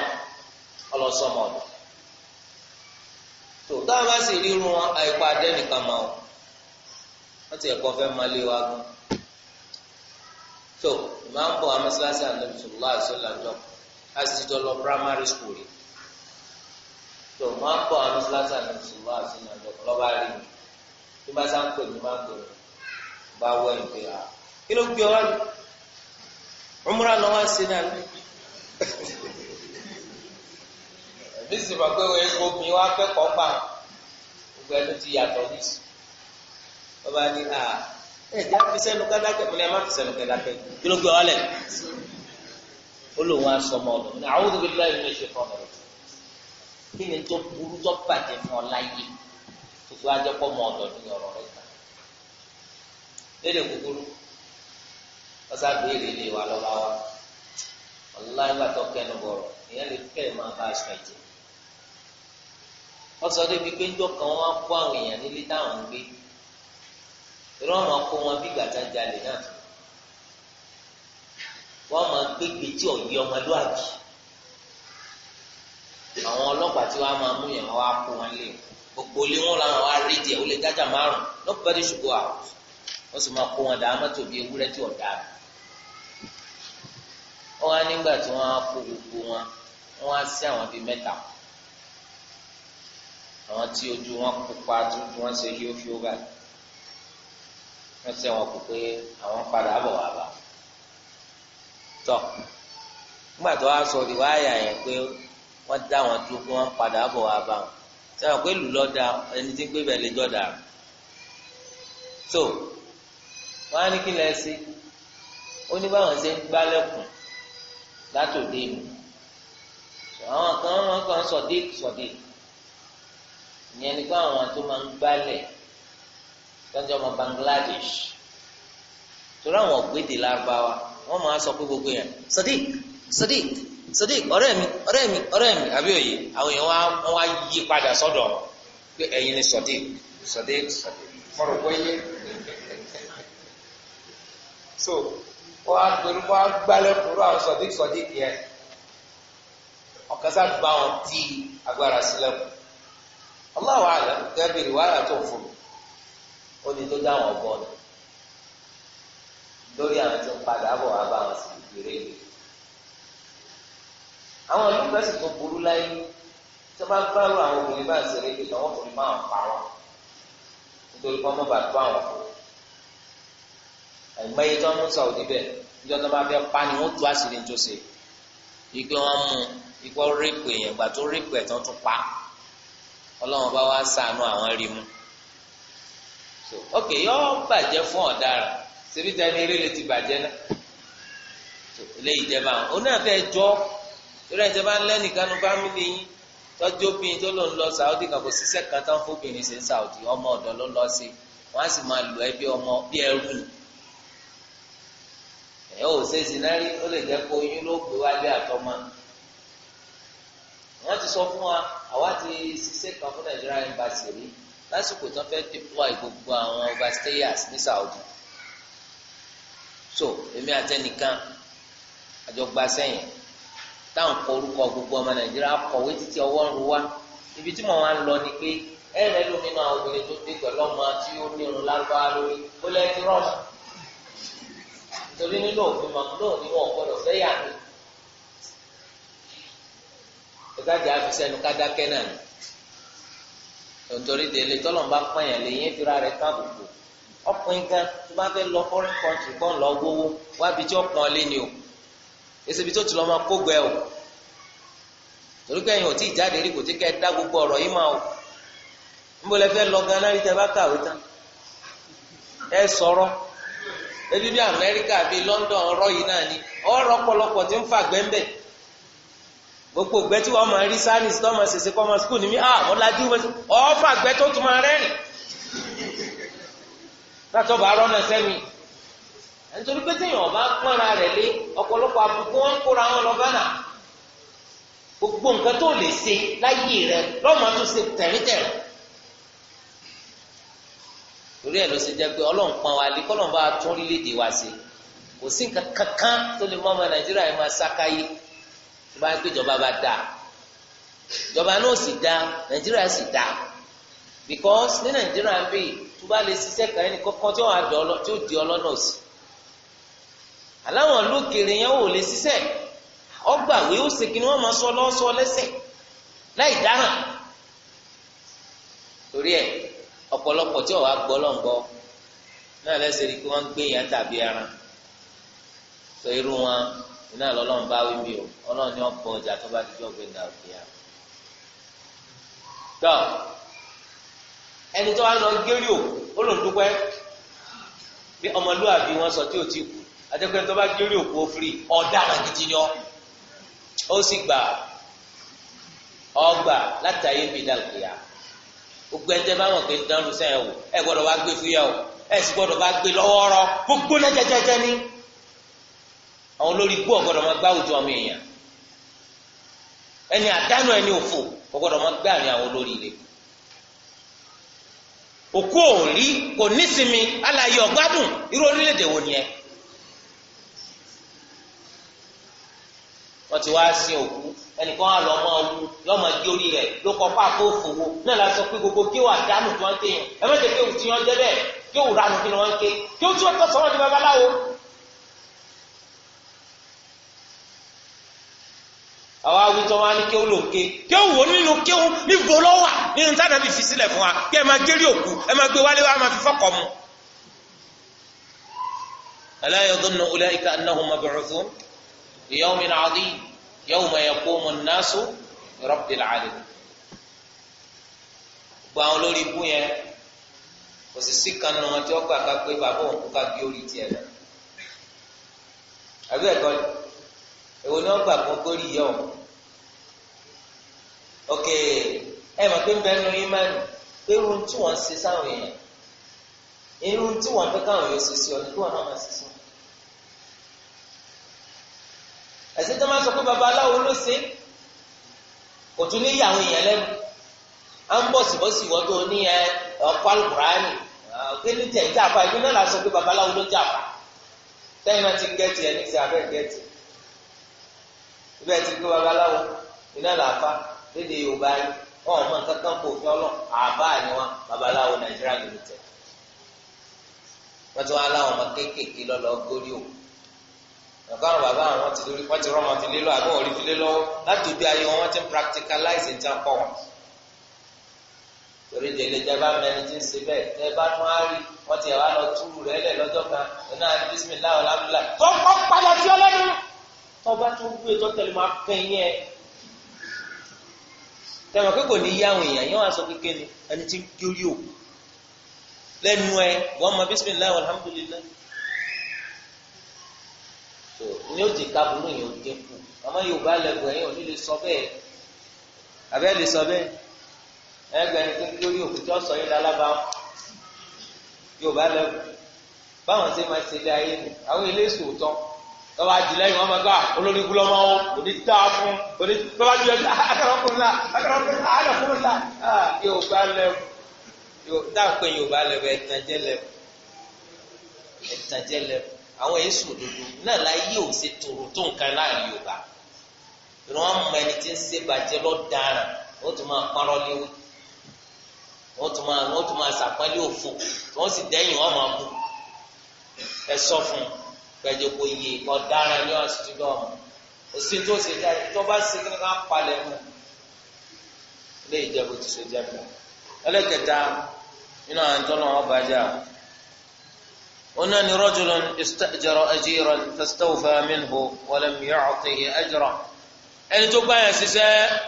ọlọsọmọ ọdọ tó táwọn bá sì rírun wọn àìpa adẹ́nìkan mọ́ ọ wọ́n ti ẹ̀kọ́ fẹ́ máa lé wa gan tó ìmáà ń bọ̀ amẹ́sílásí àdàbìsọ̀lá àṣọlá lọ láti ti jọ primary school yìí tó máa ń bọ̀ àwọn mọ́sálásí àti mùsùlùmá àti ìyànjọ́ lọ́ba rí mi tí bá sáà ń pè mí máa ń pè mí bá wọ ẹ̀ pé à kí ló gbé ọ wáyé ọmúra lọ́wọ́ ṣe náà ní. [LAUGHS] ẹ̀mí sì mọ̀ pé wọ́n egbò mi wá kẹ́kọ̀ọ́ gbà gbogbo ẹni ti yàtọ̀ ní sùn lọ́ba ní à ẹ̀jẹ̀ á fi sẹ́nu kẹ́dákẹ́ mi ni ẹ má fi sẹ́nu kẹ́dákẹ́ kí ló gbé ọ wálẹ̀ ó lòun á sọ ọmọ ọdún ní àwọn òdòdó láì ní ìṣe fún ọmọ kí ni tó burú tó bàjẹ́ fún ọ láyé tuntun ajọpọ̀ mọ ọ̀dọ̀ ní ọ̀rọ̀ rẹ gbà. lédè kúkúrú ọ̀sá béèrè lè wà lọ́wọ́ wa ọ̀lá ìgbà tó kẹnu bọ̀rọ̀ ìyẹn lè fẹ́ máa bá aṣọ ẹ̀jẹ̀. wọ́n sọ débi pé kan wọ́n á kó àwọn èèyàn nílé táwọn ń gbé irọ́ kó wọn bí gbàtà jalè náà wọ́n máa gbégbé tí ò yí àwọn ọlọ́pàá tí wàá máa mú yẹn wọ́n á kó wọn lé gbogbo ilé wọn làwọn wá rí díẹ̀ ó lè jájà márùn nobody should go out wọ́n sì máa kó wọn dà á mọ́tò bíi ewúrẹ́ tí ọ̀dà rẹ̀ wọ́n á nígbà tí wọ́n á kó gbogbo wọn wọ́n á sí àwọn bíi mẹ́ta àwọn tí ojú wọn pupa tí wọ́n ṣe yí ó fi ó báyìí wọ́n ṣe wọn kò pé àwọn padà bọ̀ wá bá tọ́ nígbà tó wá sọ ìwáyà yẹn pé wọ́n dá wọn dúró kí wọ́n padà bọ̀ wá bá wọn sẹ́wọ̀n pé lù lọ́dà ẹni tí ń gbé bẹ̀ lè jọ̀dà so wọ́n á ní kí lẹ́ ó ní báwọn ṣe ń gbálẹ̀kùn látòdé mi àwọn kan wọn kàn sọdé sọdé ìyẹn ni pé àwọn tó máa ń gbálẹ̀ lọ́jọ́ ọmọ Bangladesh torí àwọn ògbédè lárúbáwá wọ́n máa sọ pé gbogbo yẹn sadiq sadiq Sadiq ọ̀rẹ́ mi ọ̀rẹ́ mi ọ̀rẹ́ mi àbí òye àwọn èèyàn wa wá yí padà sọ́dọ̀ pé ẹ̀yin ni Sadiq Sadiq Sadiq mọ̀rọ̀ pé yé so wọ́n á pẹ̀lú wọ́n á gbálẹ̀ kúrò àwọn Sadiq Sadiq yẹn ọ̀kan sá gba wọn tí agbára sílẹ̀ kù Allahu a'lam gẹ́gẹ́ bí ìwádà tó ń fún mi ó ní tó dá wọn bọ́ọ̀lù lórí àwọn tó ń padà bọ̀ wá bá wọn sí ìgbèrè yìí àwọn ìlú kan sì tó burú láyé tí wọ́n bá gbárù àwọn obìnrin bá ń ṣeré pé àwọn ọkùnrin máa ń pa wọn nítorí kí wọ́n má bàa tó àwọn kù àìmọye tí wọ́n mú sàwùdí bẹ́ẹ̀ níjọ́ tó bá fẹ́ pa ni wọ́n tú àṣírí ní tó ṣe ìgbé wọn mú ìgbọ́ rẹ́pù èèyàn gbà tó rẹ́pù ẹ̀ tán pa ọlọ́run bá wá sànú àwọn rí so ok yọ bàjẹ́ fún ọ̀daràn síbi tẹ́ni eré lè ti bàjẹ́ náà so eléyìí jẹ́ báwọn onáfẹ́ jọ́ torí ẹ̀jẹ̀ bá lẹ́nìkan nu fámìlì yín tọ́jú obìnrin tó lò ń lọ Saudi kan kò síṣẹ́ kan tán fóbìnrin ṣe ń Saudi ọmọ ọ̀dọ́ ló lọ sí wọ́n á sì máa lò ẹ́ bí ọmọ bí ẹrú ni ẹ̀ ò ṣe zinari ó lè jẹ́ kó oyún ló gbé wálé àtọ́mọ́ wọ́n ti sọ fún wa àwa ti ṣiṣẹ́ kan fún Nàìjíríà embassy rí lásìkò tó fẹ́ deploy gbogbo àwọn overstayers ní Saudi so èmi àtẹnìkan àjọgbá sẹ́yìn Ta kọ orúkọ gbogbo ọmọ nàìjíríà kọ̀wé títí ọwọ́ ń ru ibi tí mo máa ń lọ ni pé ẹ rẹ lómi náà obìnrin tó dé pẹ̀lú ọmọ tí ó nírun lórí torí nínú òfin mọ̀kúlò ni wọn gbọdọ̀ fẹ́ yà mí ìgbàjẹ àfisẹ́nu kádákẹ́ náà ni nítorí délé tọ́lọ̀ ń bá ọkùnrin tó bá èsì ibi tó ti lọ máa kó gbẹ o torí pé ẹ̀yin ò tí jáde rí kò tí kẹ́ ẹ gbogbo ọ̀rọ̀ yìí máa o níbo lẹ fẹ́ lọ ganan rí tẹ bá kàwé tán ẹ sọ̀rọ̀ ebi bí Amẹ́ríkà bí London ọ̀rọ̀ yìí náà ni ọ̀rọ̀ pọ̀lọpọ̀ ti ń fà gbẹ́ńbẹ́ gbogbo ìgbẹ́ tí wọ́n máa rí sáyẹ́nsì tó máa ṣèṣe kọ́ máa skul ní mí ah wọ́n lajú wọ́n ọ̀fà gbẹ́ tó tún máa rẹ́rìn látọ̀ bá nítorí pé téèyàn bá pọ́nra rẹ̀ lé ọ̀pọ̀lọpọ̀ àbùkù wọn kóra wọn lọ bánà gbogbo nǹkan tó lè ṣe láyé rẹ lọ́mọ tó ṣe tẹ̀rítẹ̀rì torí ẹ̀ ló ṣe jẹ́ pé ọlọ́run pọn wa lé kọ́lọ́n bá tún orílẹ̀-èdè wa ṣe kò sí nǹkan kankan tó lè mú ọmọ nàìjíríà yìí máa ṣàkáyé tó bá pé ìjọba bá dáa ìjọba náà sì dáa nàìjíríà sì dáa because ní nàìjíríà ń bì tó bá lè ṣiṣẹ́ kan ẹni kọ́kọ́ tí ó di ọlọ́nà òsì aláwọn lókèrè yẹn ò lè ọgbà ọgbàwé ó ṣe kí wọn máa sọ lọ́sọ lẹ́sẹ̀ láì dáràn torí ẹ ọpọlọpọ tí ọ̀wá gbọ́ lọ́ngbọ́ náà lẹ́sẹ̀ rí i pé wọ́n gbé yẹn tàbí ara sọ irú wọn iná bá wí mi o ní ọ̀pọ̀ ọjà tó bá ya. ẹni bí ọmọlúwàbí wọn sọ tí adékòye tó bá gérí òkú òfurì ọ̀daràn gidi ni ọ ó sì gbà ọgbà látàyè mi dàlùkìyà gbogbo ẹjẹ bá wọn kò ń dánrù sẹ́yìn wò ẹ gbọ́dọ̀ wá gbé fúyà o ẹ sì gbọ́dọ̀ bá gbé lọ́wọ́ rọ gbogbo náà jẹjẹjẹ ní àwọn olórí gbọ́ ọ̀gbọ́dọ̀ máa gbá àwùjọ ọmọ èèyàn ẹni àdánù ẹni òfò ọ̀gbọ́dọ̀ máa gbá àárín àwọn olórí rẹ̀ òkú ò kò nísinmi aláyé ọ̀gbádùn irú orílẹ̀ wo ni ẹ wọ́n ti wá sin òkú ẹnìkan á lọ máa wu yọ máa gé orí rẹ̀ ló kọ pápó òfòwò náà la sọ pé gbogbo kí wà dánù tí wọ́n téèyàn ẹ má tẹ̀lé òtí wọn jẹ́ bẹ́ẹ̀ kí òwú ránù kí ni wọ́n ké kí ó tí wọ́n sọ́wọ́n di babaláwo. àwa wí tọ́ wá ní kí ó lò ké kí ó wò nínú kí ó níbo lọ́wà nínú táwọn àbí fi sílẹ̀ fún wa kí ẹ máa gérí òkú ẹ máa gbé wálé wa máa fi fọ́kọ̀ mu. ala yadhunnu ulaika annahum يوم عظيم يوم يقوم الناس رب العالمين gbogbo àwọn olórí ikú yẹn kò sì sí kan nu wọn tí wọn gbà ká pé bàbá òun kú ká gé orí tiẹ̀ lọ àbí ẹ̀kọ́ èwo ni wọn gbà kó gbórí yẹ ọ ok ẹ mọ̀ pé bẹ́ẹ̀ nu imánu pé irun tí wọ́n ń ṣe sáwọn èèyàn irun tí wọ́n fẹ́ káwọn èèyàn ṣe sí ọ ní kí wọ́n náà máa ṣe sí wọn. ẹ̀sìn tó máa sọ pé babaláwo ló ṣe kò tún ní yà àwọn èèyàn lẹ́nu à ń bọ̀ síbọ̀sì wọ́n tó ní ẹ ọ̀pọ̀ alukurani kíni tẹ̀ jàpá ẹ̀mí náà la sọ pé babaláwo ló jàpá sẹ́yìn náà ti gẹ́tì ẹ̀ ní sẹ́ abẹ́ gẹ́tì ibẹ̀ ti gbé babaláwo iná làáfà léde yorùbá yìí wọn ò mọ kankan kó fi ọlọ àbá ni wọn babaláwo nàìjíríà ló tẹ wọn ti wọn aláwọn ọmọ kéékèèké lọlọ górí òkú bàbá àwọn bàbá àwọn ti lórí wọn ti rọ wọn fi lé lọ àbọ̀ òrí fi lé lọ́wọ́ láti òbí ayé wọn ti ń practicalize ní tán kọ́ wọn. torí délé tẹ bá mẹni tí ń ṣe bẹ́ẹ̀ tẹ bá tún á rí wọn ti wá lọ túrú rẹ lẹ lọ́jọ́ kan iná bísí láwọn lábúlá tó ń kọ́ padà sí ọlọ́dún tọba tó wú ètò tẹlẹ máa kẹyìn ẹ tẹmọ pé kò ní yá àwọn èèyàn yẹn wà sọ kékeré ni ẹni tí ń kí ó òkú lẹ́nu ẹ wọn mọ bísí alhamdulilayi tó ní òjì kábúrú yẹn ò dínkù ọmọ yorùbá lẹ́gùn ẹ̀yìn òní lè sọ bẹ́ẹ̀ àbẹ́ lè sọ bẹ́ẹ̀ ẹgbẹ́ni tó lórí òkúta sọ yín lálábà yorùbá lẹ́gùn báwọn ṣe máa ṣe lé ayé nù àwọn ilé ìṣòótọ́ tọ́wọ́ àjìlẹ́ yìí wọ́n máa gbà olórí gbúlọ́ máa wọ́n òní tá a fún òní tọ́wọ́ àjìlẹ́ yìí akẹ́rọ̀kùn ah, ńlá akẹ́rọ̀kùn ńlá akẹ́rọ̀kùn ńlá ah, yorùbá lẹ́gùn táwọn pé yorùbá lẹ́gùn ẹ̀tànjẹ́ lẹ́gùn ẹ̀tànjẹ́ lẹ́gùn. àwọn èso òdodo náà láyé ò ṣe tòrò tó nǹkan láàrin yorùbá ìrìn wọn mọ ẹni tí ń ṣe bàjẹ́ lọ́daràn wọ́n tún máa parọ́ léwu wọ́n tún máa wọ́n tún máa ṣàpẹ́lẹ́ òfò wọ́n sì dẹ́yìn wọ́n máa bú ẹ sọ fún gbẹdẹ kò yé ọ̀daràn ni wọ́n ti òsì tó ṣe jáde tó bá ṣe kíni mọ́ ilé ìjẹ́bù ti ṣe jáde ẹlẹ́kẹta nínú ona ni rajulun istajara ajiran fastawfa minhu walam yu'tihi ajra ẹni tó bá yẹn ṣiṣẹ́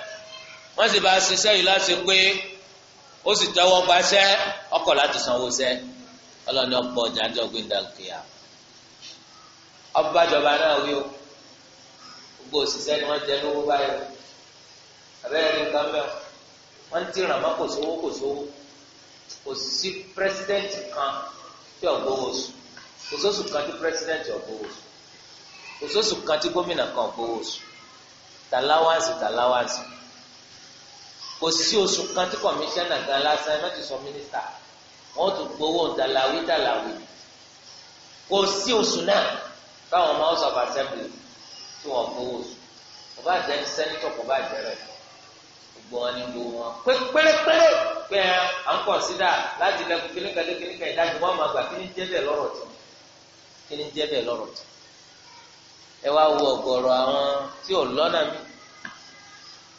wọ́n sì bá ṣiṣẹ́ yìí láti pé ó sì tẹ́wọ́ gbaṣẹ́ ọkọ̀ láti sanwó ṣẹ́ ọlọ́ni ọ̀pọ̀ ọjà gbẹ̀ndà kìá ọbàjọba náà wí o gbogbo òṣìṣẹ́ ni wọ́n jẹ lówó báyìí abẹ́rẹ́ ní nǹkan O wọ́n ti ràn má kò sówó kò sówó kò sí kan tí ọ̀gbọ́wọ́ sùn kò sóṣù kan tí pírẹsidẹ́ǹtì ọ̀gbọ́wọ́ sùn kò sóṣù kan tí gómìnà kan ọ̀gbọ́wọ́ sùn tàláwáǹsì tàláwáǹsì kò sí oṣù kan tí kọmíṣánná gan lásán ẹmẹ ti sọ mínísítà wọn tún gbowó dàlàwí dàlàwí kò sí oṣù náà báwọn house of assembly tí wọn gbowó oṣù kò bá jẹ sẹ́nitọ̀ kò bá jẹ rẹ̀ gbogbo wọn nílò wọn pé pérépéré pé à ń kọ̀nsídà láti lẹ́kùn kíníkàdé kíníkà ìdájọ́ wọn máa gbà kí ni jẹ́ bẹ́ẹ̀ lọ́rọ̀ tó kí ni jẹ́ bẹ́ẹ̀ lọ́rọ̀ tó ẹ wá wo ọ̀gọ̀rọ̀ àwọn tí ò lọ́nà mi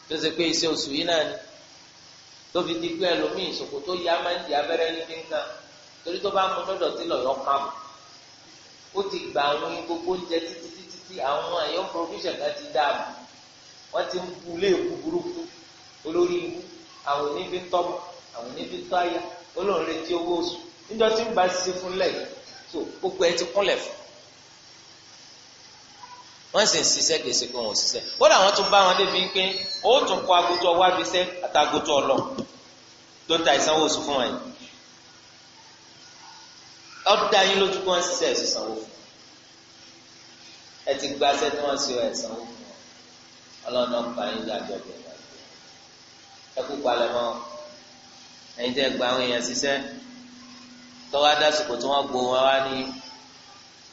tó ṣe pé iṣẹ́ oṣù yìí náà ni tó fi di pé ẹlòmíì ìṣòkò tó yá máa ń di abẹ́rẹ́ ní kíńkà torí tó bá mú lọ́dọ̀ tí lọ́yọ̀ kàmù ó ti gba àwọn gbogbo oúnjẹ títí títí àwọn àyọ̀ provision kan ti dáàbò wọ́n ti ń bu léèkú burúkú olórí ibú àwọn oníbi tọ́mọ àwọn oníbi táyà olóhùn retí owó oṣù níjọ tí ń bá ṣe fún lẹ́yìn tó gbogbo ẹ ti kúnlẹ̀ fún wọ́n sì ń ṣiṣẹ́ gbèsè kó wọn ṣiṣẹ́ kódà wọ́n tún bá wọn débi pé ó tún kọ agotọ wábíṣẹ́ àtàgotọ ọlọ tó ta ìsanwó oṣù fún wọn yìí ọ̀dà yín lójú kó wọ́n ṣiṣẹ́ ẹ̀sùn sanwó fún ẹ ti gba tí wọ́n ṣe ẹ̀sánwó fún wọn ọlọ́run yín lájọ bẹ̀rẹ̀ ẹkú palẹ̀ mọ́ ẹ̀yin tẹ́ gba àwọn èèyàn ṣiṣẹ́ tọ́wọ́ adásùkò tí wọ́n gbó wọn wá ní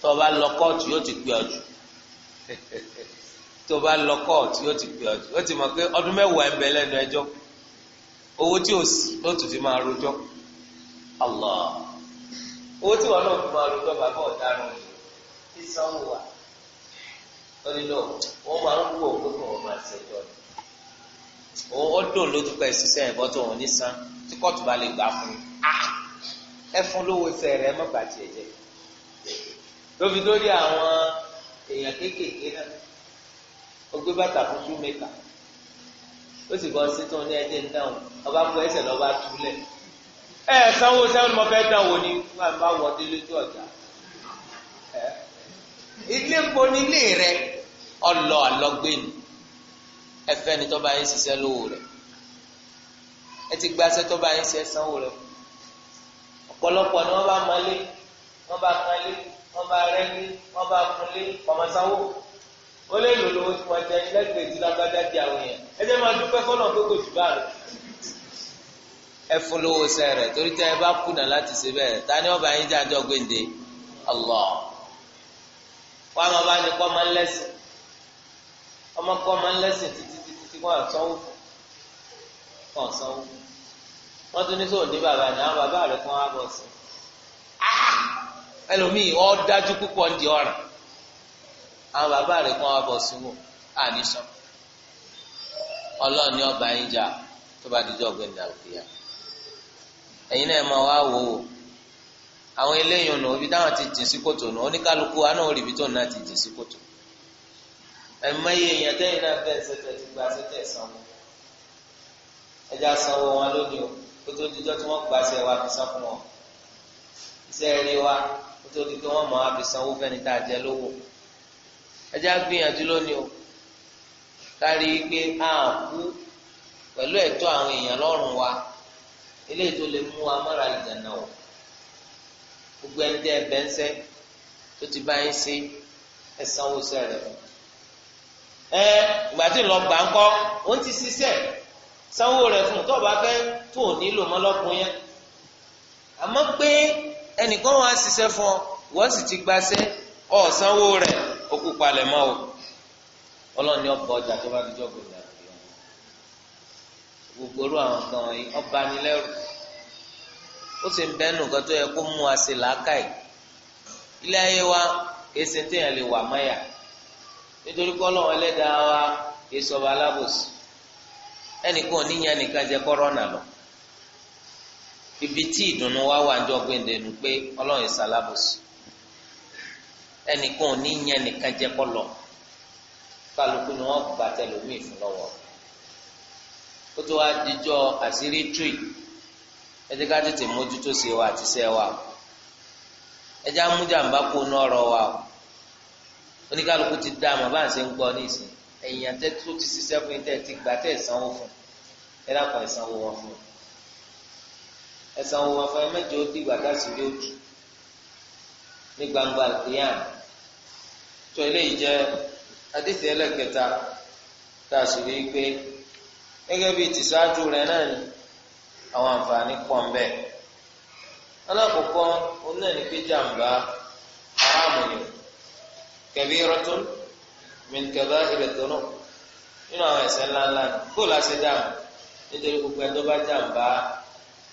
tó o bá lọ kóòtù yóò ti pè ọ́ jù tó o bá lọ kóòtù yóò ti pè ọ́ jù ó ti mọ̀ pé ọdún mẹ́wàá ń bẹ lẹ́nu owó tí o sì ló tún fi máa rojọ́ Allah owó tí wọn náà fi máa rojọ́ bàbá ọ̀daràn yìí sísanwó wa lórí náà wọ́n máa ń wú òkú kí wọ́n máa ṣẹjọ́ ni òun ó dùn lójú pé ìṣiṣẹ́ ẹ̀bọ́ tó òun ní san tí kóòtù bá lè gbà fún un ah! ẹ fún lówó iṣẹ́ rẹ mọ́ gbà tiẹ̀ jẹ́ lóbi lórí àwọn èèyàn kéékèèké náà ó gbé bàtà fún ṣúmẹ́kà ó sì bọ́ sí tó ní ẹjẹ́ ń dáhùn ọba fún ẹsẹ̀ lọ́ba túlẹ̀ ẹ sanwó sẹ́wọ́n mo fẹ́ dáhùn ní wà bá wọ délé tó ọ̀jà ilé ń bo nílé rẹ ọlọ àlọgbé ẹfẹ ni tọba yín ṣiṣẹ́ lówó rẹ̀ ẹ ti gbàṣẹ tọba yín ṣe sanwó rẹ̀ ọ̀pọ̀lọpọ̀ ni wọ́n bá malé wọ́n bá kanlé wọ́n bá rẹlé wọ́n bá kunlé kọmọsáwó ó lè lò lówó tí wọ́n jẹ lẹ́gbẹ̀ẹ́ tí lágbájá di àwọn yẹn ẹ jẹ́ máa dúpẹ́ fọlọ pé kò jù bá rẹ ẹ fún lówó sẹ rẹ torí tẹ ẹ bá kùnà láti ṣe bẹ́ẹ̀ ta ni ọba yín jẹ àjọ gbèǹde Allah wọn àwọn bá ní kọ́ máa ń lẹ́sìn ọmọ kọ́ máa ń lẹ́sìn títí títí tí wọ́n sanwó fún wọn sanwó fún wọ́n tún ní sóò ní bàbá ní àwọn bàbá rẹ̀ fún abọ́ sí ẹlòmíì ọ́ dájú púpọ̀ ń di ọ̀ràn àwọn bàbá rẹ̀ fún abọ́ sí wò àníṣàn ọlọ́ọ̀ni ọba yín jà tó bá dijọ́ ọ̀gbìn dàgbìyà ẹ̀yin náà máa wá wò ó àwọn eléyìí ọ̀nà òbí táwọn ti jìn sí kòtò náà oníkálukú wa náà rí ibi tó náà ti jìn sí kòtò náà. ẹ̀mọ́yé èèyàn tẹ́yìn náà bẹ́ẹ̀ sẹ́tẹ̀ ti gba sẹ́tẹ̀ sanwó ẹja sanwó wọn lónìí o kó tó dijọ́ tí wọ́n gba ṣe wa fi fún wọn iṣẹ́ rí wa kó tó di a jẹ lówó lónìí o kárí pé a o gbogbo ẹni tẹ́ ẹ bẹ́ńsẹ́ tó ti bá yín ẹ ìgbà tí lọ gbà ń kọ́ ó ti ṣiṣẹ́ sanwó rẹ̀ fún tó o bá fẹ́ tó o nílò mọ́ lọ́kùn yẹn àmọ́ pé ẹnìkan wá ṣiṣẹ́ fún ọ wọ́n sì ti gbaṣẹ́ ọ̀ sanwó rẹ̀ ó kú palẹ̀ mọ́ o ọlọ́ni ọba ọjà tó bá fi jọ́ gbòdà gbogbo orú àwọn nǹkan wọ̀nyí ọba ni lẹ́rù ó sì ń bẹ́nu nǹkan tó yẹ kó mú wa ṣe làákàyè ilé ayé wa kìí ṣe téèyàn lè wà mọ́yà nítorí pé ọlọ́run ẹlẹ́dàá wa èso alábòsí ẹnìkan níyàn nìkan jẹ kọ́rọ́nà lọ ibi tí ìdùnnú wa wà ń jọ gbẹ̀ǹdẹ̀ nu pé ọlọ́run èso alábòsí ẹnìkan níyàn nìkan jẹ kọ́ kálukú ni wọ́n lọ́wọ́ dijọ́ àṣírí ẹjẹ ká tètè mójútó wa àti wa ẹjẹ oníkálukú ti dá àmọ́ bá ń ṣe ń gbọ́ ní ìsìn ẹ̀yìn àtẹ tó ti ṣiṣẹ́ fún yín tẹ́ ti gbà tẹ́ ìsanwó fún ẹ dàpọ̀ ìsanwó wọn fún ẹ̀sanwó wọn fún ẹ mẹ́jọ ó dìgbà dáṣì rí òtù ní gbangba ìpínyàn tó eléyìí jẹ́ adíṣe ẹlẹ́kẹta tá a sì rí pé gẹ́gẹ́ bíi tìṣáájú rẹ náà ni àwọn àǹfààní pọ̀ ń bẹ alákòókò onáà pé jàǹbá haramu ni kabiratun min kaba'iri nínú àwọn ẹ̀ṣẹ̀ ńláńlá kó la ṣe nítorí gbogbo ẹni bá jàǹbá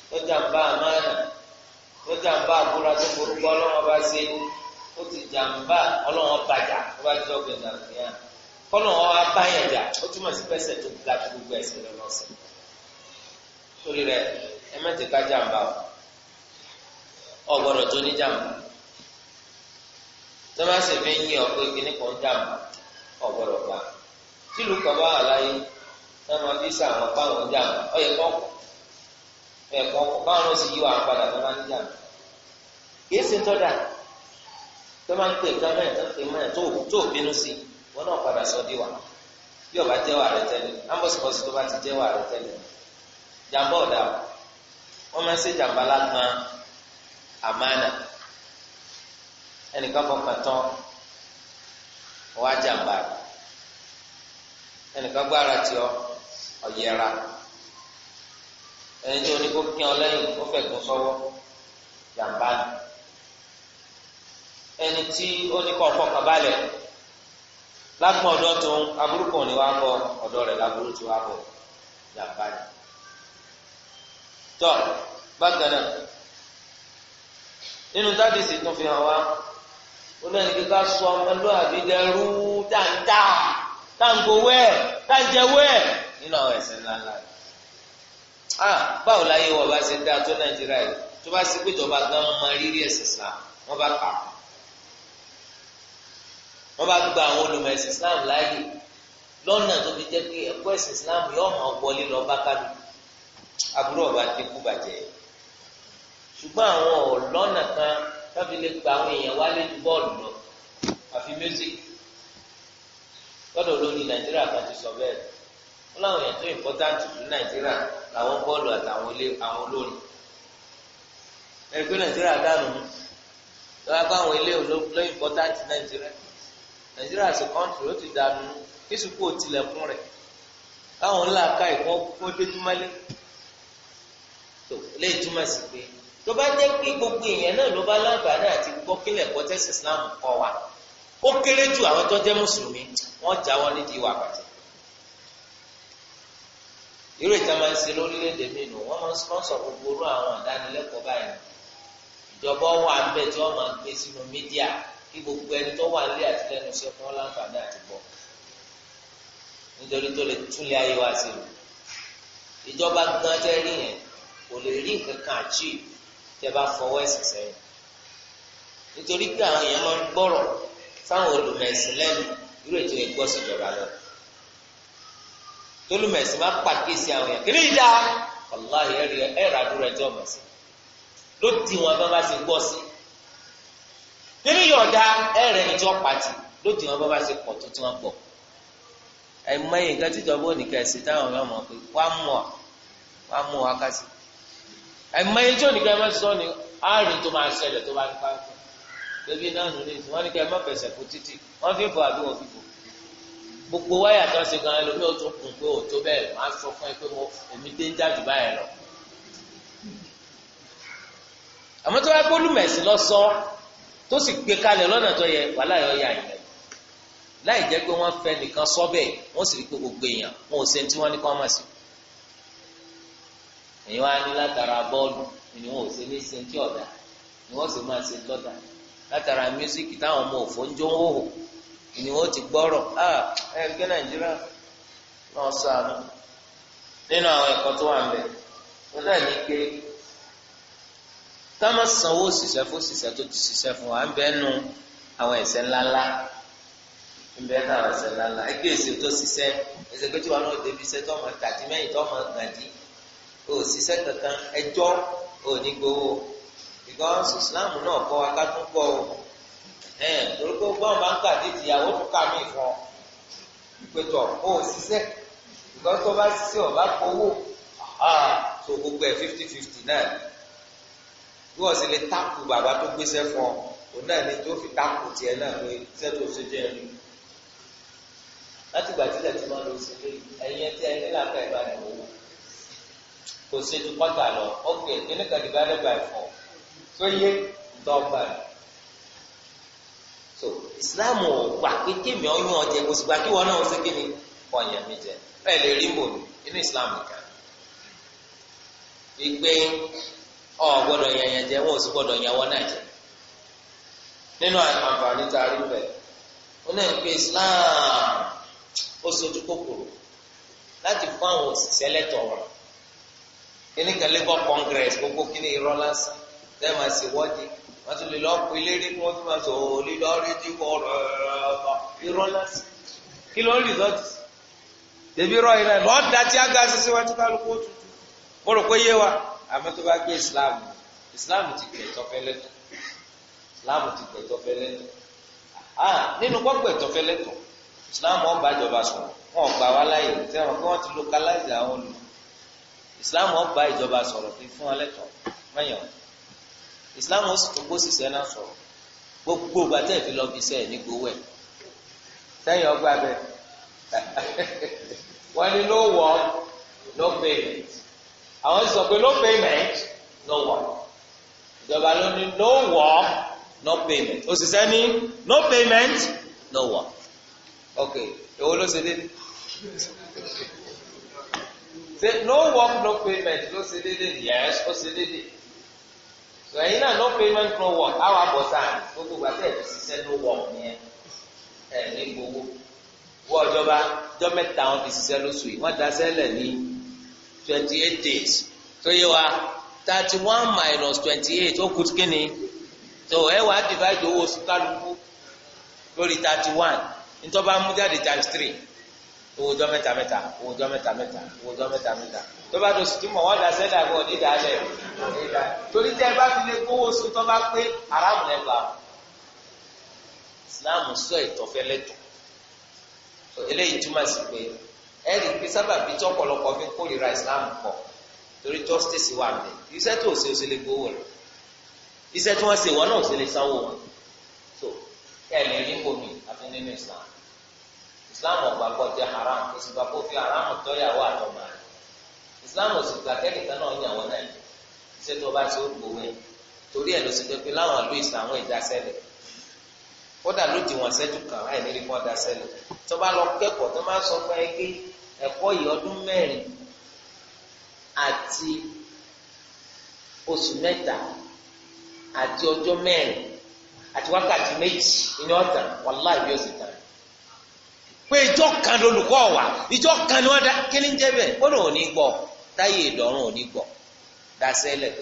tó jàǹbá àmánà tó jàǹbá àbúrò tó forúkọ ọlọ́wọ́n bá ṣe ó ti jàǹbá ọlọ́wọ́n bàjá tó bá jọ ọgbẹ̀ nàìjíríà kọ́lọ́wọ́n wá jà ó túmọ̀ sí pẹ́sẹ̀ tó ga tó gbogbo lọ́sẹ̀ torí rẹ ẹ jàǹbá tó ní jàǹbá tó bá sì fi yín ọ̀pẹ kìnnì kan dàmú ọ̀gbọ́dọ̀ gbà tìlú kan bá wà láyé tó máa fi ọ̀yẹ̀ kọ́ ọ̀yẹ̀ kọ́ báwọn sì yí wàá padà tó bá ń kìí ń pè ń pè tó tó sí wọn náà padà sọ bí wà bí ọba jẹ́wọ́ ààrẹ tẹ́lẹ̀ tó bá ti tẹ́lẹ̀ jàmbá ọ̀dà ẹnìkan fọkàn tán wọ́n á jàǹbá rẹ̀ ẹnìkan gbára tì ọ ọ̀yẹ̀ra ẹni tí oní kó kí ọ lẹ́yìn ó fẹ̀gùn sọ́wọ́ jàǹbá ni ẹni tí oní kọ́ fọkàn balẹ̀ lápọn ọ̀dọ̀ tó ń aburúkọ ni wàá bọ ọ̀dọ̀ rẹ̀ láburú tó wàá bọ jàǹbá ni tọ bákan náà nínú tábìsì tó fi hàn wá onáà ní kíkà sọ ọmọlúwàbí dẹrú dáńdá táǹgòwẹ́ táǹjẹwẹ́ nínú àwọn ẹ̀ṣẹ̀ ńláńlá rẹ̀ ah báwo láyé wọ̀ bá ṣe dá tó nàìjíríà yìí tó bá sí pé ìjọba gan mọ rírì ẹ̀sìn islam wọ́n bá kà á wọ́n bá gba àwọn olùmọ̀ ẹ̀sìn islam láàyè lọ́nà tó fi jẹ́ pé ẹ̀kọ́ ẹ̀sìn islam yóò hàn wọlé lọ bá kálu àbúrò ọba dínkù bàjẹ́ ṣùgbọ́n àwọn ọ̀lọ́nà tọ́fi lè gba àwọn èèyàn wálé ju bọ́ọ̀lù lọ àfi music lọ́dọ̀ lónìí nàìjíríà kan ti sọ bẹ́ẹ̀ wọ́n láwọn èèyàn tó important ní nàìjíríà làwọn bọ́ọ̀lù àtàwọn ilé àwọn olórin ẹgbẹ́ nàìjíríà dànù lọ́wọ́ bá àwọn ilé olóyè important nàìjíríà nàìjíríà sí kọ́ńtì ó ti dànù kí sùkú ò tilẹ̀kùn rẹ̀ káwọn ńlá ká ìkọ́ kó dé túmọ́lé tó lè túmọ̀ sí pé tó bá jẹ́ pé gbogbo èèyàn náà ló bá láǹfààní àti gbọ́ kílẹ̀ kọ́ tẹ́sí islam kọ́ wa ó kéré jù àwọn tó jẹ́ mùsùlùmí wọ́n já wọn nídìí ìwà àbàjẹ́ irú ìta máa ń ṣe lórílẹ̀‐èdè mi nù wọ́n máa ń sponsor gbogbo orú àwọn ìdánilẹ́kọ̀ọ́ báyìí ìjọba wà ń bẹ tí wọ́n máa ń gbé sínú mídíà kí gbogbo ẹni tó wà nílé àti lẹ́nu iṣẹ́ fún láǹfààní àti bọ̀ nítorí tó lè túlẹ̀ ayé wa sí i ìjọba gan tẹ́ rí yẹn kò lè rí nǹkan kan achieve tẹ́ bá fọwọ́ ẹ̀sìn sẹ́yìn nítorí pé àwọn èèyàn máa ń gbọ́rọ̀ fáwọn olùmẹ̀sìn lẹ́nu irú ètò ẹ̀gbọ́ síjọba lọ tólùmẹ̀sìn bá pàkíyèsí àwọn èèyàn kiri ìdá wàláhì ẹ̀rọ àdúrà ẹjọ́ ọ̀mẹ̀sìn ló ti wọn bá bá ṣe gbọ́ sí nínú yọ̀ọ̀dá ẹ̀rẹ̀ ni tí wọ́n pàtì ló ti wọn bá bá ṣe pọ̀ tó tí wọ́n pọ̀ ẹ̀mọ́yìn nǹkan tíjọba ò ní kẹ̀sì táwọn ọmọ pé wàá mú wa wàá mú wa kásì ẹ̀mọ ẹni tí ò ní ká ẹ má sọ ni àárín tó máa ṣẹlẹ̀ tó bá ní ká fún bébí náà nù ní ìsìn wọn ní ká ẹ má fẹsẹ̀ kú títì wọn fi bọ̀ àbí wọn fi bọ̀ gbogbo wáyà tó ń ṣe gan ẹlòmíì ó tún kùn pé ò tó bẹ́ẹ̀ máa sọ fún ẹ pé mo omi dé ń jáde báyẹn lọ. àmọ́ tó bá gbólùmẹ̀sì lọ sọ tó sì gbé kalẹ̀ lọ́nà tó yẹ wàhálà yọ ya ìyẹn láì jẹ́ pé wọ́n fẹ́ nìkan sọ wọ́n sì rí èyí wá ní látara bọ́ọ̀lù ni wọn ò ṣe ní ṣe ọ̀dà ni wọ́n sì máa ṣe tọ́da látara mísíkì táwọn ọmọ òfò ń jó ń hòhò ni wọ́n ti gbọ́rọ̀ ẹ gbé nàìjíríà náà sànù nínú àwọn ẹ̀kọ́ tó wà ń bẹ̀ wọn náà ní pé sanwó òṣìṣẹ́ fún òṣìṣẹ́ tó ti ṣiṣẹ́ wa ń bẹ́ẹ̀ nu àwọn ńláńlá ń bẹ́ẹ̀ nu àwọn ńláńlá ẹgbẹ́ ṣiṣẹ́ ẹsẹ̀ pé tí o ṣiṣẹ́ kankan ẹjọ́ o ní gbowó because Islam náà kọ́ akátúnkọ́ o torí pé gbọ́n máa ń kà ní ìyàwó tó kà mí fún ọ ìpẹ̀tọ̀ o ṣiṣẹ́ because tó bá ṣiṣẹ́ ọ̀bá kówó so gbogbo ẹ̀ fifty fifty náà bí wọ́n sì lè tákù bàbá tó gbéṣẹ́ fún ọ òun náà ni tó fi tákù tiẹ̀ náà pé iṣẹ́ tó ṣe jẹ́ ẹni láti gbàtílẹ̀ tí wọ́n lọ sí ilé ẹ̀yìn ẹ̀ tí ẹni láǹkà ìbáraẹ̀wò say to ju kọ́tà ok ókè kíní kan divided by four so yé dọ́gba so islam ò gbà pé kémi ọyún ọjẹ kò sì gbà kí wọn náà ṣe kí ni ọyàn mi jẹ ẹ lè rí islam nìkan. ìgbé ọ gbọ́dọ̀ yàyàn jẹ wọn ò nínú àǹfààní tá a pe islam ó sojú kòkòrò láti fún àwọn òṣìṣẹ́ lẹ́tọ̀ọ́ wọn. kíní kan labour congress gbogbo kíní irọ́ lásán tẹ́ máa ṣe wọ́ọ̀dì wọ́n tún lè lọ́ọ́ pe lérí kí wọ́n tún máa sọ òòlì lọ́ọ́rí tí kò rọ̀ọ̀rọ̀ irọ́ lásán kí ló ń rìsọ́ọ̀tì tẹ̀bí rọ̀ yìí náà lọ́ọ́ da tí a ga sísè wá tí kálukú tutù mo rò pé yé wa àmọ́ tó bá gbé islam islam ti gbẹ̀tọ́ fẹ́lẹ́tọ̀ islam ti gbẹ̀tọ́ fẹ́lẹ́tọ̀ ah nínú kọ́ gbẹ̀tọ́ fẹ́lẹ́tọ̀ islam ọba ìjọba sọ̀rọ̀ wọn ò gbà wá láyè tẹ́wọ̀n kí wọ́n ti localize àwọn olùkọ́ islam ọgbà ìjọba sọ̀rọ̀ pé fún ọlẹ́tọ̀ mẹ́yàn islam ó sì tó gbó sísẹ́ náà sọ̀rọ̀ gbogbo gbàtẹ́ fi lọ bí sẹ́ ẹ̀ ní gbowó ẹ̀ sẹ́yìn ọgbà bẹ́ẹ̀ [LAUGHS] wọ́n ní no work no payment àwọn sọ pé no payment no work ìjọba ló ní no work no payment òṣìṣẹ́ ní no payment no work ok èwo ló ṣe dé. [LAUGHS] ṣe no work no payment ló ṣe déédéé yes ó ṣe déédéé so ẹ̀yin náà no payment no work àwọn abọ̀sán gbogbo ìgbà tẹ̀ ẹ̀ ṣiṣẹ́ no work yẹn ẹ̀ ní gbowó wọ́n ọjọ́ba ọjọ́ mẹ́ta wọn fi ṣiṣẹ́ lóṣù yìí wọ́n daṣẹ́ lẹ̀ ní twenty eight days So yẹ wa thirty one minus twenty eight ó kú kí ni So ẹ wàá divide owó oṣù kálukú lórí thirty one nítorí bá mú jáde times three owó ọjọ́ mẹ́ta mẹ́ta owó ọjọ́ mẹ́ta mẹ́ta owó ọjọ́ mẹ́ta mẹ́ta tó bá dosù tí mọ̀ wọ́n da sẹ́dá bọ̀ ní ìdálẹ̀ torí tẹ́ ẹ bá fi lè kówó sun tó bá pé aráàmù ẹ gbà ìsìláàmù sọ ìtọ́fẹ́ lẹ́tọ̀ eléyìí túmọ̀ sí pé ẹ rí i pé sábàbí tí ọ̀pọ̀lọpọ̀ fi kórìíra ìsìláàmù pọ̀ torí justice wà mí iṣẹ́ tó ṣe ṣe lè gbowó rẹ̀ iṣẹ́ tí wọ́n ṣe wọ́n náà ṣe sanwó wọn so ẹ̀ lè rí bomi àfi nínú ìsìláàmù islam ọgbàgbọ́ jẹ́ haram kò sì gbàgbọ́ fi haram tọ́yàwó àtọ́mà rẹ̀ islam ò sì gbà kẹ́nìkan náà yàn wọ́n náà ṣé tó bá ti ó gbowó ẹ̀ torí ẹ̀ ló sì pépé láwọn ìlú ìsàwọn ìdásẹ́lẹ̀ kódà ló di wọn sẹ́jú kan láì ní kí wọ́n dásẹ́lẹ̀ tó bá lọ kẹ́kọ̀ọ́ tó máa sọ fún ẹ pé yìí ọdún mẹ́rin àti oṣù mẹ́ta àti ọjọ́ mẹ́rin àti wákàtí méjì ní ọ̀tàn wàláì bí sì tàn pé ìjọ kan lolùkọ́ wà ìjọ kan ni wọ́n dá kí ni ń jẹ́ bẹ́ẹ̀ ó lóun ò ní táyé ìdọ̀rùn ò ní gbọ́ dasẹ́ lẹ̀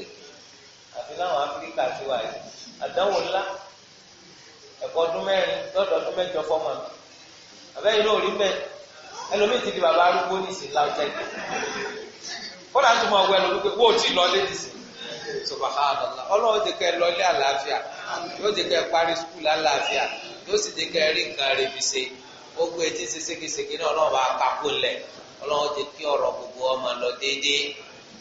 láwọn ti wà yìí àdánwò ńlá ọdún ọdún mi náà rí bẹ́ẹ̀ ẹlòmíì ti di bàbá arúgbó ní ìsìn láwùjẹ́ kódà tó gbogbo etí ṣe ségesège náà ọlọ́run bá kakó lẹ̀ ọlọ́run ti kí ọ̀rọ̀ gbogbo ọmọ lọ déédéé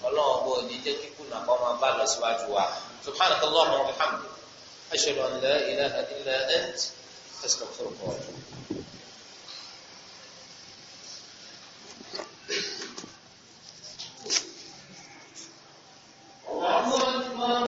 ọlọ́run bó ní jẹ́ kí kùnà kọ́ máa bá lọ síwájú wa subhanaka wa bihamdik ashhadu an la ilaha illa ant astaghfiruka wa